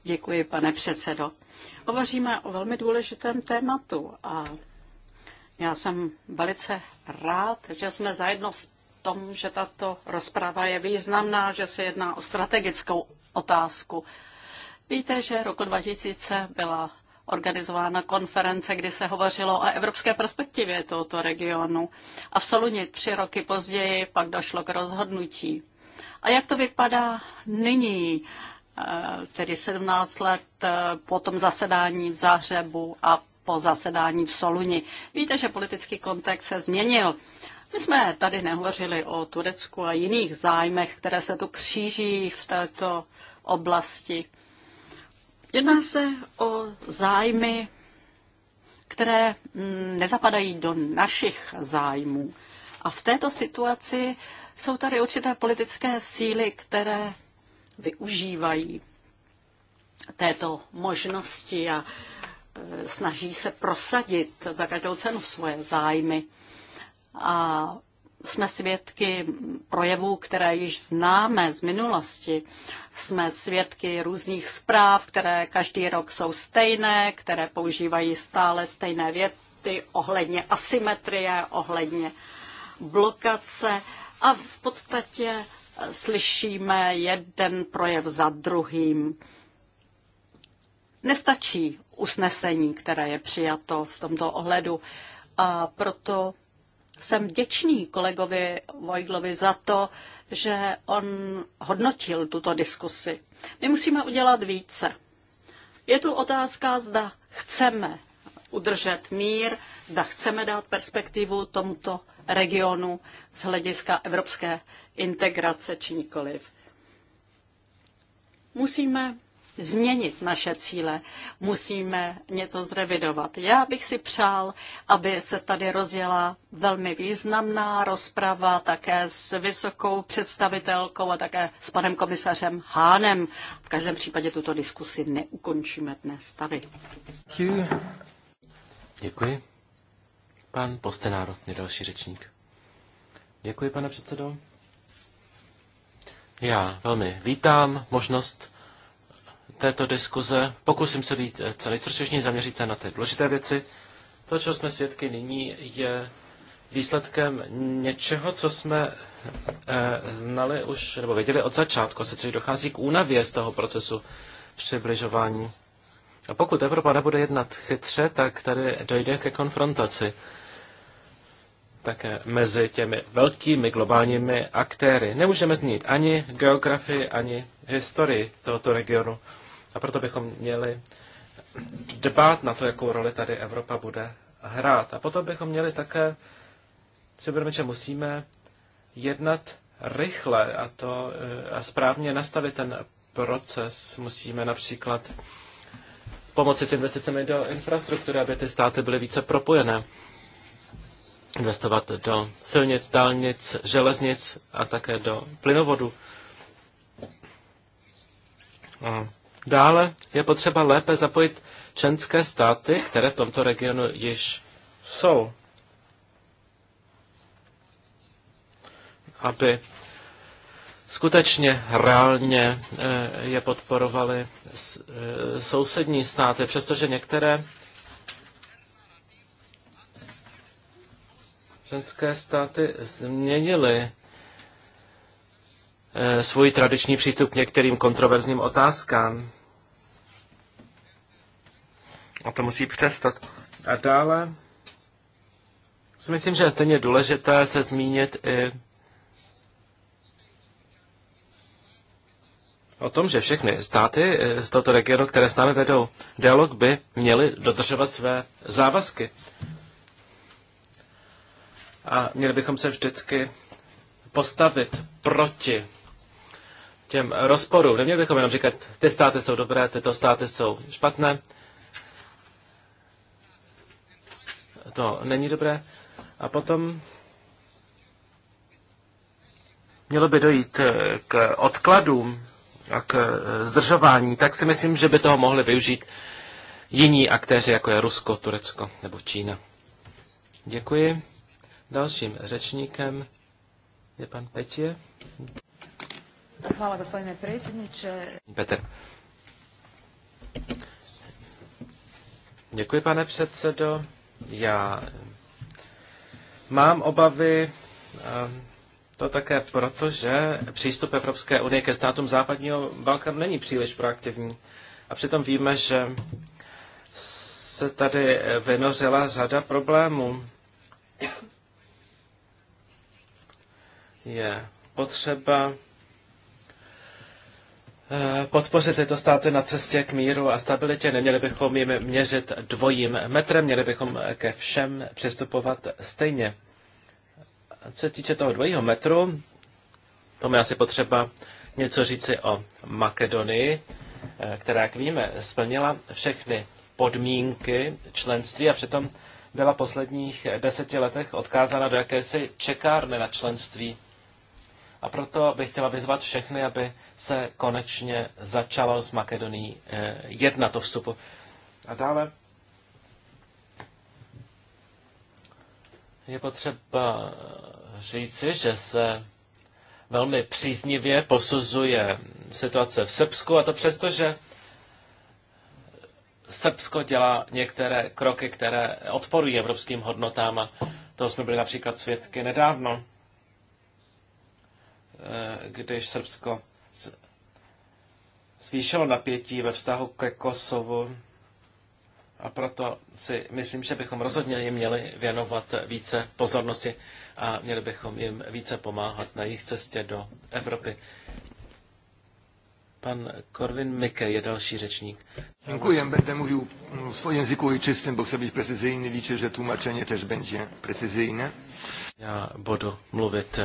Děkuji, pane předsedo. Hovoříme o velmi důležitém tématu a já jsem velice rád, že jsme zajedno v tom, že tato rozprava je významná, že se jedná o strategickou otázku. Víte, že roku 2000 byla organizována konference, kdy se hovořilo o evropské perspektivě tohoto regionu. A v Soluně tři roky později pak došlo k rozhodnutí. A jak to vypadá nyní, eh, tedy 17 let eh, po tom zasedání v Zářebu a po zasedání v Soluni? Víte, že politický kontext se změnil. My jsme tady nehovořili o Turecku a jiných zájmech, které se tu kříží v této oblasti. Jedná se o zájmy, které mm, nezapadají do našich zájmů. A v této situaci jsou tady určité politické síly, které využívají této možnosti a e, snaží se prosadit za každou cenu svoje zájmy a jsme svědky projevů, které již známe z minulosti. Jsme svědky různých zpráv, které každý rok jsou stejné, které používají stále stejné věty ohledně asymetrie, ohledně blokace a v podstatě eh, slyšíme jeden projev za druhým. Nestačí usnesení, které je přijato v tomto ohledu a proto jsem vděčný kolegovi Vojglovi za to, že on hodnotil tuto diskusi. My musíme udělat více. Je tu otázka, zda chceme udržet mír, zda chceme dát perspektivu tomuto regionu z hlediska evropské integrace či nikoliv. Musíme změnit naše cíle, musíme něco zrevidovat. Já bych si přál, aby se tady rozjela velmi významná rozprava také s vysokou představitelkou a také s panem komisařem Hánem. V každém případě tuto diskusi neukončíme dnes tady. Děkuji. Děkuji. Pan Postenár je další řečník. Děkuji, pane předsedo. Já velmi vítám možnost této diskuze. Pokusím se být eh, celý stručnější, zaměřit se na ty důležité věci. To, čeho jsme svědky nyní, je výsledkem něčeho, co jsme eh, znali už, nebo věděli od začátku, se tedy dochází k únavě z toho procesu přibližování. A pokud Evropa nebude jednat chytře, tak tady dojde ke konfrontaci také mezi těmi velkými globálními aktéry. Nemůžeme změnit ani geografii, ani historii tohoto regionu. A proto bychom měli dbát na to, jakou roli tady Evropa bude hrát. A potom bychom měli také co budeme, že musíme jednat rychle a, to, eh, a správně nastavit ten proces. Musíme například pomoci s investicemi do infrastruktury, aby ty státy byly více propojené. Investovat do silnic, dálnic, železnic a také do plynovodu. A Dále je potřeba lépe zapojit členské státy, které v tomto regionu již jsou, aby skutečně reálně eh, je podporovaly eh, sousední státy, přestože některé členské státy změnily Eh, svůj tradiční přístup k některým kontroverzním otázkám. A to musí přestat. A dále si myslím, že je stejně důležité se zmínit i o tom, že všechny státy eh, z tohoto regionu, které s námi vedou dialog, by měly dodržovat své závazky. A měli bychom se vždycky postavit proti těm rozporům. Neměli bychom jenom říkat, ty státy jsou dobré, tyto státy jsou špatné. To není dobré. A potom mělo by dojít k odkladům a k zdržování, tak si myslím, že by toho mohli využít jiní aktéři, jako je Rusko, Turecko nebo Čína. Děkuji. Dalším řečníkem je pan Petě. Hvala gospodine predsjedniče. Petr. Děkuji, pane předsedo. Já mám obavy, ehm, to také proto, že přístup Evropské unie ke státům západního Balkánu není příliš proaktivní. A přitom víme, že se tady vynořila řada problémů. Je potřeba Eh, podpořit tyto státy na cestě k míru a stabilitě. Neměli bychom jim měřit dvojím metrem, měli bychom ke všem přistupovat stejně. Co se týče toho dvojího metru, to mi asi potřeba něco říci o Makedonii, eh, která, jak víme, splnila všechny podmínky členství a přitom byla v posledních deseti letech odkázána do jakési čekárny na členství a proto bych chtěla vyzvat všechny, aby se konečně začalo s Makedonií eh, jednat o vstupu. A dále je potřeba říci, že se velmi příznivě posuzuje situace v Srbsku, a to přesto, že Srbsko dělá některé kroky, které odporují evropským hodnotám a toho jsme byli například svědky nedávno když Srbsko zvýšilo napětí ve vztahu ke Kosovu. A proto si myslím, že bychom rozhodně jim měli věnovat více pozornosti a měli bychom jim více pomáhat na jejich cestě do Evropy. Pan Korvin Mike je další řečník. Dziękuję. Będę v svém jazyku i čistým, bo chcę být precyzyjny. Liczę, že tłumaczenie tež bude precyzyjne. Já budu mluvit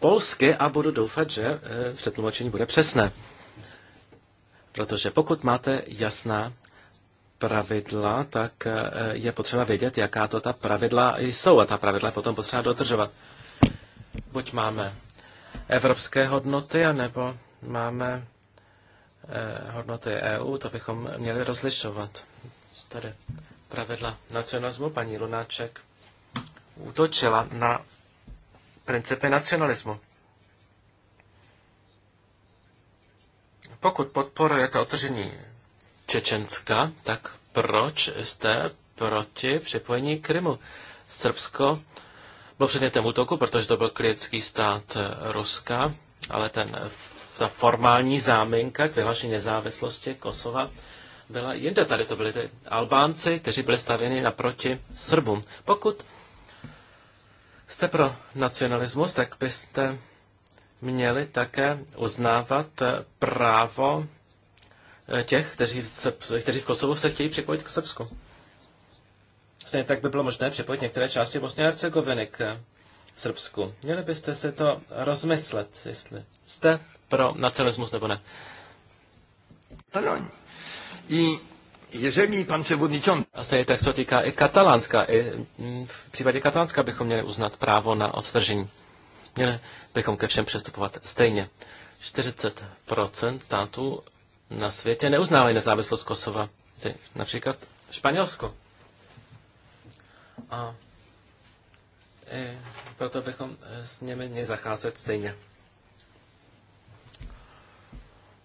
polsky a budu doufat, že eh, přetlumočení bude přesné. Protože pokud máte jasná pravidla, tak eh, je potřeba vědět, jaká to ta pravidla jsou a ta pravidla je potom potřeba dodržovat. Buď máme evropské hodnoty, anebo máme eh, hodnoty EU, to bychom měli rozlišovat. Tady pravidla nacionalismu paní Lunáček útočila na principy nacionalismu. Pokud podporujete otržení Čečenska, tak proč jste proti připojení Krymu? Srbsko bylo předmětem útoku, protože to byl klidský stát Ruska, ale ten, ta formální záminka k vyhlášení nezávislosti Kosova byla jinde. Tady to byli ty Albánci, kteří byli stavěni naproti Srbům. Pokud jste pro nacionalismus, tak byste měli také uznávat eh, právo eh, těch, kteří v, Srbsku, kteří v Kosovu se chtějí připojit k Srbsku. Stejně tak by bylo možné připojit některé části Bosny a Hercegoviny k eh, Srbsku. Měli byste si to rozmyslet, jestli jste pro nacionalismus nebo ne. I Jeżeli pan przewodniczący... A stejně tak co týká i katalánska. I mm, v případě katalánska bychom měli uznat právo na odstržení. Měli bychom ke všem přistupovat stejně. 40% států na světě neuznávají nezávislost Kosova. Například Španělsko. A i e, proto bychom e, s nimi měli zacházet stejně.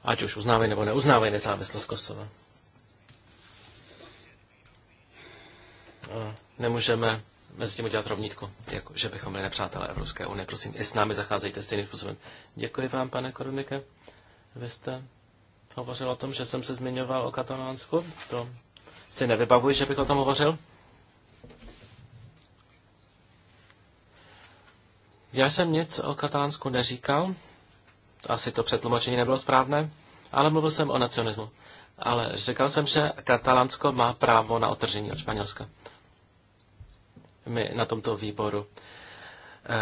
Ať už uznávají nebo neuznávají nezávislost Kosova. nemůžeme mezi tím udělat rovnítko, jako, že bychom byli nepřátelé Evropské unie. Prosím, i s námi zacházejte stejným způsobem. Děkuji vám, pane Korunike. Vy jste hovořil o tom, že jsem se zmiňoval o Katalánsku. To si nevybavuji, že bych o tom hovořil. Já jsem nic o Katalánsku neříkal. Asi to přetlumočení nebylo správné, ale mluvil jsem o nacionalismu. Ale říkal jsem, že Katalánsko má právo na otržení od Španělska my na tomto výboru eh,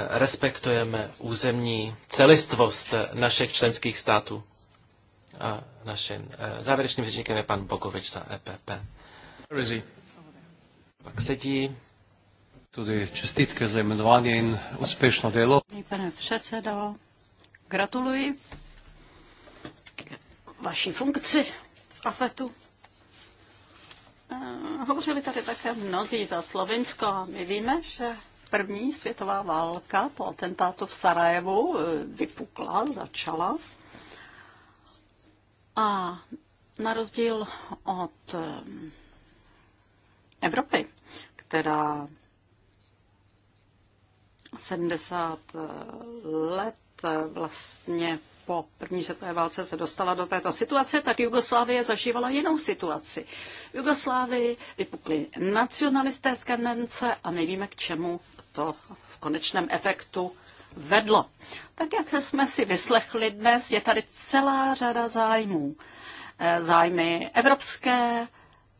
respektujeme územní celistvost našich členských států. A naším eh, závěrečným řečníkem je pan Bogovič za EPP. Pak sedí. Tudy čestitky za jmenování in úspěšné dělo. Pane předsedo, gratuluji k vaší funkci v AFETu. Eh, hovořili tady také mnozí za Slovinsko my víme, že první světová válka po atentátu v Sarajevu eh, vypukla, začala. A na rozdíl od eh, Evropy, která 70 let vlastně po první světové válce se dostala do této situace, tak Jugoslávie zažívala jinou situaci. V Jugoslávii vypukly nacionalisté skandence a my víme, k čemu to v konečném efektu vedlo. Tak jak jsme si vyslechli dnes, je tady celá řada zájmů. Eh, zájmy evropské,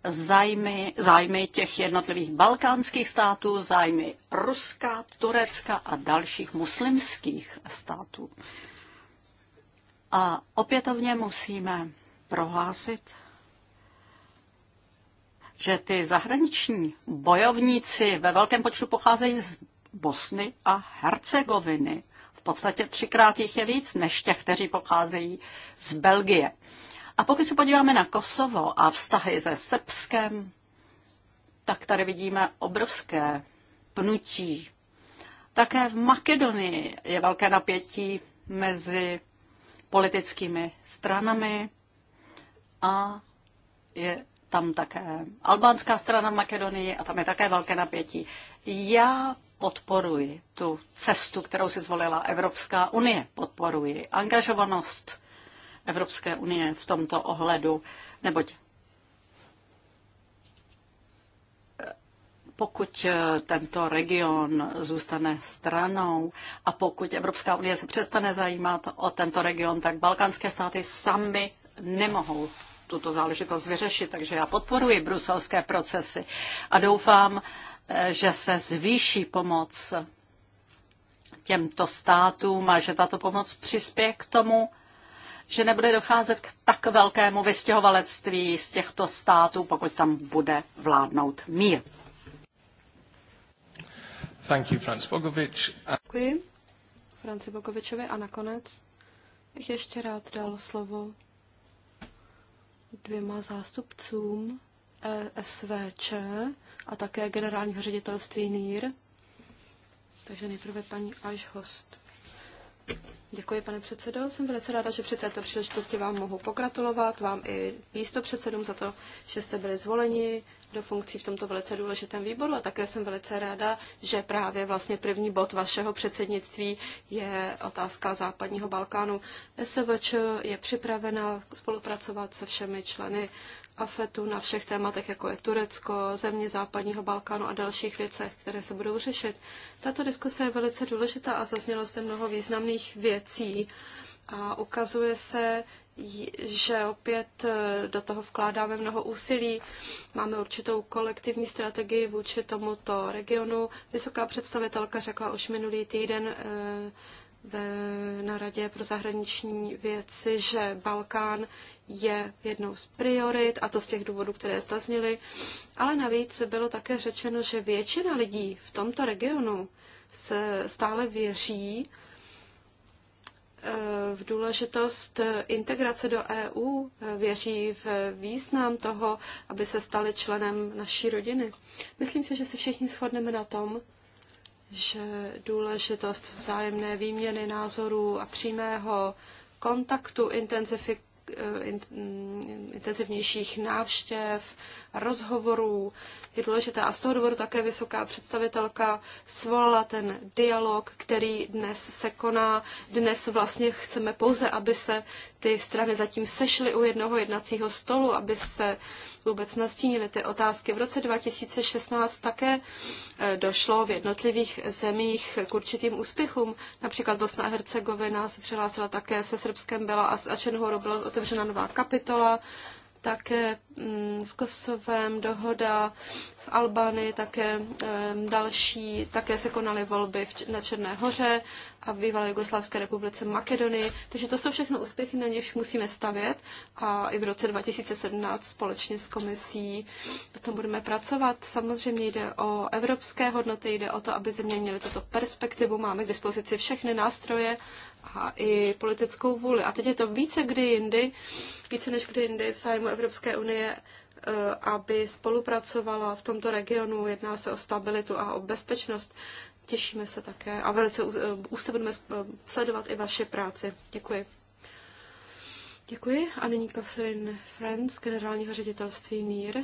zájmy, zájmy těch jednotlivých balkánských států, zájmy Ruska, Turecka a dalších muslimských států. A opětovně musíme prohlásit, že ty zahraniční bojovníci ve velkém počtu pocházejí z Bosny a Hercegoviny. V podstatě třikrát jich je víc než těch, kteří pocházejí z Belgie. A pokud se podíváme na Kosovo a vztahy se Srbskem, tak tady vidíme obrovské pnutí. Také v Makedonii je velké napětí mezi politickými stranami a je tam také albánská strana v Makedonii a tam je také velké napětí. Já podporuji tu cestu, kterou si zvolila Evropská unie. Podporuji angažovanost Evropské unie v tomto ohledu, neboť pokud eh, tento region zůstane stranou a pokud Evropská unie se přestane zajímat o tento region, tak balkánské státy sami nemohou tuto záležitost vyřešit. Takže já podporuji bruselské procesy a doufám, eh, že se zvýší pomoc těmto státům a že tato pomoc přispěje k tomu, že nebude docházet k tak velkému vystěhovalectví z těchto států, pokud tam bude vládnout mír. Thank you, Franz Bogovič. Děkuji Franci Bogovičovi a nakonec bych ještě rád dal slovo dvěma zástupcům e SVČ a také generálního ředitelství NIR. Takže nejprve paní host. Děkuji, pane předsedo. Jsem velice ráda, že při této příležitosti vám mohu pogratulovat, vám i místo předsedům za to, že jste byli zvoleni do funkcí v tomto velice důležitém výboru a také jsem velice ráda, že právě vlastně první bod vašeho předsednictví je otázka západního Balkánu. SVČ je připravena spolupracovat se všemi členy AFETu na všech tématech, jako je Turecko, země západního Balkánu a dalších věcech, které se budou řešit. Tato diskuse je velice důležitá a zaznělo zde mnoho významných věcí. A ukazuje se, že opět eh, do toho vkládáme mnoho úsilí. Máme určitou kolektivní strategii vůči tomuto regionu. Vysoká představitelka řekla už minulý týden eh, ve, na Radě pro zahraniční věci, že Balkán je jednou z priorit, a to z těch důvodů, které zazněly. Ale navíc bylo také řečeno, že většina lidí v tomto regionu se stále věří, v důležitost integrace do EU, eh, věří v význam toho, aby se stali členem naší rodiny. Myslím si, že se všichni shodneme na tom, že důležitost vzájemné výměny názorů a přímého kontaktu eh, mm, intenzivních návštěv, rozhovorů je důležité. A z toho důvodu také vysoká představitelka svolala ten dialog, který dnes se koná. Dnes vlastně chceme pouze, aby se ty strany zatím sešly u jednoho jednacího stolu, aby se vůbec nastínily ty otázky. V roce 2016 také eh, došlo v jednotlivých zemích k určitým úspěchům. Například Bosna a Hercegovina se přihlásila také se Srbskem byla a s Ačenhoru byla otevřena nová kapitola také mm, s Kosovem dohoda v Albánii také další, také se konaly volby na Černé hoře a v bývalé Jugoslavské republice Makedonii. Takže to jsou všechno úspěchy, na něž musíme stavět a i v roce 2017 společně s komisí na tom budeme pracovat. Samozřejmě jde o evropské hodnoty, jde o to, aby země měly toto perspektivu, máme k dispozici všechny nástroje a i politickou vůli. A teď je to více kdy jindy, více než kdy jindy v zájmu Evropské unie Eh, aby spolupracovala v tomto regionu. Jedná se o stabilitu a o bezpečnost. Těšíme se také a velice už eh, se budeme eh, sledovat i vaše práci. Děkuji. Děkuji. A nyní Catherine Friends, generálního ředitelství NIR.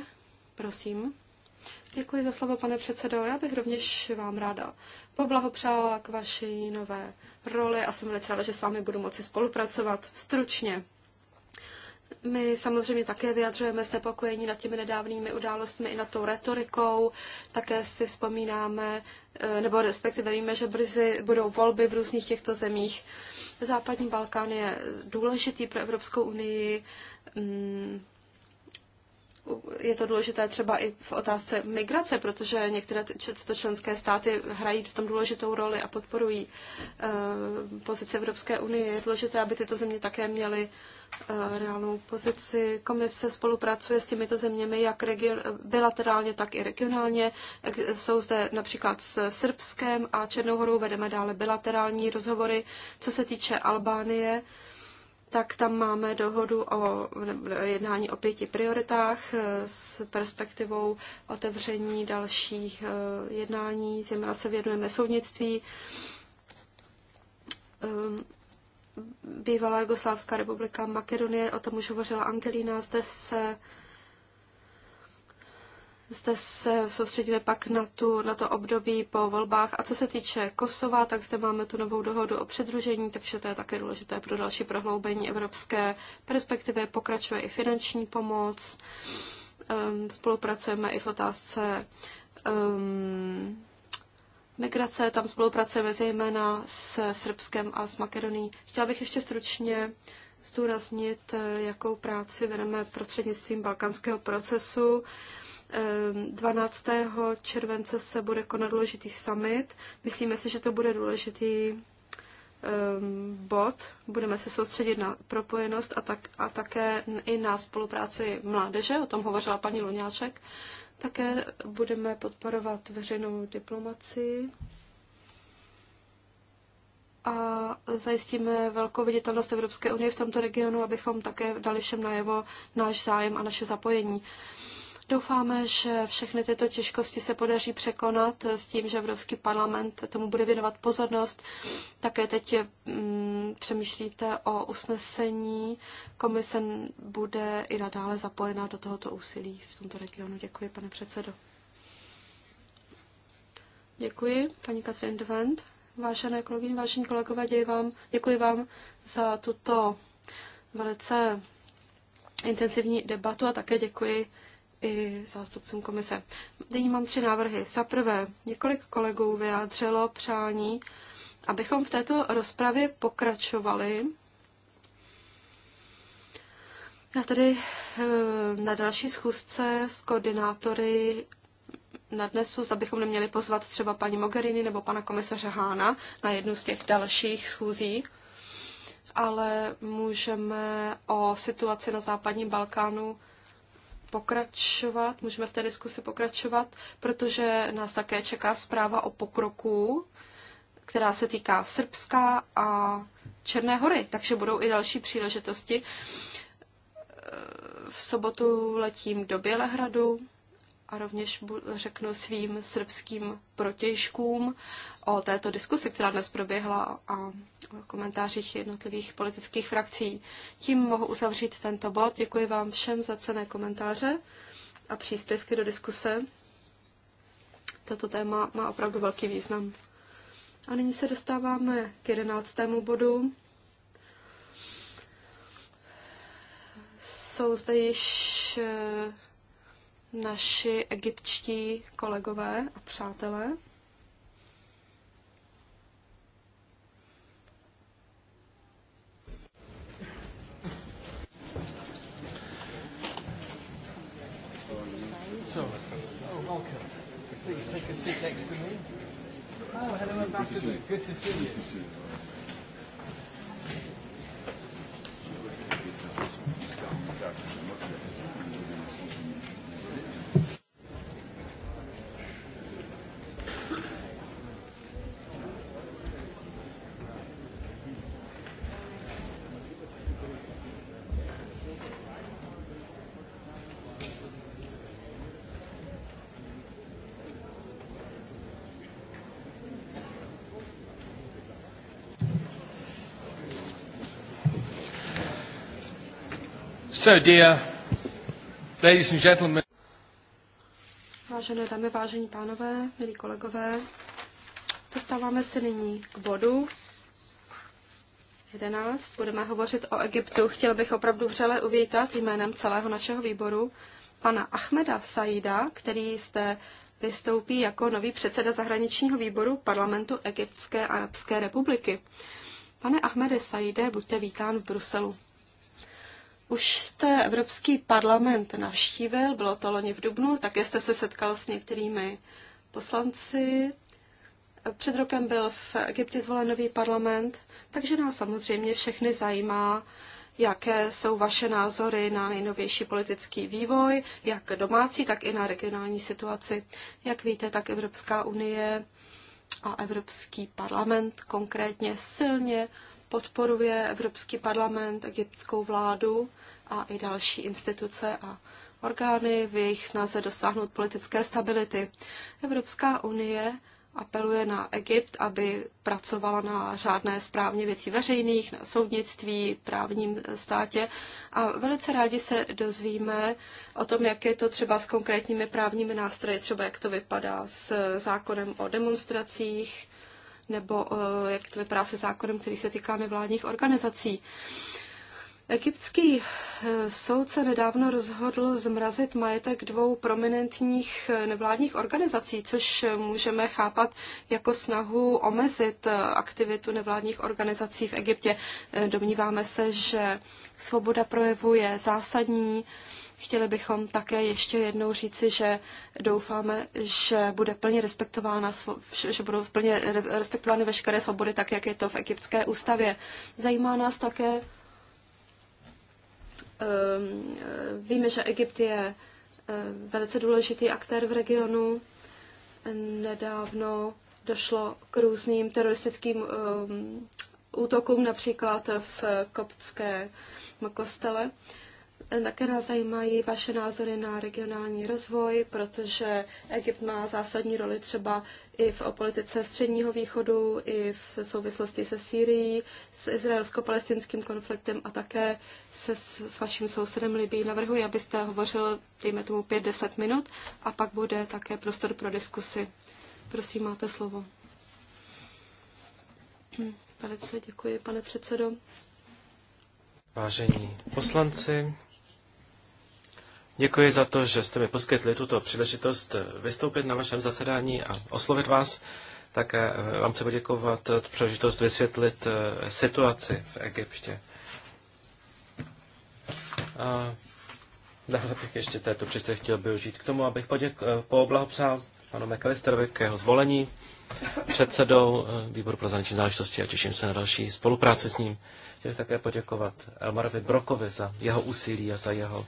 Prosím. Děkuji za slovo, pane předsedo. Já bych rovněž vám ráda poblahopřála k vaší nové roli a jsem velice ráda, že s vámi budu moci spolupracovat stručně. My samozřejmě také vyjadřujeme znepokojení nad těmi nedávnými událostmi i nad tou retorikou. Také si vzpomínáme, eh, nebo respektive víme, že brzy budou volby v různých těchto zemích. Západní Balkán je důležitý pro Evropskou unii. Mm, je to důležité třeba i v otázce migrace, protože některé tyto členské státy hrají v tom důležitou roli a podporují eh, pozici Evropské unie. Je důležité, aby tyto země také měly Eh, reálnou pozici. Komise spolupracuje s těmito zeměmi jak region, bilaterálně, tak i regionálně. Eh, Jsou zde například s Srbskem a Černou horou vedeme dále bilaterální rozhovory. Co se týče Albánie, tak tam máme dohodu o jednání o pěti prioritách eh, s perspektivou otevření dalších jednání. Zejména se věnujeme soudnictví ehm, bývalá Jugoslávská republika Makedonie, o tom už hovořila Angelina, zde se zde se soustředíme pak na, tu, na to období po volbách. A co se týče Kosova, tak zde máme tu novou dohodu o předružení, takže to je také důležité pro další prohloubení evropské perspektivy. Pokračuje i finanční pomoc. Um, spolupracujeme i v otázce um, migrace, tam spolupracujeme zejména s Srbskem a s Makedonií. Chtěla bych ještě stručně zdůraznit, jakou práci vedeme prostřednictvím balkánského procesu. 12. Ehm, července se bude konat důležitý summit. Myslíme si, že to bude důležitý ehm, bod. Budeme se soustředit na propojenost a, tak, a také i na spolupráci mládeže, o tom hovořila paní Luňáček. Také budeme podporovat veřejnou diplomaci a zajistíme velkou viditelnost Evropské unie v tomto regionu, abychom také dali všem najevo náš zájem a naše zapojení. Doufáme, že všechny tyto těžkosti se podaří překonat s tím, že Evropský parlament tomu bude věnovat pozornost. Také teď mm, přemýšlíte o usnesení. Komise bude i nadále zapojena do tohoto úsilí v tomto regionu. Děkuji, pane předsedo. Děkuji, paní Katrin Dvent. Vážené kolegyně, vážení kolegové, děkuji vám, děkuji vám za tuto velice intenzivní debatu a také děkuji i zástupcům komise. Nyní mám tři návrhy. Za prvé, několik kolegů vyjádřilo přání, abychom v této rozpravě pokračovali. Já tady eh, na další schůzce s koordinátory nadnesu, zda bychom neměli pozvat třeba paní Mogherini nebo pana komisaře Hána na jednu z těch dalších schůzí, ale můžeme o situaci na západním Balkánu pokračovat, můžeme v té diskusi pokračovat, protože nás také čeká zpráva o pokroku, která se týká Srbska a Černé hory, takže budou i další příležitosti. V sobotu letím do Bělehradu, a rovněž řeknu svým srbským protějškům o této diskusi, která dnes proběhla a o komentářích jednotlivých politických frakcí. Tím mohu uzavřít tento bod. Děkuji vám všem za cené komentáře a příspěvky do diskuse. Toto téma má opravdu velký význam. A nyní se dostáváme k jedenáctému bodu. Jsou zde již eh, naši egyptští kolegové a přátelé. oh, welcome. Please take to me. Oh, hello, Ambassador. Good to see you. Good to see you. So, dear ladies and gentlemen. Vážené dámy, vážení pánové, milí kolegové, dostáváme se nyní k bodu 11. Budeme hovořit o Egyptu. Chtěl bych opravdu vřele uvítat jménem celého našeho výboru pana Ahmeda Saida, který jste vystoupí jako nový předseda zahraničního výboru parlamentu Egyptské arabské republiky. Pane Ahmede Saide, buďte vítán v Bruselu. Už jste Evropský parlament navštívil, bylo to loni v Dubnu, také jste se setkal s některými poslanci. Před rokem byl v Egyptě zvolen nový parlament, takže nás samozřejmě všechny zajímá, jaké jsou vaše názory na nejnovější politický vývoj, jak domácí, tak i na regionální situaci. Jak víte, tak Evropská unie a Evropský parlament konkrétně silně podporuje Evropský parlament, egyptskou vládu a i další instituce a orgány v jejich snaze dosáhnout politické stability. Evropská unie apeluje na Egypt, aby pracovala na řádné správně věcí veřejných, na soudnictví, právním státě. A velice rádi se dozvíme o tom, jak je to třeba s konkrétními právními nástroji, třeba jak to vypadá s zákonem o demonstracích, nebo eh, jak to vypadá se zákonem, který se týká nevládních organizací. Egyptský eh, soud se nedávno rozhodl zmrazit majetek dvou prominentních eh, nevládních organizací, což můžeme chápat jako snahu omezit aktivitu nevládních organizací v Egyptě. Domníváme se, že svoboda projevu je zásadní Chtěli bychom také ještě jednou říci, že doufáme, že bude plně respektována, že budou plně respektovány veškeré svobody, tak jak je to v egyptské ústavě. Zajímá nás také, ehm, eh, víme, že Egypt je eh, velice důležitý aktér v regionu. Nedávno došlo k různým teroristickým ehm, útokům, například v koptské kostele. Také nás zajímají vaše názory na regionální rozvoj, protože Egypt má zásadní roli třeba i v politice Středního východu, i v souvislosti se Sýrií, s izraelsko-palestinským konfliktem a také se s, s vaším sousedem Libí. Navrhuji, abyste hovořil, dejme tomu, 5-10 minut a pak bude také prostor pro diskusy. Prosím, máte slovo. Velice děkuji, pane předsedo. Vážení poslanci, Děkuji za to, že jste mi poskytli tuto příležitost eh, vystoupit na vašem zasedání a oslovit vás. Také eh, vám chci poděkovat eh, příležitost vysvětlit situaci v Egyptě. A dále bych ještě této přece chtěl využít k tomu, abych poděk- pooblahopřál panu McAllisterovi k jeho zvolení předsedou výboru pro zahraniční záležitosti a těším se na další spolupráci s ním. Chtěl bych také poděkovat Elmarovi Brokovi za jeho úsilí a za jeho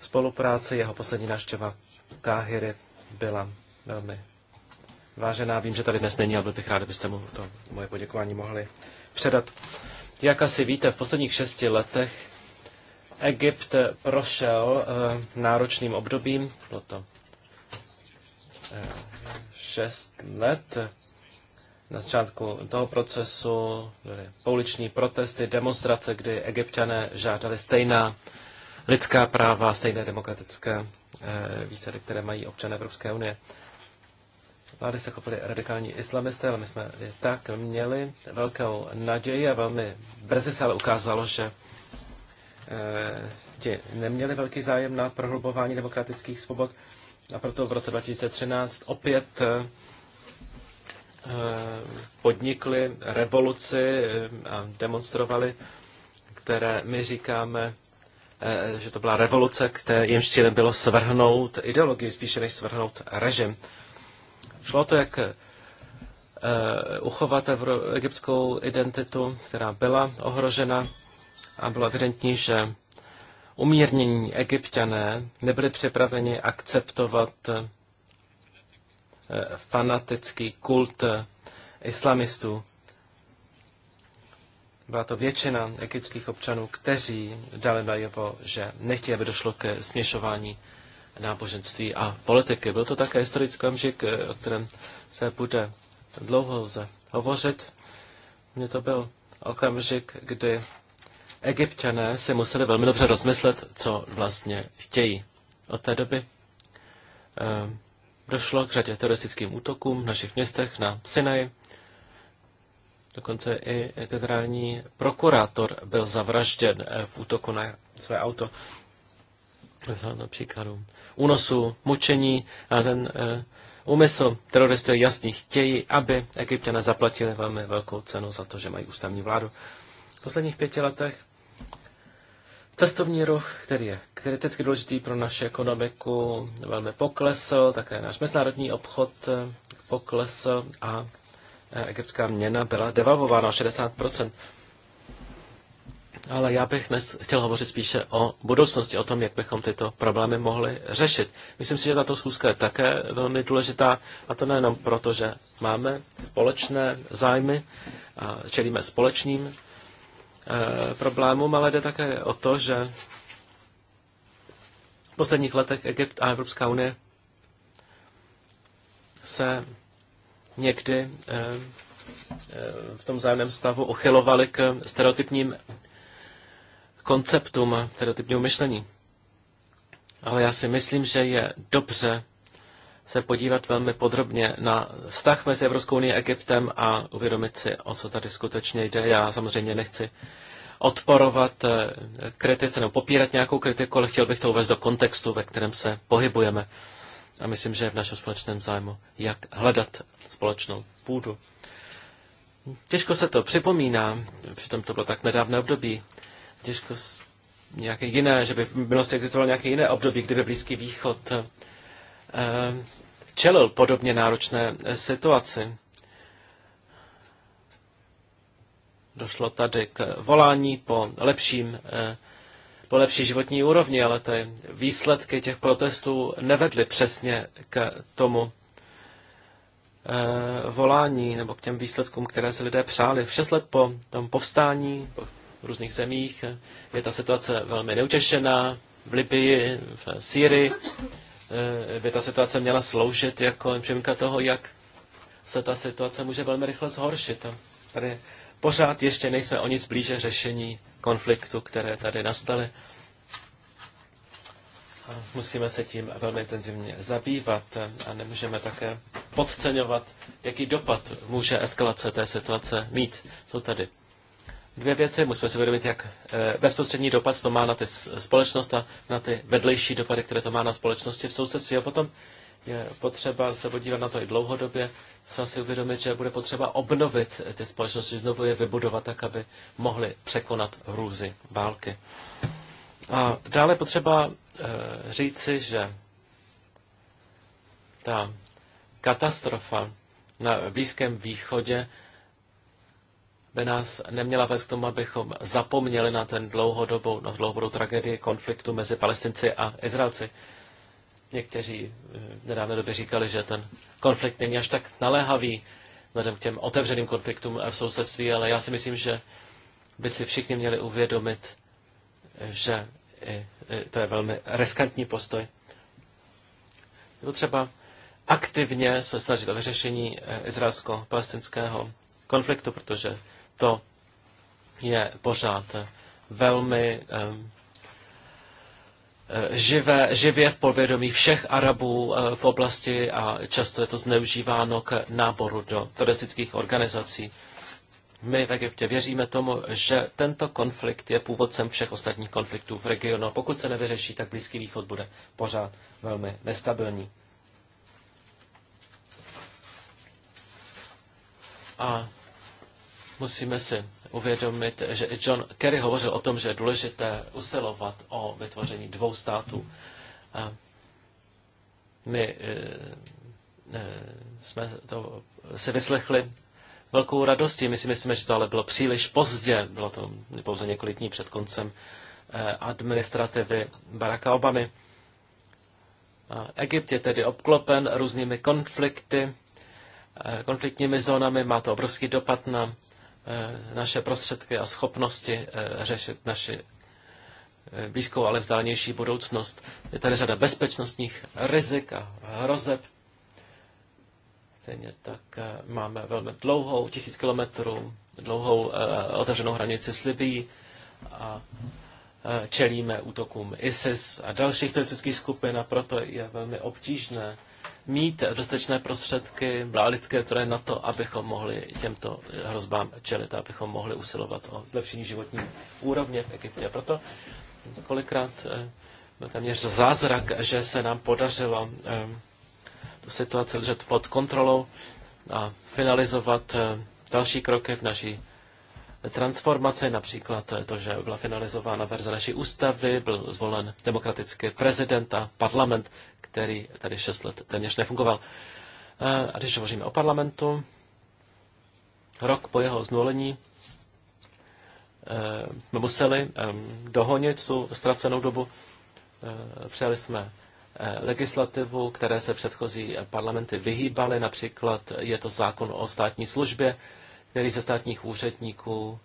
Spolupráce Jeho poslední návštěva Káhyry byla velmi vážená. Vím, že tady dnes není, ale byl bych rád, abyste mu to moje poděkování mohli předat. Jak asi víte, v posledních šesti letech Egypt prošel e, náročným obdobím, bylo to e, šest let. Na začátku toho procesu byly pouliční protesty, demonstrace, kdy egyptiané žádali stejná lidská práva stejné demokratické eh, výsady, které mají občané Evropské unie. Vlády se chopili radikální islamisté, ale my jsme tak měli velkou naději a velmi brzy se ale ukázalo, že eh, ti neměli velký zájem na prohlubování demokratických svobod a proto v roce 2013 opět eh, podnikli revoluci a demonstrovali, které my říkáme Eh, že to byla revoluce, které jejímž cílem bylo svrhnout ideologii spíše než svrhnout režim. Šlo to, jak eh, uchovat egyptskou identitu, která byla ohrožena a bylo evidentní, že umírnění egyptiané nebyli připraveni akceptovat eh, fanatický kult islamistů. Byla to většina egyptských občanů, kteří dali najevo, že nechtějí, aby došlo ke směšování náboženství a politiky. Byl to také historický okamžik, eh, o kterém se bude dlouho lze hovořit. Mně to byl okamžik, kdy egyptiané si museli velmi dobře rozmyslet, co vlastně chtějí. Od té doby eh, došlo k řadě teroristickým útokům v našich městech na Sinaji. Dokonce i generální prokurátor byl zavražděn eh, v útoku na své auto. Například únosu, mučení a ten eh, úmysl teroristů je jasný. Chtějí, aby Egyptěna zaplatili velmi velkou cenu za to, že mají ústavní vládu. V posledních pěti letech Cestovní ruch, který je kriticky důležitý pro naši ekonomiku, velmi poklesl, také náš mezinárodní obchod eh, poklesl a Eh, egyptská měna byla devalvována o 60%. Ale já bych dnes chtěl hovořit spíše o budoucnosti, o tom, jak bychom tyto problémy mohli řešit. Myslím si, že tato schůzka je také velmi důležitá, a to nejenom proto, že máme společné zájmy a čelíme společným eh, problémům, ale jde také o to, že v posledních letech Egypt a Evropská unie se někdy eh, eh, v tom zájemném stavu ochylovali k stereotypním konceptům, stereotypnímu myšlení. Ale já si myslím, že je dobře se podívat velmi podrobně na vztah mezi Evropskou unii a Egyptem a uvědomit si, o co tady skutečně jde. Já samozřejmě nechci odporovat eh, kritice nebo popírat nějakou kritiku, ale chtěl bych to uvést do kontextu, ve kterém se pohybujeme. A myslím, že je v našem společném zájmu, jak hledat společnou půdu. Těžko se to připomíná, přitom to bylo tak nedávné období. Těžko nějaké jiné, že by v minulosti existovalo nějaké jiné období, kdyby Blízký východ eh, čelil podobně náročné eh, situaci. Došlo tady k volání po lepším eh, po lepší životní úrovni, ale ty výsledky těch protestů nevedly přesně k tomu. Eh, volání nebo k těm výsledkům, které si lidé přáli. V šest let po tom povstání v různých zemích eh, je ta situace velmi neutěšená. V Libii, v eh, by ta situace měla sloužit jako přímka toho, jak se ta situace může velmi rychle zhoršit. tady pořád ještě nejsme o nic blíže řešení konfliktu, které tady nastaly musíme se tím velmi intenzivně zabývat a nemůžeme také podceňovat, jaký dopad může eskalace té situace mít. Jsou tady dvě věci. Musíme si uvědomit, jak eh, bezprostřední dopad to má na ty společnost a na ty vedlejší dopady, které to má na společnosti v sousedství. A potom je potřeba se podívat na to i dlouhodobě. Musíme si uvědomit, že bude potřeba obnovit ty společnosti, znovu je vybudovat tak, aby mohly překonat hrůzy války. A dále potřeba eh, říci, že ta katastrofa na Blízkém východě by nás neměla vést k tomu, abychom zapomněli na ten dlouhodobou, na dlouhodobou tragédii konfliktu mezi Palestinci a Izraelci. Někteří eh, v nedávné době říkali, že ten konflikt není až tak naléhavý vzhledem k těm otevřeným konfliktům v sousedství, ale já si myslím, že by si všichni měli uvědomit, že Eh, eh, to je velmi riskantní postoj. Je třeba aktivně se snažit o vyřešení eh, izraelsko-palestinského konfliktu, protože to je pořád velmi ehm, živé, živě v povědomí všech Arabů v oblasti a často je to zneužíváno k náboru do teroristických organizací. My v Egyptě věříme tomu, že tento konflikt je původcem všech ostatních konfliktů v regionu pokud se nevyřeší, tak Blízký východ bude pořád velmi nestabilní. A musíme si uvědomit, že i John Kerry hovořil o tom, že je důležité usilovat o vytvoření dvou států. A my eh, eh, jsme to si vyslechli velkou radostí. My si myslíme, že to ale bylo příliš pozdě. Bylo to pouze několik dní před koncem eh, administrativy Baracka Obamy. Egypt je tedy obklopen různými konflikty, eh, konfliktními zónami. Má to obrovský dopad na eh, naše prostředky a schopnosti řešit naši blízkou, ale vzdálenější budoucnost. Je tady řada bezpečnostních rizik a hrozeb. Stejně tak eh, máme velmi dlouhou, tisíc kilometrů, dlouhou uh, otevřenou hranici s Libií a uh, čelíme útokům ISIS a dalších teroristických skupin a proto je velmi obtížné mít dostatečné prostředky lidské, které na to, abychom mohli těmto hrozbám čelit, abychom mohli usilovat o zlepšení životní úrovně v Egyptě. Proto kolikrát byl téměř zázrak, že se nám podařilo e, tu situaci držet pod kontrolou a finalizovat eh, další kroky v naší transformaci, například eh, to, že byla finalizována verze naší ústavy, byl zvolen demokratický prezident a parlament, který tady šest let téměř nefungoval. Eh, a když hovoříme o parlamentu, rok po jeho znulení jsme museli ehm, dohonit tu ztracenou dobu. Přijali jsme Eh, legislativu, které se předchozí parlamenty vyhýbaly. Například je to zákon o státní službě, který ze státních úředníků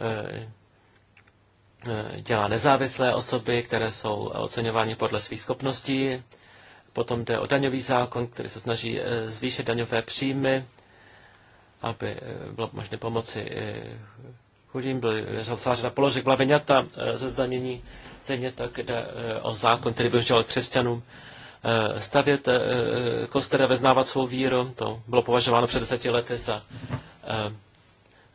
eh, eh, dělá nezávislé osoby, které jsou oceňovány podle svých schopností. Potom jde o daňový zákon, který se snaží zvýšit daňové příjmy, aby bylo možné pomoci chudým. Byl celá řada položek byla vyňata ze zdanění Stejně tak jde eh, o zákon, který by vyžil křesťanům eh, stavět eh, kostele, veznávat svou víru. To bylo považováno před deseti lety za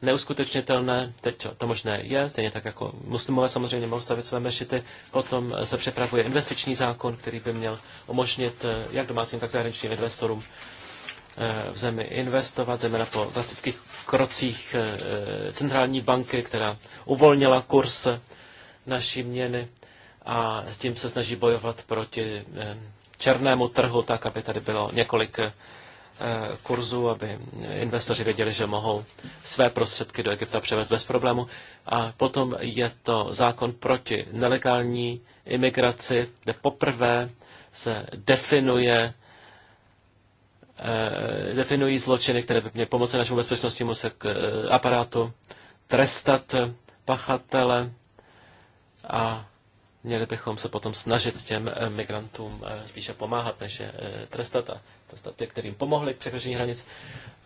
neuskutečnitelné, teď to možné je, stejně tak jako muslimové samozřejmě mohou stavět své mešity, potom se přepravuje investiční zákon, který by měl umožnit jak domácím, tak zahraničním investorům v zemi investovat, zejména po drastických krocích centrální banky, která uvolnila kurz naší měny a s tím se snaží bojovat proti eh, černému trhu, tak aby tady bylo několik eh, kurzů, aby investoři věděli, že mohou své prostředky do Egypta převést bez problému. A potom je to zákon proti nelegální imigraci, kde poprvé se definuje eh, definují zločiny, které by měly pomoci našemu bezpečnostnímu aparátu, trestat pachatele a měli bychom se potom snažit těm eh, migrantům eh, spíše pomáhat, než je eh, trestat a trestat ty, kterým pomohli k překročení hranic.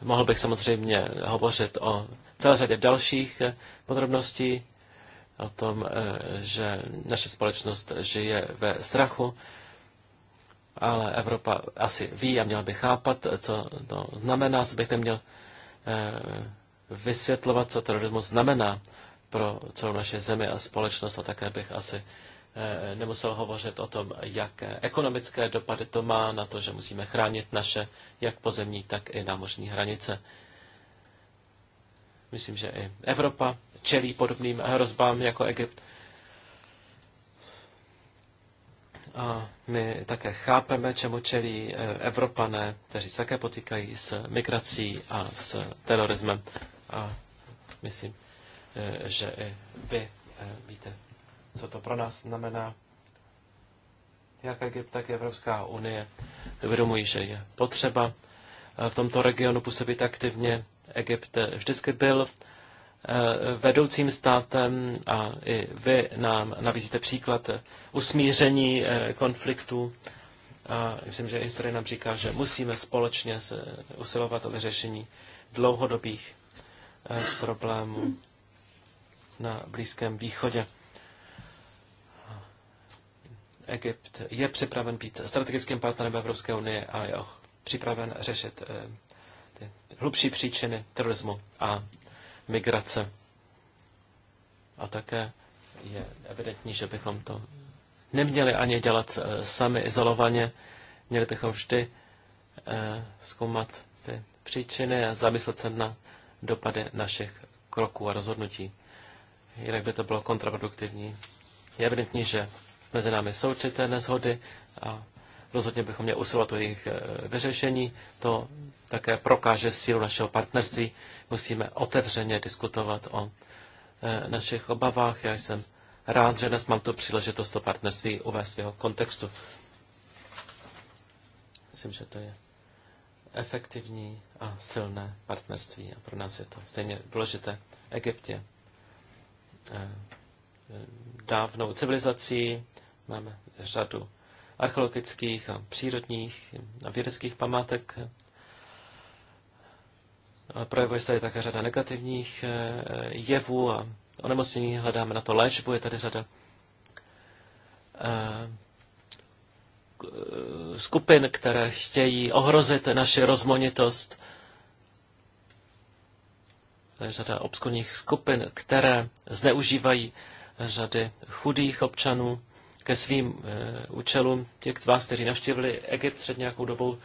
Mohl bych samozřejmě hovořit o celé řadě dalších podrobností, o tom, že naše společnost žije ve strachu, ale Evropa asi ví a měla by chápat, co to znamená, bych neměl vysvětlovat, co terorismus znamená pro celou naše zemi a společnost a také bych asi eh, nemusel hovořit o tom, jaké ekonomické dopady to má na to, že musíme chránit naše jak pozemní, tak i námořní hranice. Myslím, že i Evropa čelí podobným hrozbám jako Egypt. A my také chápeme, čemu čelí eh, Evropané, kteří se také potýkají s migrací a s terorismem. A myslím, E, že i vy e, víte, co to pro nás znamená. Jak Egypt, tak Evropská unie uvědomují, že je potřeba e, v tomto regionu působit aktivně. Egypt vždycky byl vedoucím státem a i vy nám nabízíte příklad usmíření konfliktu. A myslím, že historie nám říká, že musíme společně se usilovat o vyřešení dlouhodobých problémů na Blízkém východě. Egypt je připraven být strategickým partnerem Evropské unie a je připraven řešit eh, ty hlubší příčiny terorismu a migrace. A také je evidentní, že bychom to neměli ani dělat eh, sami izolovaně. Měli bychom vždy eh, zkoumat ty příčiny a zamyslet se na dopady našich kroků a rozhodnutí jinak by to bylo kontraproduktivní. Je evidentní, že mezi námi jsou určité nezhody a rozhodně bychom měli usilovat o jejich eh, vyřešení. To také prokáže sílu našeho partnerství. Musíme otevřeně diskutovat o eh, našich obavách. Já jsem rád, že dnes mám tu příležitost to partnerství uvést v jeho kontextu. Myslím, že to je efektivní a silné partnerství a pro nás je to stejně důležité. Egypt je Eh, dávnou civilizací, máme řadu archeologických a přírodních a vědeckých památek. Projevuje se tady také řada negativních eh, jevů a onemocnění. Hledáme na to léčbu, je tady řada eh, skupin, které chtějí ohrozit naši rozmonitost řada obskurních skupin, které zneužívají řady chudých občanů ke svým eh, účelům. Těch z vás, kteří navštívili Egypt před nějakou dobou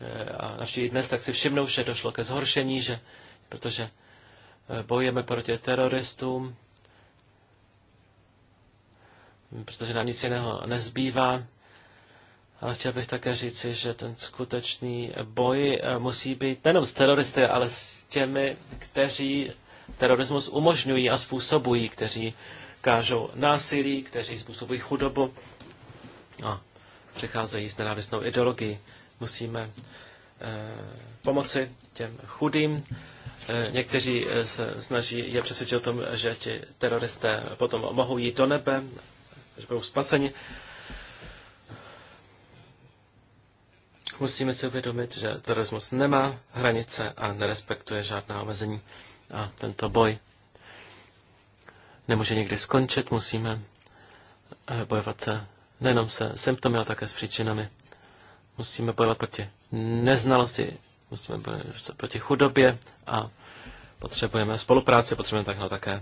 eh, a navštíví dnes, tak si všimnou, že došlo ke zhoršení, že, protože eh, bojujeme proti teroristům, protože nám nic jiného nezbývá. Ale chtěl bych také říci, že ten skutečný boj eh, musí být nejenom s teroristy, ale s těmi, kteří terorismus umožňují a způsobují, kteří kážou násilí, kteří způsobují chudobu a přicházejí s nenávistnou ideologií. Musíme eh, pomoci těm chudým. Eh, někteří eh, se snaží je přesvědčit o tom, že ti teroristé potom mohou jít do nebe, že budou spaseni. Eh, Musíme si uvědomit, že terorismus nemá hranice a nerespektuje žádná omezení. A tento boj nemůže nikdy skončit. Musíme eh, bojovat se nejenom se symptomy, ale také s příčinami. Musíme bojovat proti neznalosti, musíme bojovat proti chudobě a potřebujeme spolupráci, potřebujeme takhle také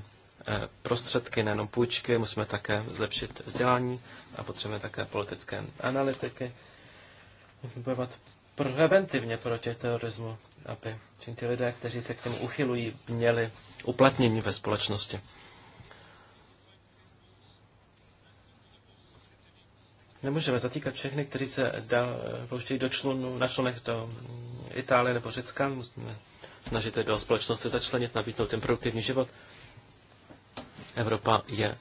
eh, prostředky, nejenom půjčky, musíme také zlepšit vzdělání a potřebujeme také politické analytiky. Musíme bojovat preventivně proti terorismu, aby ti lidé, kteří se k tomu uchylují, měli uplatnění ve společnosti. Nemůžeme zatýkat všechny, kteří se dá, pouštějí do člunu, na člunech do Itálie nebo Řecka. Musíme snažit do společnosti začlenit, nabídnout ten produktivní život. Evropa je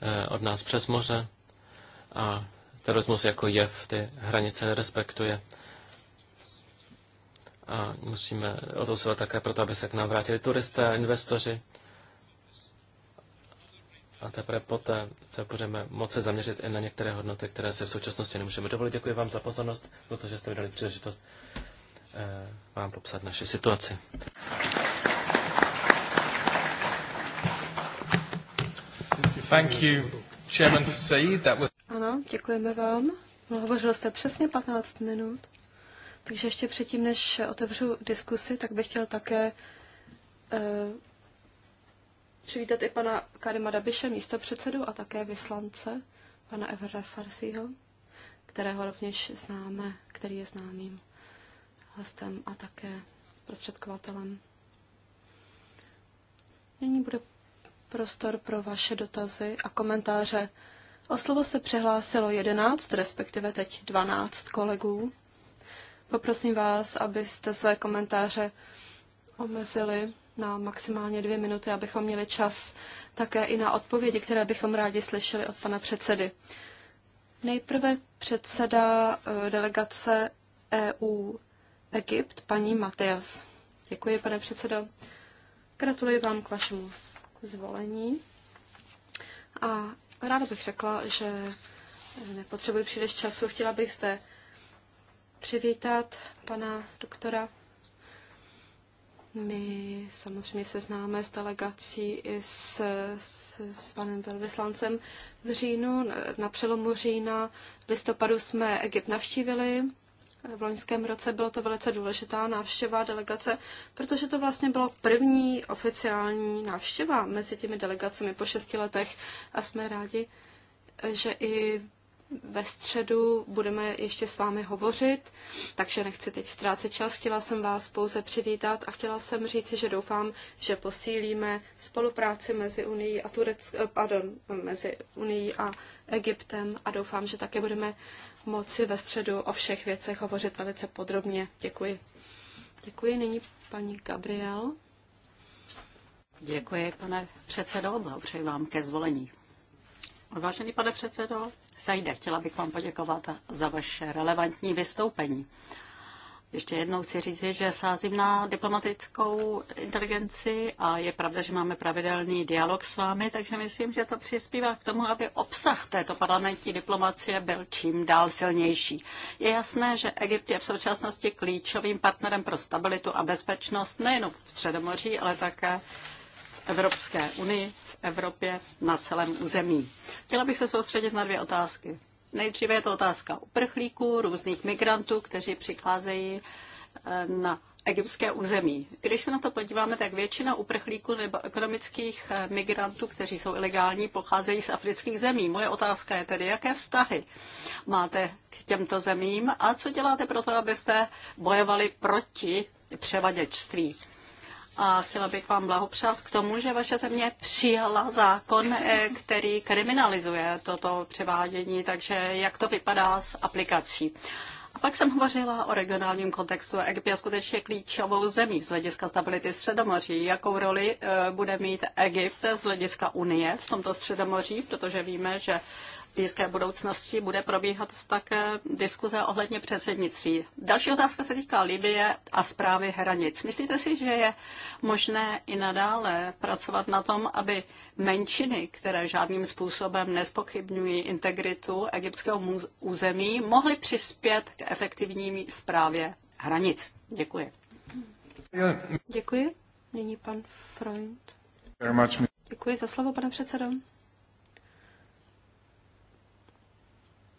eh, od nás přes moře a terorismus jako jev ty hranice nerespektuje. A musíme o to se také proto, aby se k nám vrátili turisté, investoři. A teprve poté se budeme moci zaměřit i na některé hodnoty, které se v současnosti nemůžeme dovolit. Děkuji vám za pozornost, protože jste vydali dali příležitost eh, vám popsat naši situaci. Thank you, Chairman Said. That was ano, děkujeme vám. No, hovořil jste přesně 15 minut. Takže ještě předtím, než otevřu diskusi, tak bych chtěl také eh, přivítat i pana Karima Dabiše, místo předsedu a také vyslance, pana Evera Farsiho, kterého rovněž známe, který je známým hostem a také prostředkovatelem. Nyní bude prostor pro vaše dotazy a komentáře. O slovo se přihlásilo 11, respektive teď 12 kolegů. Poprosím vás, abyste své komentáře omezili na maximálně dvě minuty, abychom měli čas také i na odpovědi, které bychom rádi slyšeli od pana předsedy. Nejprve předseda eh, delegace EU Egypt, paní Matias. Děkuji, pane předsedo. Gratuluji vám k vašemu zvolení. A Ráda bych řekla, že nepotřebuji příliš času. Chtěla bych zde přivítat pana doktora. My samozřejmě se známe s delegací i s, s, s panem velvyslancem v říjnu. Na přelomu října listopadu jsme Egypt navštívili v loňském roce bylo to velice důležitá návštěva delegace, protože to vlastně bylo první oficiální návštěva mezi těmi delegacemi po šesti letech a jsme rádi, že i ve středu budeme ještě s vámi hovořit, takže nechci teď ztrácet čas. Chtěla jsem vás pouze přivítat a chtěla jsem říci, že doufám, že posílíme spolupráci mezi Unii a Turec, pardon, mezi Unii a Egyptem a doufám, že také budeme moci ve středu o všech věcech hovořit velice podrobně. Děkuji. Děkuji. Nyní paní Gabriel. Děkuji, pane předsedo. přeji vám ke zvolení. Vážený pane předsedo, Sajde, chtěla bych vám poděkovat za vaše relevantní vystoupení. Ještě jednou si říct, že sázím na diplomatickou inteligenci a je pravda, že máme pravidelný dialog s vámi, takže myslím, že to přispívá k tomu, aby obsah této parlamentní diplomacie byl čím dál silnější. Je jasné, že Egypt je v současnosti klíčovým partnerem pro stabilitu a bezpečnost nejen v Středomoří, ale také v Evropské unii, v Evropě, na celém území. Chtěla bych se soustředit na dvě otázky. Nejdříve je to otázka uprchlíků, různých migrantů, kteří přicházejí eh, na egyptské území. Když se na to podíváme, tak většina uprchlíků nebo ekonomických eh, migrantů, kteří jsou ilegální, pocházejí z afrických zemí. Moje otázka je tedy, jaké vztahy máte k těmto zemím a co děláte pro to, abyste bojovali proti převaděčství a chtěla bych vám blahopřát k tomu, že vaše země přijala zákon, eh, který kriminalizuje toto převádění, takže jak to vypadá s aplikací. A pak jsem hovořila o regionálním kontextu. Egypt je skutečně klíčovou zemí z hlediska stability Středomoří. Jakou roli eh, bude mít Egypt z hlediska Unie v tomto Středomoří, protože víme, že blízké budoucnosti bude probíhat také diskuze ohledně předsednictví. Další otázka se týká Libie a zprávy hranic. Myslíte si, že je možné i nadále pracovat na tom, aby menšiny, které žádným způsobem nespochybňují integritu egyptského území, mohly přispět k efektivní zprávě hranic? Děkuji. Děkuji. Nyní pan Freund. Děkuji za slovo, pane předsedo.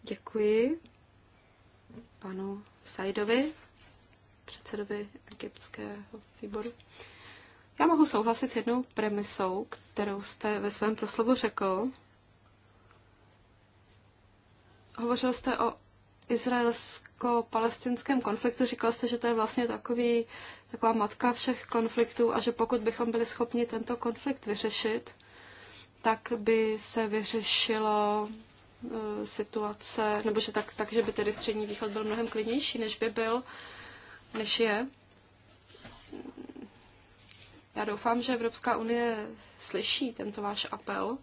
Děkuji panu Saidovi, předsedovi egyptského výboru. Já mohu souhlasit s jednou premisou, kterou jste ve svém proslovu řekl. Hovořil jste o izraelsko-palestinském konfliktu. Říkal jste, že to je vlastně takový, taková matka všech konfliktů a že pokud bychom byli schopni tento konflikt vyřešit, tak by se vyřešilo Eh, situace, nebo že tak, tak, že by tedy střední východ byl mnohem klidnější, než by byl, než je. Já doufám, že Evropská unie slyší tento váš apel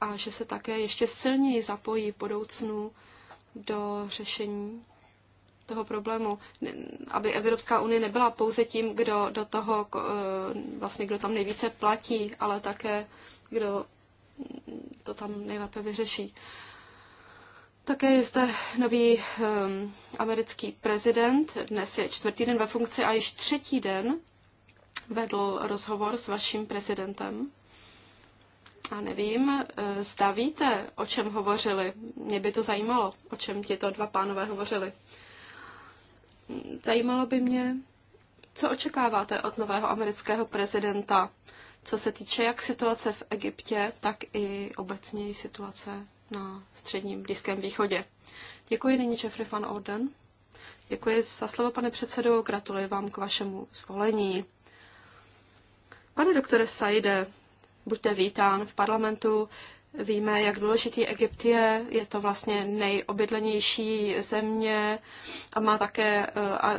a že se také ještě silněji zapojí v budoucnu do řešení toho problému, aby Evropská unie nebyla pouze tím, kdo do toho, eh, vlastně kdo tam nejvíce platí, ale také kdo to tam nejlépe vyřeší. Také je zde nový um, americký prezident, dnes je čtvrtý den ve funkci a již třetí den vedl rozhovor s vaším prezidentem. A nevím, eh, zda víte, o čem hovořili. Mě by to zajímalo, o čem to dva pánové hovořili. Zajímalo by mě, co očekáváte od nového amerického prezidenta, co se týče jak situace v Egyptě, tak i obecněji situace na středním Blízkém východě. Děkuji nyní Jeffrey van Orden. Děkuji za slovo, pane předsedo, gratuluji vám k vašemu zvolení. Pane doktore Saide, buďte vítán v parlamentu. Víme, jak důležitý Egypt je, je to vlastně nejobydlenější země a má také eh,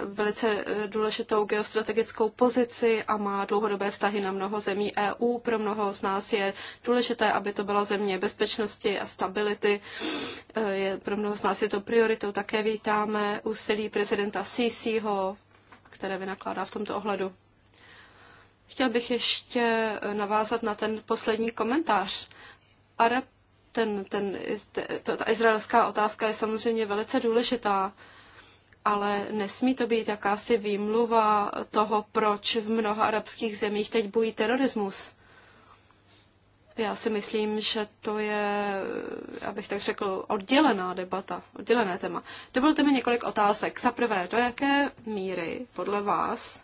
velice eh, důležitou geostrategickou pozici a má dlouhodobé vztahy na mnoho zemí EU. Pro mnoho z nás je důležité, aby to byla země bezpečnosti a stability. Eh, je, pro mnoho z nás je to prioritou. Také vítáme úsilí prezidenta Sisiho, které vynakládá v tomto ohledu. Chtěl bych ještě navázat na ten poslední komentář Arab, ten, ten, ta, ta izraelská otázka je samozřejmě velice důležitá, ale nesmí to být jakási výmluva toho, proč v mnoha arabských zemích teď bojí terorismus. Já si myslím, že to je, abych tak řekl, oddělená debata, oddělené téma. Dovolte mi několik otázek. Za prvé, do jaké míry podle vás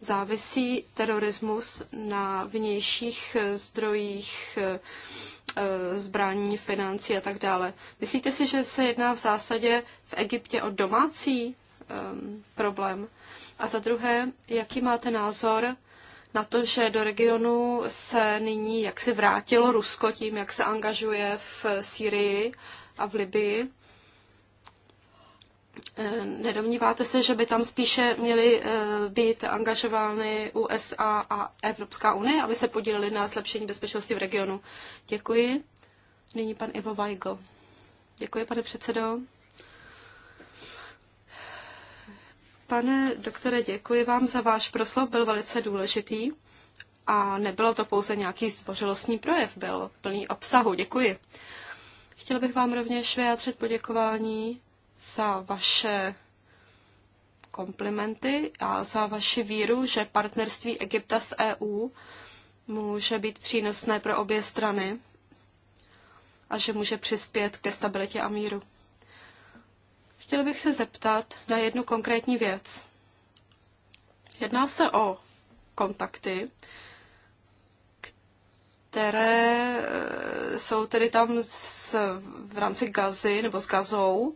závisí terorismus na vnějších zdrojích eh, zbraní, financí a tak dále. Myslíte si, že se jedná v zásadě v Egyptě o domácí um, problém? A za druhé, jaký máte názor na to, že do regionu se nyní jak si vrátilo Rusko tím, jak se angažuje v Sýrii a v Libii? Eh, nedomníváte se, že by tam spíše měly eh, být angažovány USA a Evropská unie, aby se podíleli na zlepšení bezpečnosti v regionu? Děkuji. Nyní pan Ivo Weigl. Děkuji, pane předsedo. Pane doktore, děkuji vám za váš proslov, byl velice důležitý. A nebylo to pouze nějaký zbořilostní projev, byl plný obsahu. Děkuji. Chtěl bych vám rovněž vyjádřit poděkování za vaše komplimenty a za vaši víru, že partnerství Egypta s EU může být přínosné pro obě strany a že může přispět ke stabilitě a míru. Chtěl bych se zeptat na jednu konkrétní věc. Jedná se o kontakty, které e, jsou tedy tam s, v rámci gazy nebo s gazou.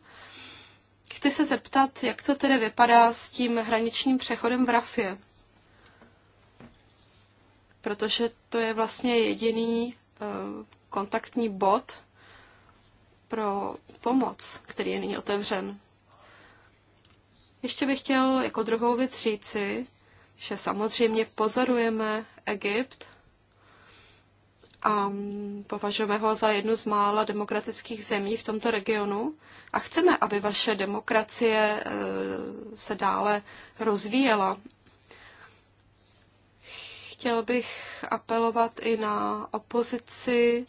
Chci se zeptat, jak to tedy vypadá s tím hraničním přechodem v Rafě. Protože to je vlastně jediný eh, kontaktní bod pro pomoc, který je nyní otevřen. Ještě bych chtěl jako druhou věc říci, že samozřejmě pozorujeme Egypt a považujeme ho za jednu z mála demokratických zemí v tomto regionu a chceme, aby vaše demokracie e, se dále rozvíjela. Chtěl bych apelovat i na opozici,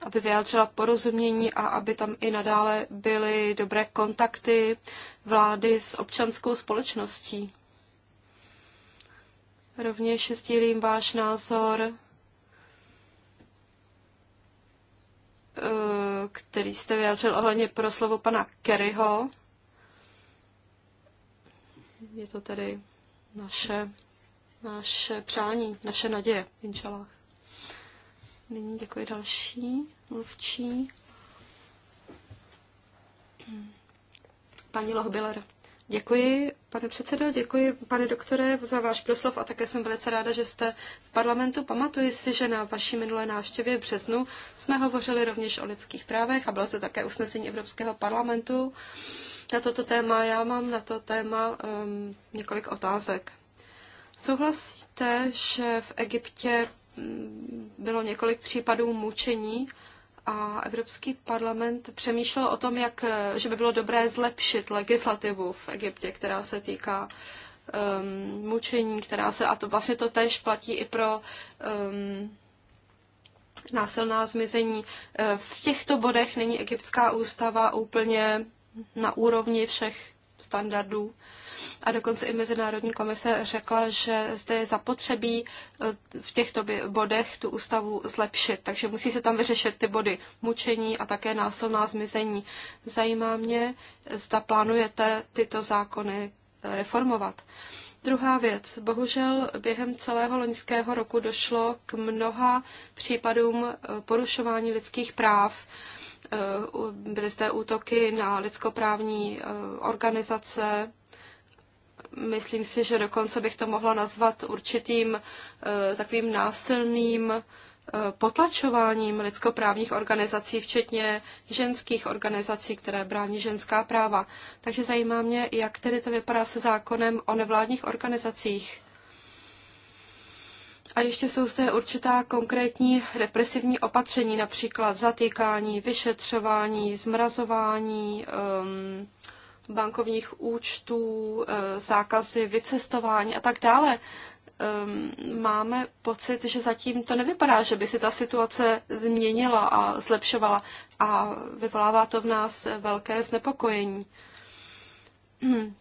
aby vyjádřila porozumění a aby tam i nadále byly dobré kontakty vlády s občanskou společností. Rovněž sdílím váš názor který jste vyjádřil ohledně proslovu pana Kerryho. Je to tedy naše, naše přání, naše naděje, inšalách. Nyní děkuji další mluvčí. Paní Lohbiller. Děkuji, pane předsedo, děkuji, pane doktore, za váš proslov a také jsem velice ráda, že jste v parlamentu. Pamatuji si, že na vaší minulé návštěvě v březnu jsme hovořili rovněž o lidských právech a bylo to také usnesení Evropského parlamentu na toto téma. Já mám na to téma um, několik otázek. Souhlasíte, že v Egyptě mm, bylo několik případů mučení a Evropský parlament přemýšlel o tom, jak, že by bylo dobré zlepšit legislativu v Egyptě, která se týká um, mučení, která se, a to vlastně to tež platí i pro um, násilná zmizení. Eh, v těchto bodech není egyptská ústava úplně na úrovni všech standardů. A dokonce i Mezinárodní komise řekla, že zde je zapotřebí e, v těchto bodech tu ústavu zlepšit. Takže musí se tam vyřešit ty body mučení a také násilná zmizení. Zajímá mě, zda plánujete tyto zákony e, reformovat. Druhá věc. Bohužel během celého loňského roku došlo k mnoha případům e, porušování lidských práv Eh, byly zde útoky na lidskoprávní eh, organizace. Myslím si, že dokonce bych to mohla nazvat určitým eh, takovým násilným potlačováním lidskoprávních organizací, včetně ženských organizací, které brání ženská práva. Takže zajímá mě, jak tedy to vypadá se zákonem o nevládních organizacích. A ještě jsou zde určitá konkrétní represivní opatření, například zatýkání, vyšetřování, zmrazování um, bankovních účtů, eh, zákazy vycestování a tak dále. Um, máme pocit, že zatím to nevypadá, že by se ta situace změnila a zlepšovala a vyvolává to v nás velké znepokojení. Hmm.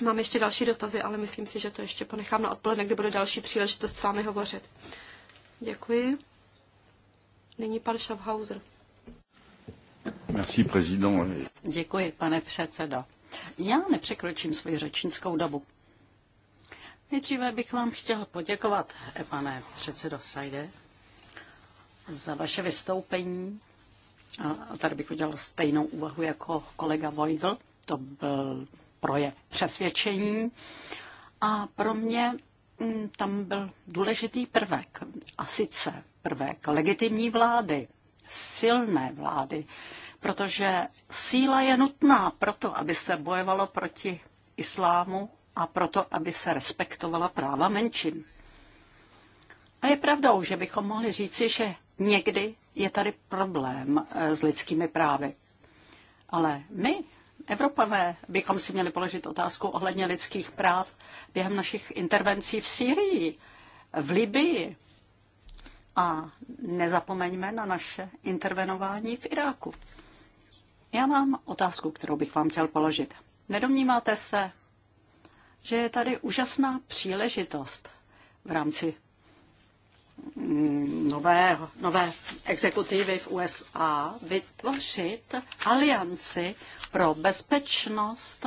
Mám ještě další dotazy, ale myslím si, že to ještě ponechám na odpoledne, kdy bude další příležitost s vámi hovořit. Děkuji. Nyní pan Schaffhauser. Merci, président. Děkuji, pane předsedo. Já nepřekročím svoji řečnickou dobu. Nejdříve bych vám chtěl poděkovat, pane předsedo Sajde, za vaše vystoupení. A tady bych udělal stejnou úvahu jako kolega Vojgl. To byl projev přesvědčení. A pro mě mm, tam byl důležitý prvek, a sice prvek legitimní vlády, silné vlády, protože síla je nutná proto, aby se bojovalo proti islámu a proto, aby se respektovala práva menšin. A je pravdou, že bychom mohli říci, že někdy je tady problém eh, s lidskými právy. Ale my Evropané bychom si měli položit otázku ohledně lidských práv během našich intervencí v Sýrii, v Libii a nezapomeňme na naše intervenování v Iráku. Já mám otázku, kterou bych vám chtěl položit. Nedomnímáte se, že je tady úžasná příležitost v rámci nové, nové exekutivy v USA vytvořit alianci pro bezpečnost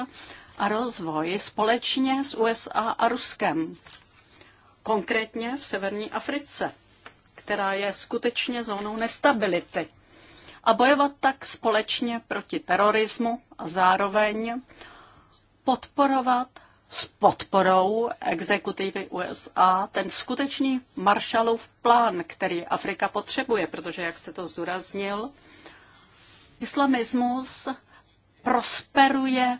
a rozvoj společně s USA a Ruskem, konkrétně v severní Africe, která je skutečně zónou nestability, a bojovat tak společně proti terorismu a zároveň podporovat s podporou exekutivy USA ten skutečný Marshallův plán, který Afrika potřebuje, protože, jak jste to zúraznil, islamismus prosperuje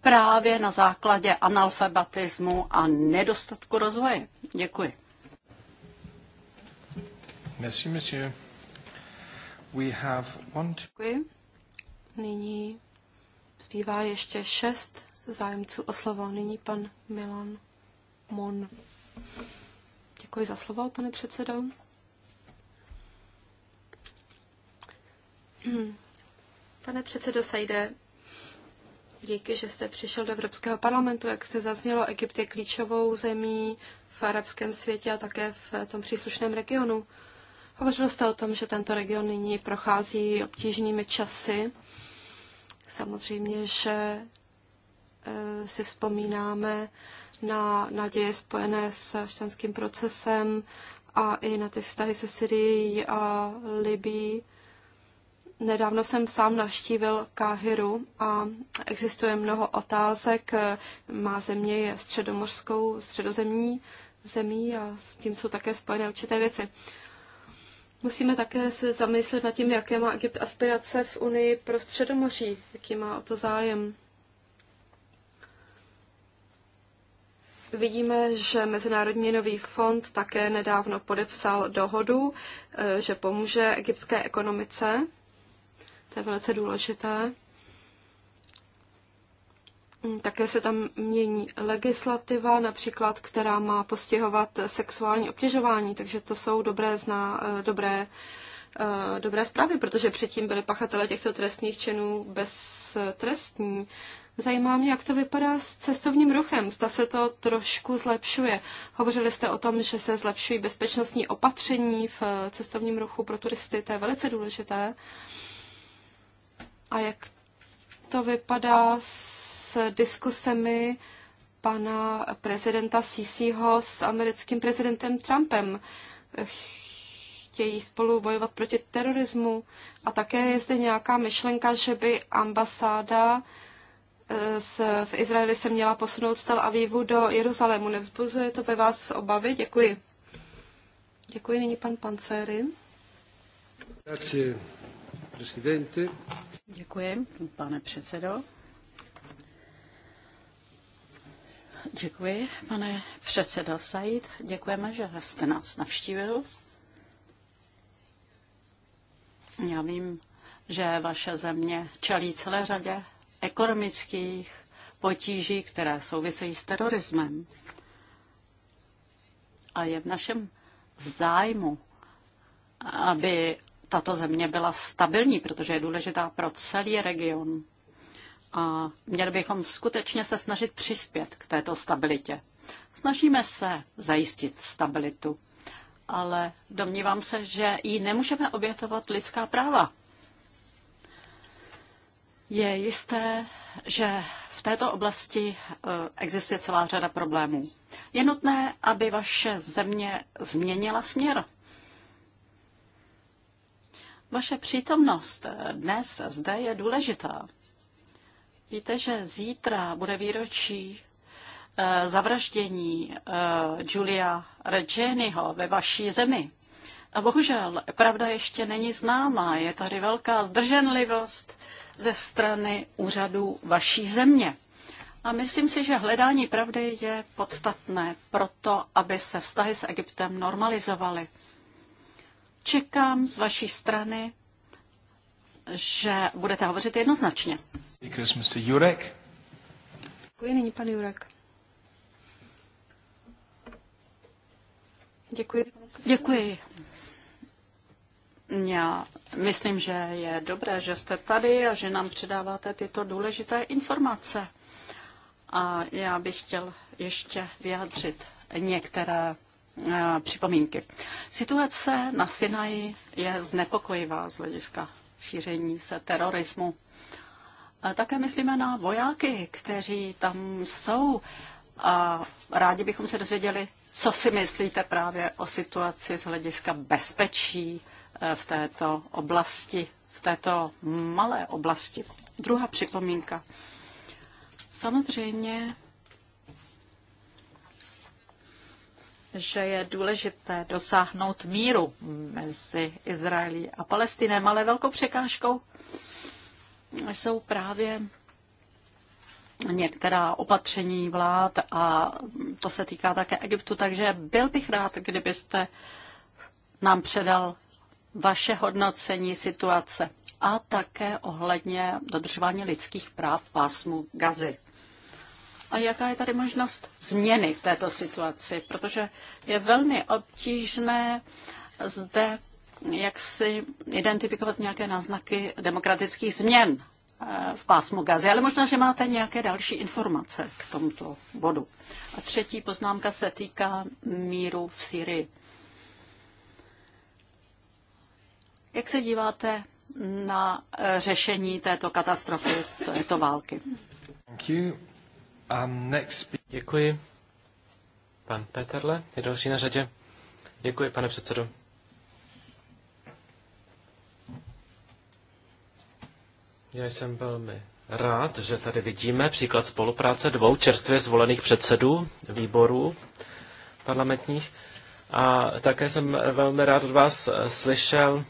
právě na základě analfabetismu a nedostatku rozvoje. Děkuji. Merci, monsieur. We have one... Děkuji. Nyní zbývá ještě šest zájemců o slovo. Nyní pan Milan Mon. Děkuji za slovo, pane předsedo. Pane předsedo sejde díky, že jste přišel do Evropského parlamentu. Jak se zaznělo, Egypt je klíčovou zemí v arabském světě a také v tom příslušném regionu. Hovořil jste o tom, že tento region nyní prochází obtížnými časy. Samozřejmě, že Eh, si vzpomínáme na naděje spojené s šťanským procesem a i na ty vztahy se Syrií a Libí. Nedávno jsem sám navštívil Káhiru a existuje mnoho otázek. Má země je středomořskou, středozemní zemí a s tím jsou také spojené určité věci. Musíme také se zamyslet nad tím, jaké má Egypt aspirace v Unii pro středomoří, jaký má o to zájem. Vidíme, že Mezinárodní měnový fond také nedávno podepsal dohodu, eh, že pomůže egyptské ekonomice. To je velice důležité. Mm, také se tam mění legislativa, například, která má postihovat sexuální obtěžování, takže to jsou dobré, zná, eh, dobré, eh, dobré zprávy, protože předtím byly pachatele těchto trestných činů beztrestní. Zajímá mě, jak to vypadá s cestovním ruchem. Zda se to trošku zlepšuje. Hovořili jste o tom, že se zlepšují bezpečnostní opatření v eh, cestovním ruchu pro turisty. To je velice důležité. A jak to vypadá s diskusemi pana prezidenta Sisiho s americkým prezidentem Trumpem? chtějí spolu bojovat proti terorismu. A také je zde nějaká myšlenka, že by ambasáda z, v Izraeli se měla posunout z Tel Avivu do Jeruzalému. Nevzbuzuje to ve vás obavy? Děkuji. Děkuji nyní pan Pancery. Děkuji, pane předsedo. Děkuji, pane předsedo Said. Děkujeme, že jste nás navštívil. Já vím, že vaše země čelí celé řadě ekonomických potíží, které souvisejí s terorismem. A je v našem zájmu, aby tato země byla stabilní, protože je důležitá pro celý region. A měli bychom skutečně se snažit přispět k této stabilitě. Snažíme se zajistit stabilitu, ale domnívám se, že ji nemůžeme obětovat lidská práva. Je jisté, že v této oblasti eh, existuje celá řada problémů. Je nutné, aby vaše země změnila směr. Vaše přítomnost eh, dnes zde je důležitá. Víte, že zítra bude výročí eh, zavraždění Julia Reggianiho ve vaší zemi. A bohužel, pravda ještě není známá, je tady velká zdrženlivost ze strany úřadů vaší země. A myslím si, že hledání pravdy je podstatné proto, aby se vztahy s Egyptem normalizovaly. Čekám z vaší strany, že budete hovořit jednoznačně. Děkuji, není pan Jurek. Děkuji. Děkuji, já myslím, že je dobré, že jste tady a že nám předáváte tyto důležité informace. A já bych chtěl ještě vyjádřit některé eh, připomínky. Situace na Sinaji je znepokojivá z hlediska šíření se terorismu. A také myslíme na vojáky, kteří tam jsou a rádi bychom se dozvěděli, co si myslíte právě o situaci z hlediska bezpečí Eh, v této oblasti, v této malé oblasti. Druhá připomínka. Samozřejmě, že je důležité dosáhnout míru mezi Izraelí a Palestinem, ale velkou překážkou jsou právě některá opatření vlád a to se týká také Egyptu, takže byl bych rád, kdybyste nám předal vaše hodnocení situace a také ohledně dodržování lidských práv v pásmu Gazy. A jaká je tady možnost změny v této situaci? Protože je velmi obtížné zde jak si identifikovat nějaké náznaky demokratických změn eh, v pásmu Gazy, ale možná, že máte nějaké další informace k tomuto bodu. A třetí poznámka se týká míru v Syrii. Jak se díváte na eh, řešení této katastrofy, této války? Um, Děkuji. Pan Peterle je další na řadě. Děkuji, pane předsedo. Já jsem velmi rád, že tady vidíme příklad spolupráce dvou čerstvě zvolených předsedů výborů parlamentních. A také jsem velmi rád od vás slyšel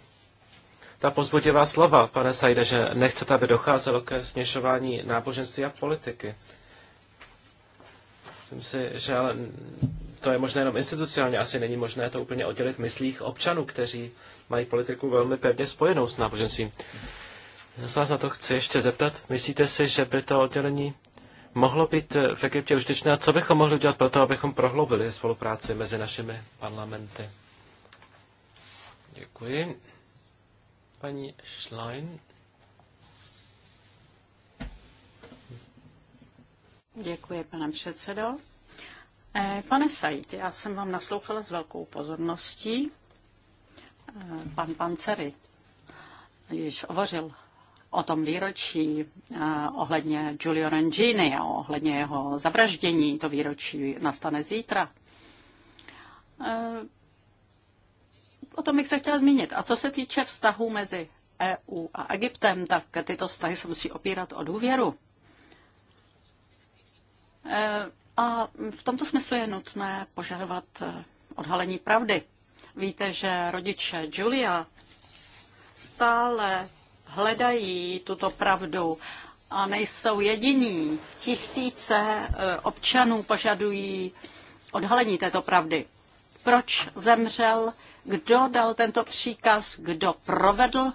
ta pozbudivá slova, pane Sajde, že nechcete, aby docházelo ke směšování náboženství a politiky. Myslím si, že ale to je možné jenom institucionálně, asi není možné to úplně oddělit v myslích občanů, kteří mají politiku velmi pevně spojenou s náboženstvím. Já se vás na to chci ještě zeptat. Myslíte si, že by to oddělení mohlo být v Egyptě užitečné? A co bychom mohli udělat pro to, abychom prohloubili spolupráci mezi našimi parlamenty? Děkuji. Paní Schlein. Děkuji, pane předsedo. Eh, pane Sajt, já jsem vám naslouchala s velkou pozorností. Eh, pan Pancery již hovořil o tom výročí eh, ohledně Giulio Rangini a ohledně jeho zavraždění. To výročí nastane zítra. O tom bych se chtěla zmínit. A co se týče vztahu mezi EU a Egyptem, tak tyto vztahy se musí opírat o důvěru. E, a v tomto smyslu je nutné požadovat e, odhalení pravdy. Víte, že rodiče Julia stále hledají tuto pravdu a nejsou jediní. Tisíce e, občanů požadují odhalení této pravdy. Proč zemřel kdo dal tento příkaz, kdo provedl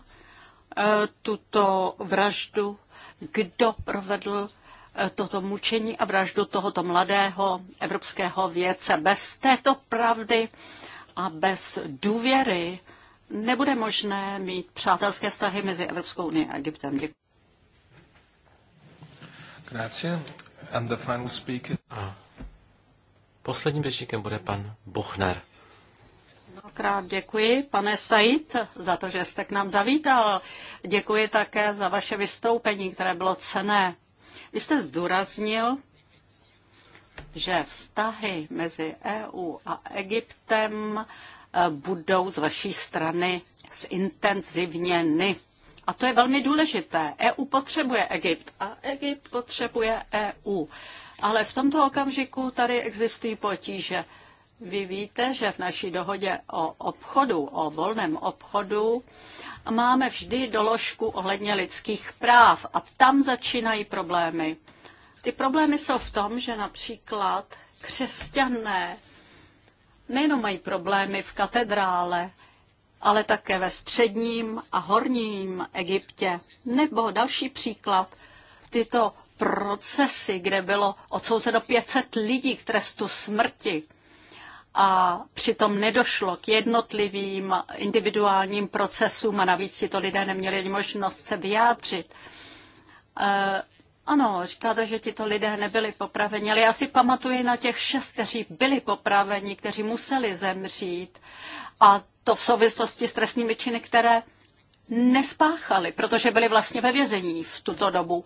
eh, tuto vraždu, kdo provedl eh, toto mučení a vraždu tohoto mladého evropského vědce. Bez této pravdy a bez důvěry nebude možné mít přátelské vztahy mezi Evropskou unii a Egyptem. Děkuji. And the final speaker. A posledním řečníkem bude pan Buchner. Mnohokrát děkuji, pane Said, za to, že jste k nám zavítal. Děkuji také za vaše vystoupení, které bylo cené. Vy jste zdůraznil, že vztahy mezi EU a Egyptem eh, budou z vaší strany zintenzivněny. A to je velmi důležité. EU potřebuje Egypt a Egypt potřebuje EU. Ale v tomto okamžiku tady existují potíže. Vy víte, že v naší dohodě o obchodu, o volném obchodu, máme vždy doložku ohledně lidských práv a tam začínají problémy. Ty problémy jsou v tom, že například křesťané nejenom mají problémy v katedrále, ale také ve středním a horním Egyptě. Nebo další příklad, tyto procesy, kde bylo odsouzeno 500 lidí k trestu smrti a přitom nedošlo k jednotlivým individuálním procesům a navíc si to lidé neměli možnost se vyjádřit. Eh, ano, říkáte, že tito lidé nebyli popraveni, ale já si pamatuji na těch šest, kteří byli popraveni, kteří museli zemřít a to v souvislosti s trestnými činy, které nespáchali, protože byli vlastně ve vězení v tuto dobu.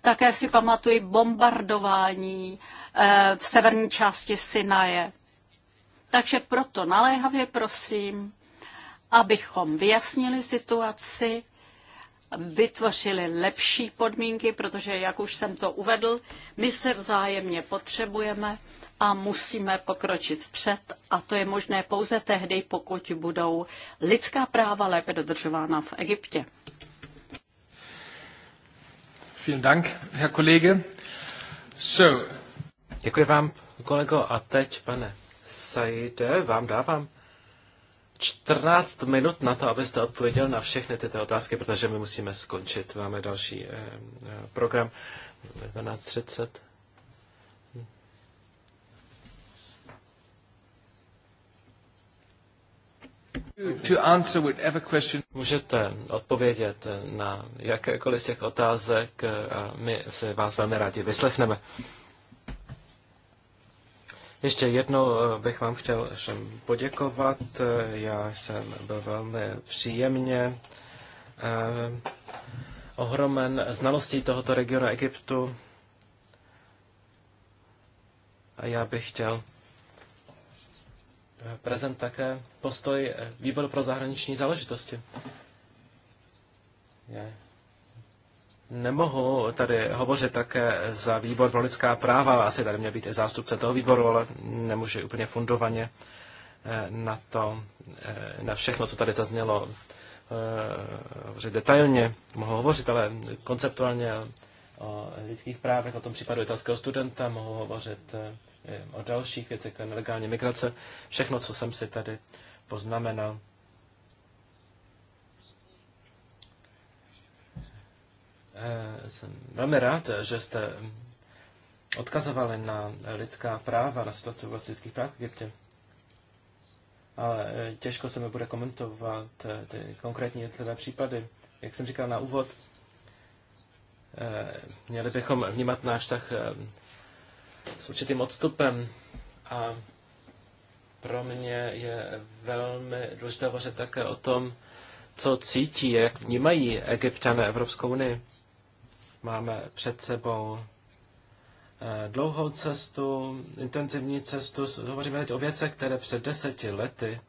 Také si pamatuji bombardování eh, v severní části Sinaje. Takže proto naléhavě prosím, abychom vyjasnili situaci, vytvořili lepší podmínky, protože, jak už jsem to uvedl, my se vzájemně potřebujeme a musíme pokročit vpřed a to je možné pouze tehdy, pokud budou lidská práva lépe dodržována v Egyptě. Vielen Dank, Herr Kollege. So. Děkuji vám, kolego, a teď, pane Saide, vám dávám 14 minut na to, abyste odpověděl na všechny tyto otázky, protože my musíme skončit. Máme další eh, eh program 12.30. To answer whatever question. Můžete odpovědět na jakékoliv z těch otázek a my se vás velmi rádi vyslechneme. Ještě jednou eh, bych vám chtěl všem poděkovat. Eh, já jsem byl velmi příjemně eh, ohromen znalostí tohoto regionu Egyptu. A já bych chtěl prezent také postoj Výboru pro zahraniční záležitosti. Yeah. Nemohu tady hovořit také za výbor pro lidská práva, asi tady měl být i zástupce toho výboru, ale nemůžu úplně fundovaně eh, na to, eh, na všechno, co tady zaznělo, eh, hovořit detailně. Mohu hovořit, ale konceptuálně o lidských právech, o tom případu italského studenta, mohu hovořit o dalších věcech, jako nelegální migrace, všechno, co jsem si tady poznamenal. Eh, jsem velmi rád, že jste odkazovali na lidská práva, na situaci v lidských práv v Egyptě. Ale eh, těžko se mi bude komentovat eh, ty konkrétní jednotlivé případy. Jak jsem říkal na úvod, měli bychom vnímat náš vztah s určitým odstupem a pro mě je velmi důležité hovořit také o tom, co cítí, jak vnímají Egypťané Evropskou unii. Máme před sebou eh, dlouhou cestu, intenzivní cestu. Hovoříme teď o věcech, které před deseti lety,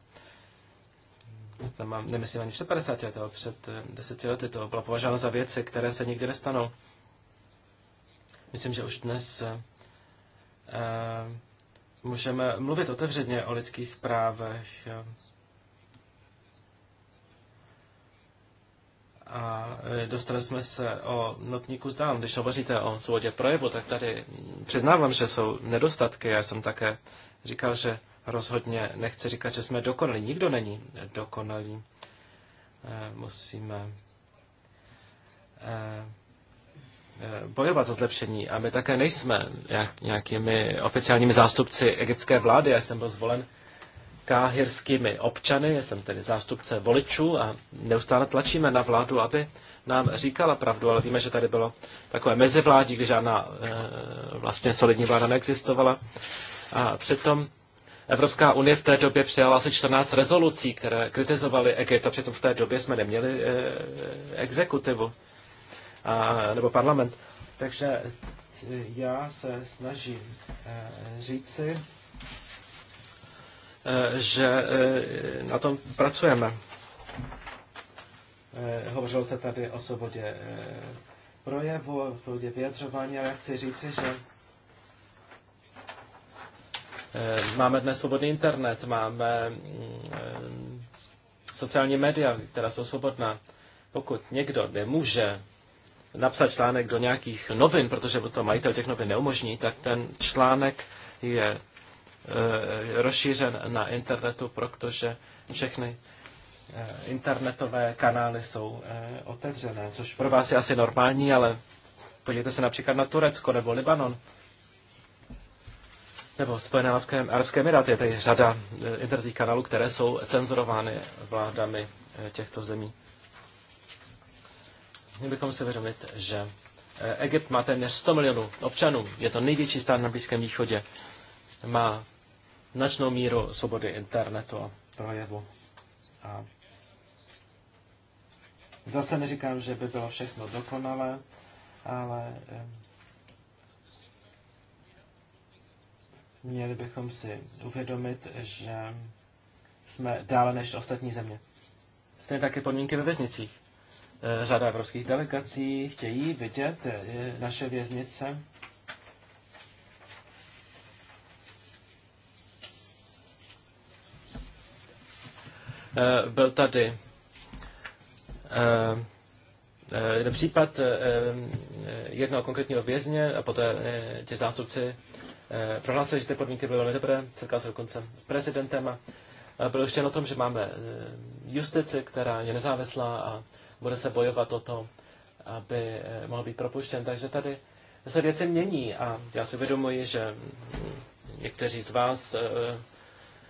mám, nemyslím ani před 50 lety, ale před eh, deseti lety to bylo považováno za věci, které se nikdy nestanou. Myslím, že už dnes eh, můžeme mluvit otevřeně o lidských právech. a e, dostali jsme se o notníku zdám. Když hovoříte o svobodě projevu, tak tady přiznávám, že jsou nedostatky. Já jsem také říkal, že rozhodně nechci říkat, že jsme dokonalí. Nikdo není dokonalý. E, musíme e, bojovat za zlepšení. A my také nejsme nějakými oficiálními zástupci egyptské vlády. Já jsem byl zvolen káhirskými občany, Já jsem tedy zástupce voličů a neustále tlačíme na vládu, aby nám říkala pravdu, ale víme, že tady bylo takové mezivládí, kdy žádná e, vlastně solidní vláda neexistovala. A přitom Evropská unie v té době přijala asi 14 rezolucí, které kritizovaly Egypt a přitom v té době jsme neměli e, exekutivu a, nebo parlament. Takže eh, já se snažím e, říci, Eh, že eh, na tom pracujeme. Eh, hovořilo se tady o svobodě projevu, o svobodě vyjadřování, ale já chci říci, že máme dnes svobodný internet, máme mm, sociální média, která jsou svobodná. Pokud někdo nemůže napsat článek do nějakých novin, protože to majitel těch novin neumožní, tak ten článek je Eh, rozšířen na internetu, protože všechny eh, internetové kanály jsou eh, otevřené, což pro vás je asi normální, ale podívejte se například na Turecko nebo Libanon nebo Spojené arabské emiráty. Je tady řada internetových kanálů, které jsou cenzurovány vládami těchto zemí. Měli bychom si vědomit, že Egypt má téměř 100 milionů občanů. Je to největší stát na Blízkém východě. Má značnou míru svobody internetu a projevu. A zase neříkám, že by bylo všechno dokonalé, ale měli bychom si uvědomit, že jsme dále než ostatní země. Stejně také podmínky ve věznicích. E, řada evropských delegací chtějí vidět e, naše věznice Eh, byl tady eh, eh, jeden případ jednoho konkrétního vězně a poté ti zástupci prohlásili, že ty podmínky byly velmi dobré, setkal se dokonce s prezidentem a byl ještě o tom, že máme justici, která je nezávislá a bude se bojovat o to, aby mohl být propuštěn. Takže tady se věci mění a já si uvědomuji, že mm, někteří z vás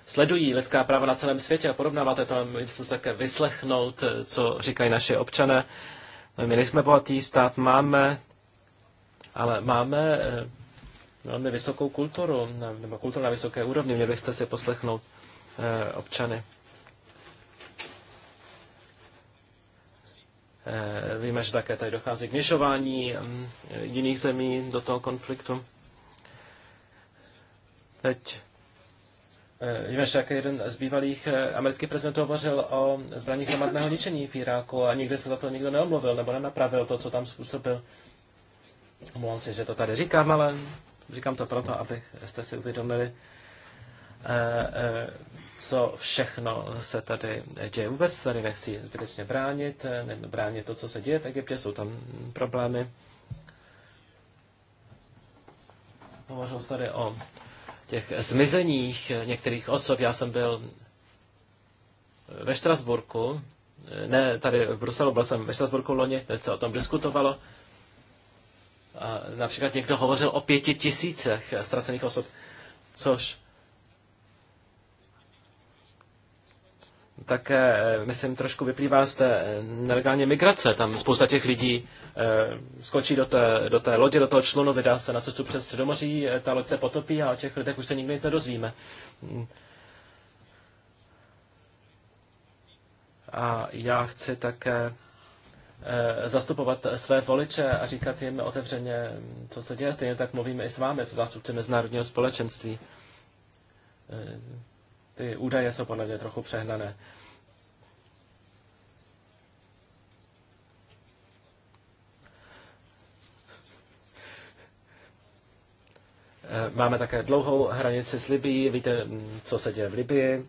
sledují lidská práva na celém světě a porovnáváte to, my se také vyslechnout, eh, co říkají naše občané. Eh, my nejsme bohatý stát, máme, ale máme eh, velmi vysokou kulturu, nebo kulturu na vysoké úrovni, měli byste si poslechnout občany. Víme, že také tady dochází k měšování mm, jiných zemí do toho konfliktu. Teď Víme, eh, jak jeden z bývalých eh, amerických prezidentů hovořil o zbraních hromadného ničení v Iráku a nikdy se za to nikdo neomluvil nebo nenapravil to, co tam způsobil. Omlouvám si, že to tady říkám, ale říkám to proto, abyste si uvědomili, eh, co všechno se tady děje. Vůbec tady nechci zbytečně bránit, bránit to, co se děje v Egyptě, jsou tam problémy. Hovořil tady o těch zmizeních některých osob. Já jsem byl ve Štrasburku, ne tady v Bruselu, byl jsem ve Štrasburku loni, teď se o tom diskutovalo. A například někdo hovořil o pěti tisícech ztracených osob, což také, eh, myslím, trošku vyplývá z té nelegální migrace. Tam spousta těch lidí eh, skočí do té, do té lodi, do toho člunu, vydá se na cestu přes Středomoří, eh, ta loď se potopí a o těch lidech už se nikdy nic nedozvíme. Hmm. A já chci také zastupovat své voliče a říkat jim otevřeně, co se děje. Stejně tak mluvíme i s vámi, s zástupci mezinárodního společenství. Ty údaje jsou podle mě trochu přehnané. Eh, máme také dlouhou hranici s Libií. Víte, mm, co se děje v Libii?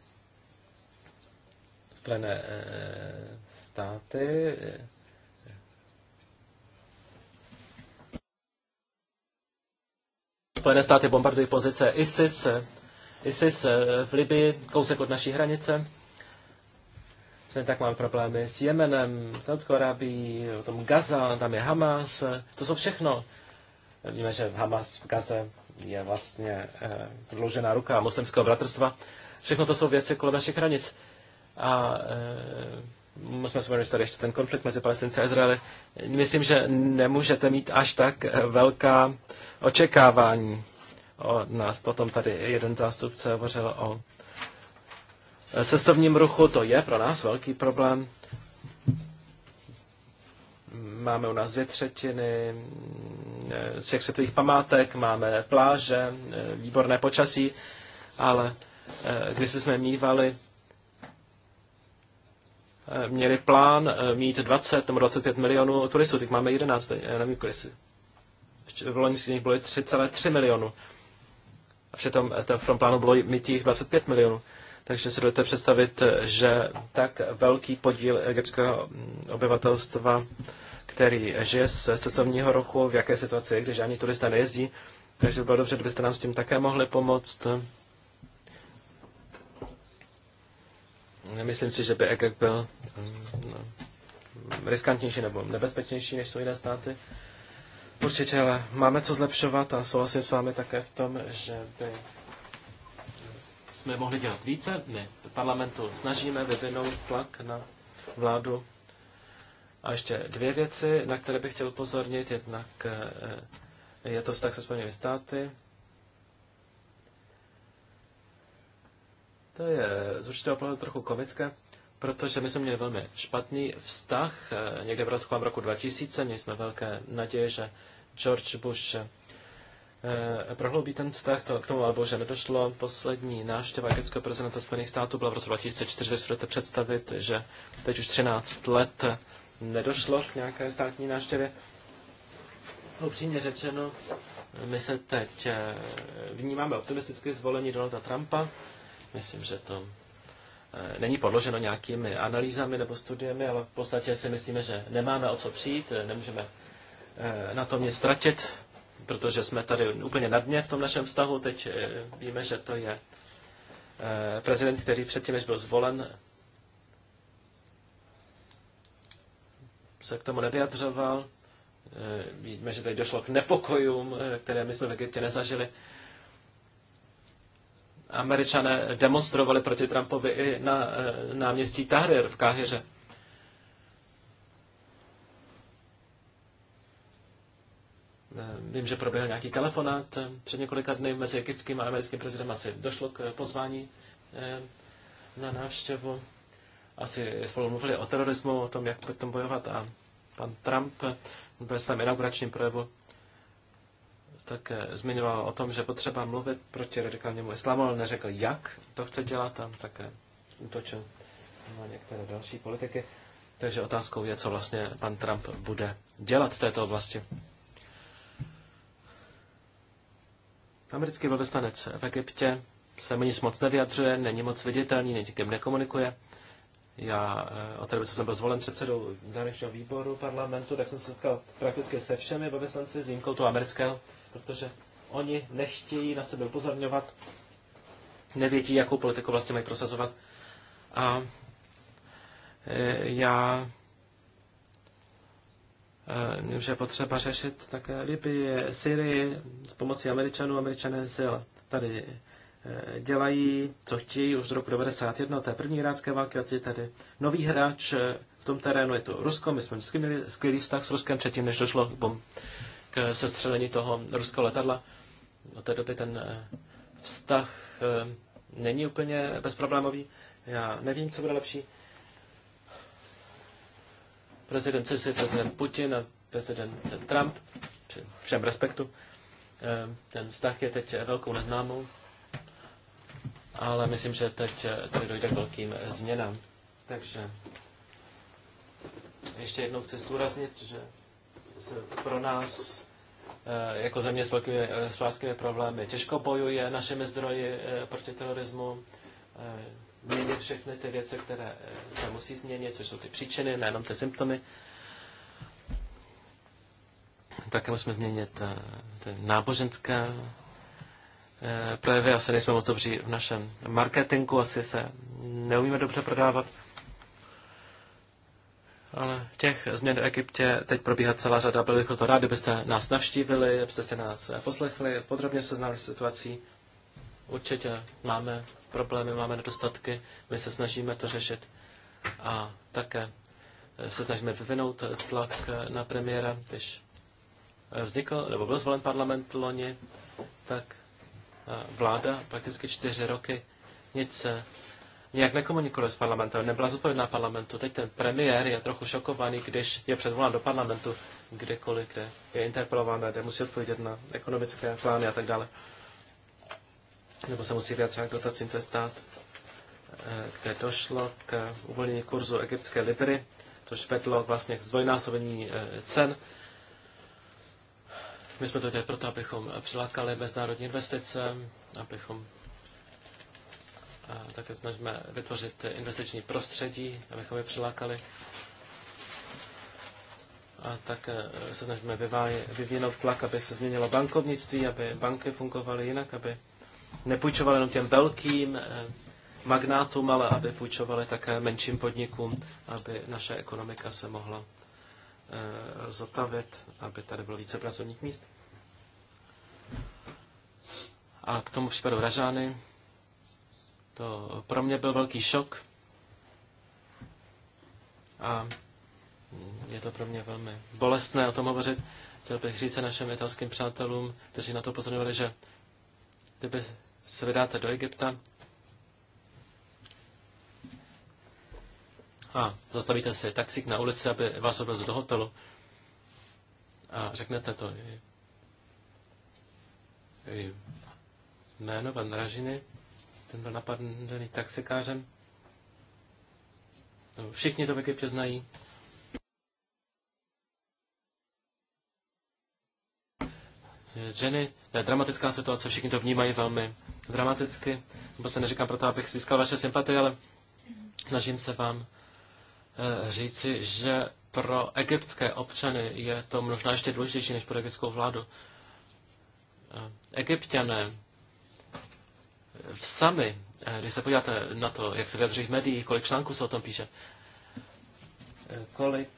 Spojené eh, státy. Eh, Spojené státy bombardují pozice ISIS ISIS eh, v Libii, kousek od naší hranice. Přesně tak máme problémy s Jemenem, s Saudskou Arábií, tom Gaza, tam je Hamas. Eh, to jsou všechno. Víme, že Hamas v Gaze je vlastně prodloužená eh, ruka muslimského bratrstva. Všechno to jsou věci kolem našich hranic. A musíme si vědět, ještě ten konflikt mezi Palestinci a Izraeli. Myslím, že nemůžete mít až tak velká očekávání o nás. Potom tady jeden zástupce hovořil o cestovním ruchu. To je pro nás velký problém. Máme u nás dvě třetiny eh, z těch světových památek, máme pláže, eh, výborné počasí, ale eh, když jsme mývali měli plán mít 20 nebo 25 milionů turistů, teď máme 11, nevím, kolik v loňských byly 3,3 milionu. A přitom eh, v tom plánu bylo mít jich 25 milionů. Takže si dojete představit, že tak velký podíl egyptského mm, obyvatelstva, který žije z cestovního ruchu, v jaké situaci je, když ani turista nejezdí. Takže by bylo dobře, kdybyste nám s tím také mohli pomoct. myslím si, že by Egypt byl mm, no, riskantnější nebo nebezpečnější, než jsou jiné státy. Určitě, ale máme co zlepšovat a souhlasím s vámi také v tom, že by jsme mohli dělat více. My v parlamentu snažíme vyvinout tlak na vládu. A ještě dvě věci, na které bych chtěl pozornit. Jednak eh, eh, je to vztah se Spojenými státy. To je z určitého pohledu trochu komické, protože my jsme měli velmi špatný vztah. Eh, někde v roce roku 2000 měli jsme velké naděje, že George Bush eh, prohloubí ten vztah to, k tomu albu, že nedošlo. Poslední návštěva egyptského prezidenta Spojených států byla v roce 2004, když budete představit, že teď už 13 let nedošlo k nějaké státní návštěvě. Upřímně řečeno, my se teď eh, vnímáme optimisticky zvolení Donalda Trumpa. Myslím, že to eh, není podloženo nějakými analýzami nebo studiemi, ale v podstatě si myslíme, že nemáme o co přijít, nemůžeme Eh, na tom nic ztratit, protože jsme tady úplně na dně v tom našem vztahu. Teď eh, víme, že to je eh, prezident, který předtím, než byl zvolen, se k tomu nevyjadřoval. Víme, že tady došlo k nepokojům, které my jsme v Egyptě nezažili. Američané demonstrovali proti Trumpovi i na náměstí Tahrir v Káhyře. Vím, že proběhl nějaký telefonát eh, před několika dny mezi egyptským a americkým prezidentem. Asi došlo k eh, pozvání eh, na návštěvu. Asi spolu mluvili o terorismu, o tom, jak proti bojovat. A pan Trump ve svém inauguračním projevu Tak zmiňoval o tom, že potřeba mluvit proti radikálnímu islámu, ale neřekl, jak to chce dělat a také útočil na některé další politiky. Takže otázkou je, co vlastně pan Trump bude dělat v této oblasti. Americký velvyslanec v Egyptě se mi nic moc nevyjadřuje, není moc viditelný, nikým nekomunikuje. Já eh, od té doby, co jsem byl zvolen předsedou zahraničního výboru parlamentu, tak jsem se setkal prakticky se všemi velvyslanci, s výjimkou toho amerického, protože oni nechtějí na sebe upozorňovat, nevědí, jakou politiku vlastně mají prosazovat. A eh, já Eh, že je potřeba řešit také Libii, Syrii s pomocí Američanů. Američané sil tady eh, dělají, co chtějí už z roku 1991, té první irácké války, a tady nový hráč eh, v tom terénu, je to Rusko, my jsme vždycky měli skvělý vztah s Ruskem předtím, než došlo k, bom, k sestřelení toho ruského letadla. Od té doby ten vztah není úplně bezproblémový. Já nevím, co bude lepší prezident Sisi, prezident Putin a prezident Trump, při všem respektu. Eh, ten vztah je teď velkou neznámou, ale myslím, že teď eh, tady dojde k velkým eh, změnám. Takže ještě jednou chci zdůraznit, že pro nás jako země s velkými hospodářskými problémy těžko bojuje našimi zdroji proti terorismu změnit všechny ty věci, které eh, se musí změnit, což jsou ty příčiny, nejenom ty symptomy. Také musíme změnit eh, ty náboženské eh, projevy. Asi nejsme moc dobří v našem marketingu, asi se neumíme dobře prodávat. Ale těch změn v Egyptě teď probíhá celá řada. Byli bychom to rádi, kdybyste nás navštívili, abyste se nás poslechli, podrobně seznali s situací. Určitě máme problémy, máme nedostatky, my se snažíme to řešit a také eh, se snažíme vyvinout eh, tlak eh, na premiéra, když vznikl, nebo byl zvolen parlament loni, tak vláda prakticky čtyři roky nic se nějak nekomunikuje s parlamentem, nebyla zodpovědná parlamentu. Teď ten premiér je trochu šokovaný, když je předvolán do parlamentu kdekoliv, kde je interpelován, kde musí odpovědět na ekonomické plány a tak dále nebo se musí vyjadřovat k dotacím, to je stát, eh, kde došlo k uvolnění kurzu egyptské libry, což vedlo vlastně k zdvojnásobení eh, cen. My jsme to dělali proto, abychom přilákali mezinárodní investice, abychom také snažíme vytvořit investiční prostředí, abychom je přilákali. A tak eh, se snažíme vyvinout tlak, aby se změnilo bankovnictví, aby banky fungovaly jinak, aby nepůjčoval jenom těm velkým eh, magnátům, ale aby půjčovali také menším podnikům, aby naše ekonomika se mohla eh, zotavit, aby tady bylo více pracovních míst. A k tomu případu Ražány, to pro mě byl velký šok. A je to pro mě velmi bolestné o tom hovořit. Chtěl bych říct se našim italským přátelům, kteří na to pozorovali, že kdyby se vydáte do Egypta a zastavíte si taxík na ulici, aby vás odvezl do hotelu a řeknete to jméno Van Ražiny, ten byl napadený taxikářem. Všichni to v Egyptě znají. ženy. To je dramatická situace, všichni to vnímají velmi dramaticky. Nebo se neříkám proto, abych získal vaše sympatie, ale snažím se vám eh, říci, že pro egyptské občany je to možná ještě důležitější než pro egyptskou vládu. Eh, egyptiané eh, sami, když se podíváte na to, jak se vyjadřují v médiích, kolik článků se o tom píše, kolik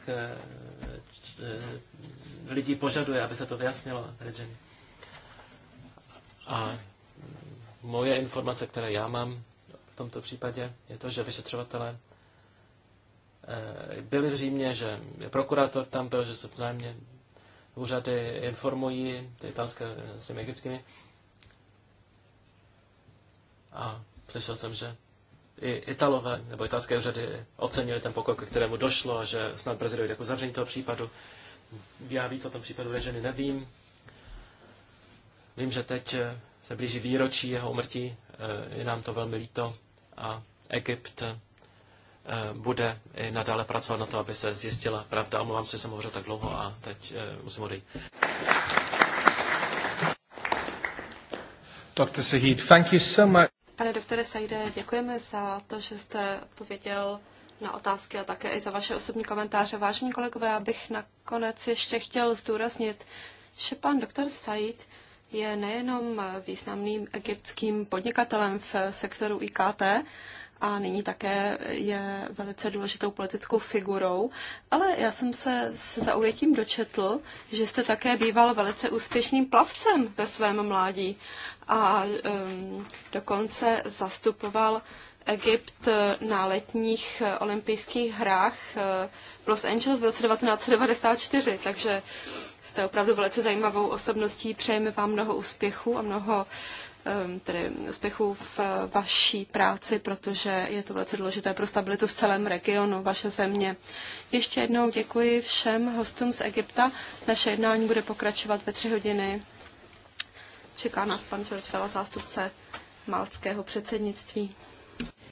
lidí požaduje, aby se to vyjasnilo, Regine. A moje informace, které já mám v tomto případě, je to, že vyšetřovatelé eh, byli v Římě, že prokurátor tam byl, že se vzájemně úřady informují, ty italské s těmi egyptskými. A slyšel jsem, že i Italové nebo italské úřady ocenili ten pokrok, k kterému došlo a že snad brzy dojde k uzavření toho případu. Já víc o tom případu Reženy nevím. Vím, že teď eh, se blíží výročí jeho umrtí, eh, je nám to velmi líto a Egypt eh, bude i nadále pracovat na to, aby se zjistila pravda. Omlouvám se, že jsem hovořil tak dlouho a teď musím odejít. Dr. Sahid, thank you so much. Pane doktore Saide, děkujeme za to, že jste odpověděl na otázky a také i za vaše osobní komentáře. Vážení kolegové, abych bych nakonec ještě chtěl zdůraznit, že pan doktor Said je nejenom významným egyptským podnikatelem v sektoru IKT, a nyní také je velice důležitou politickou figurou. Ale já jsem se s zaujetím dočetl, že jste také býval velice úspěšným plavcem ve svém mládí a um, dokonce zastupoval Egypt na letních olympijských hrách eh, v Los Angeles v roce 1994, takže jste opravdu velice zajímavou osobností. Přejeme vám mnoho úspěchů a mnoho ehm, tedy úspěchů v eh, vaší práci, protože je to velice důležité pro stabilitu v celém regionu vaše země. Ještě jednou děkuji všem hostům z Egypta. Naše jednání bude pokračovat ve tři hodiny. Čeká nás pan Čorčela, zástupce malckého předsednictví.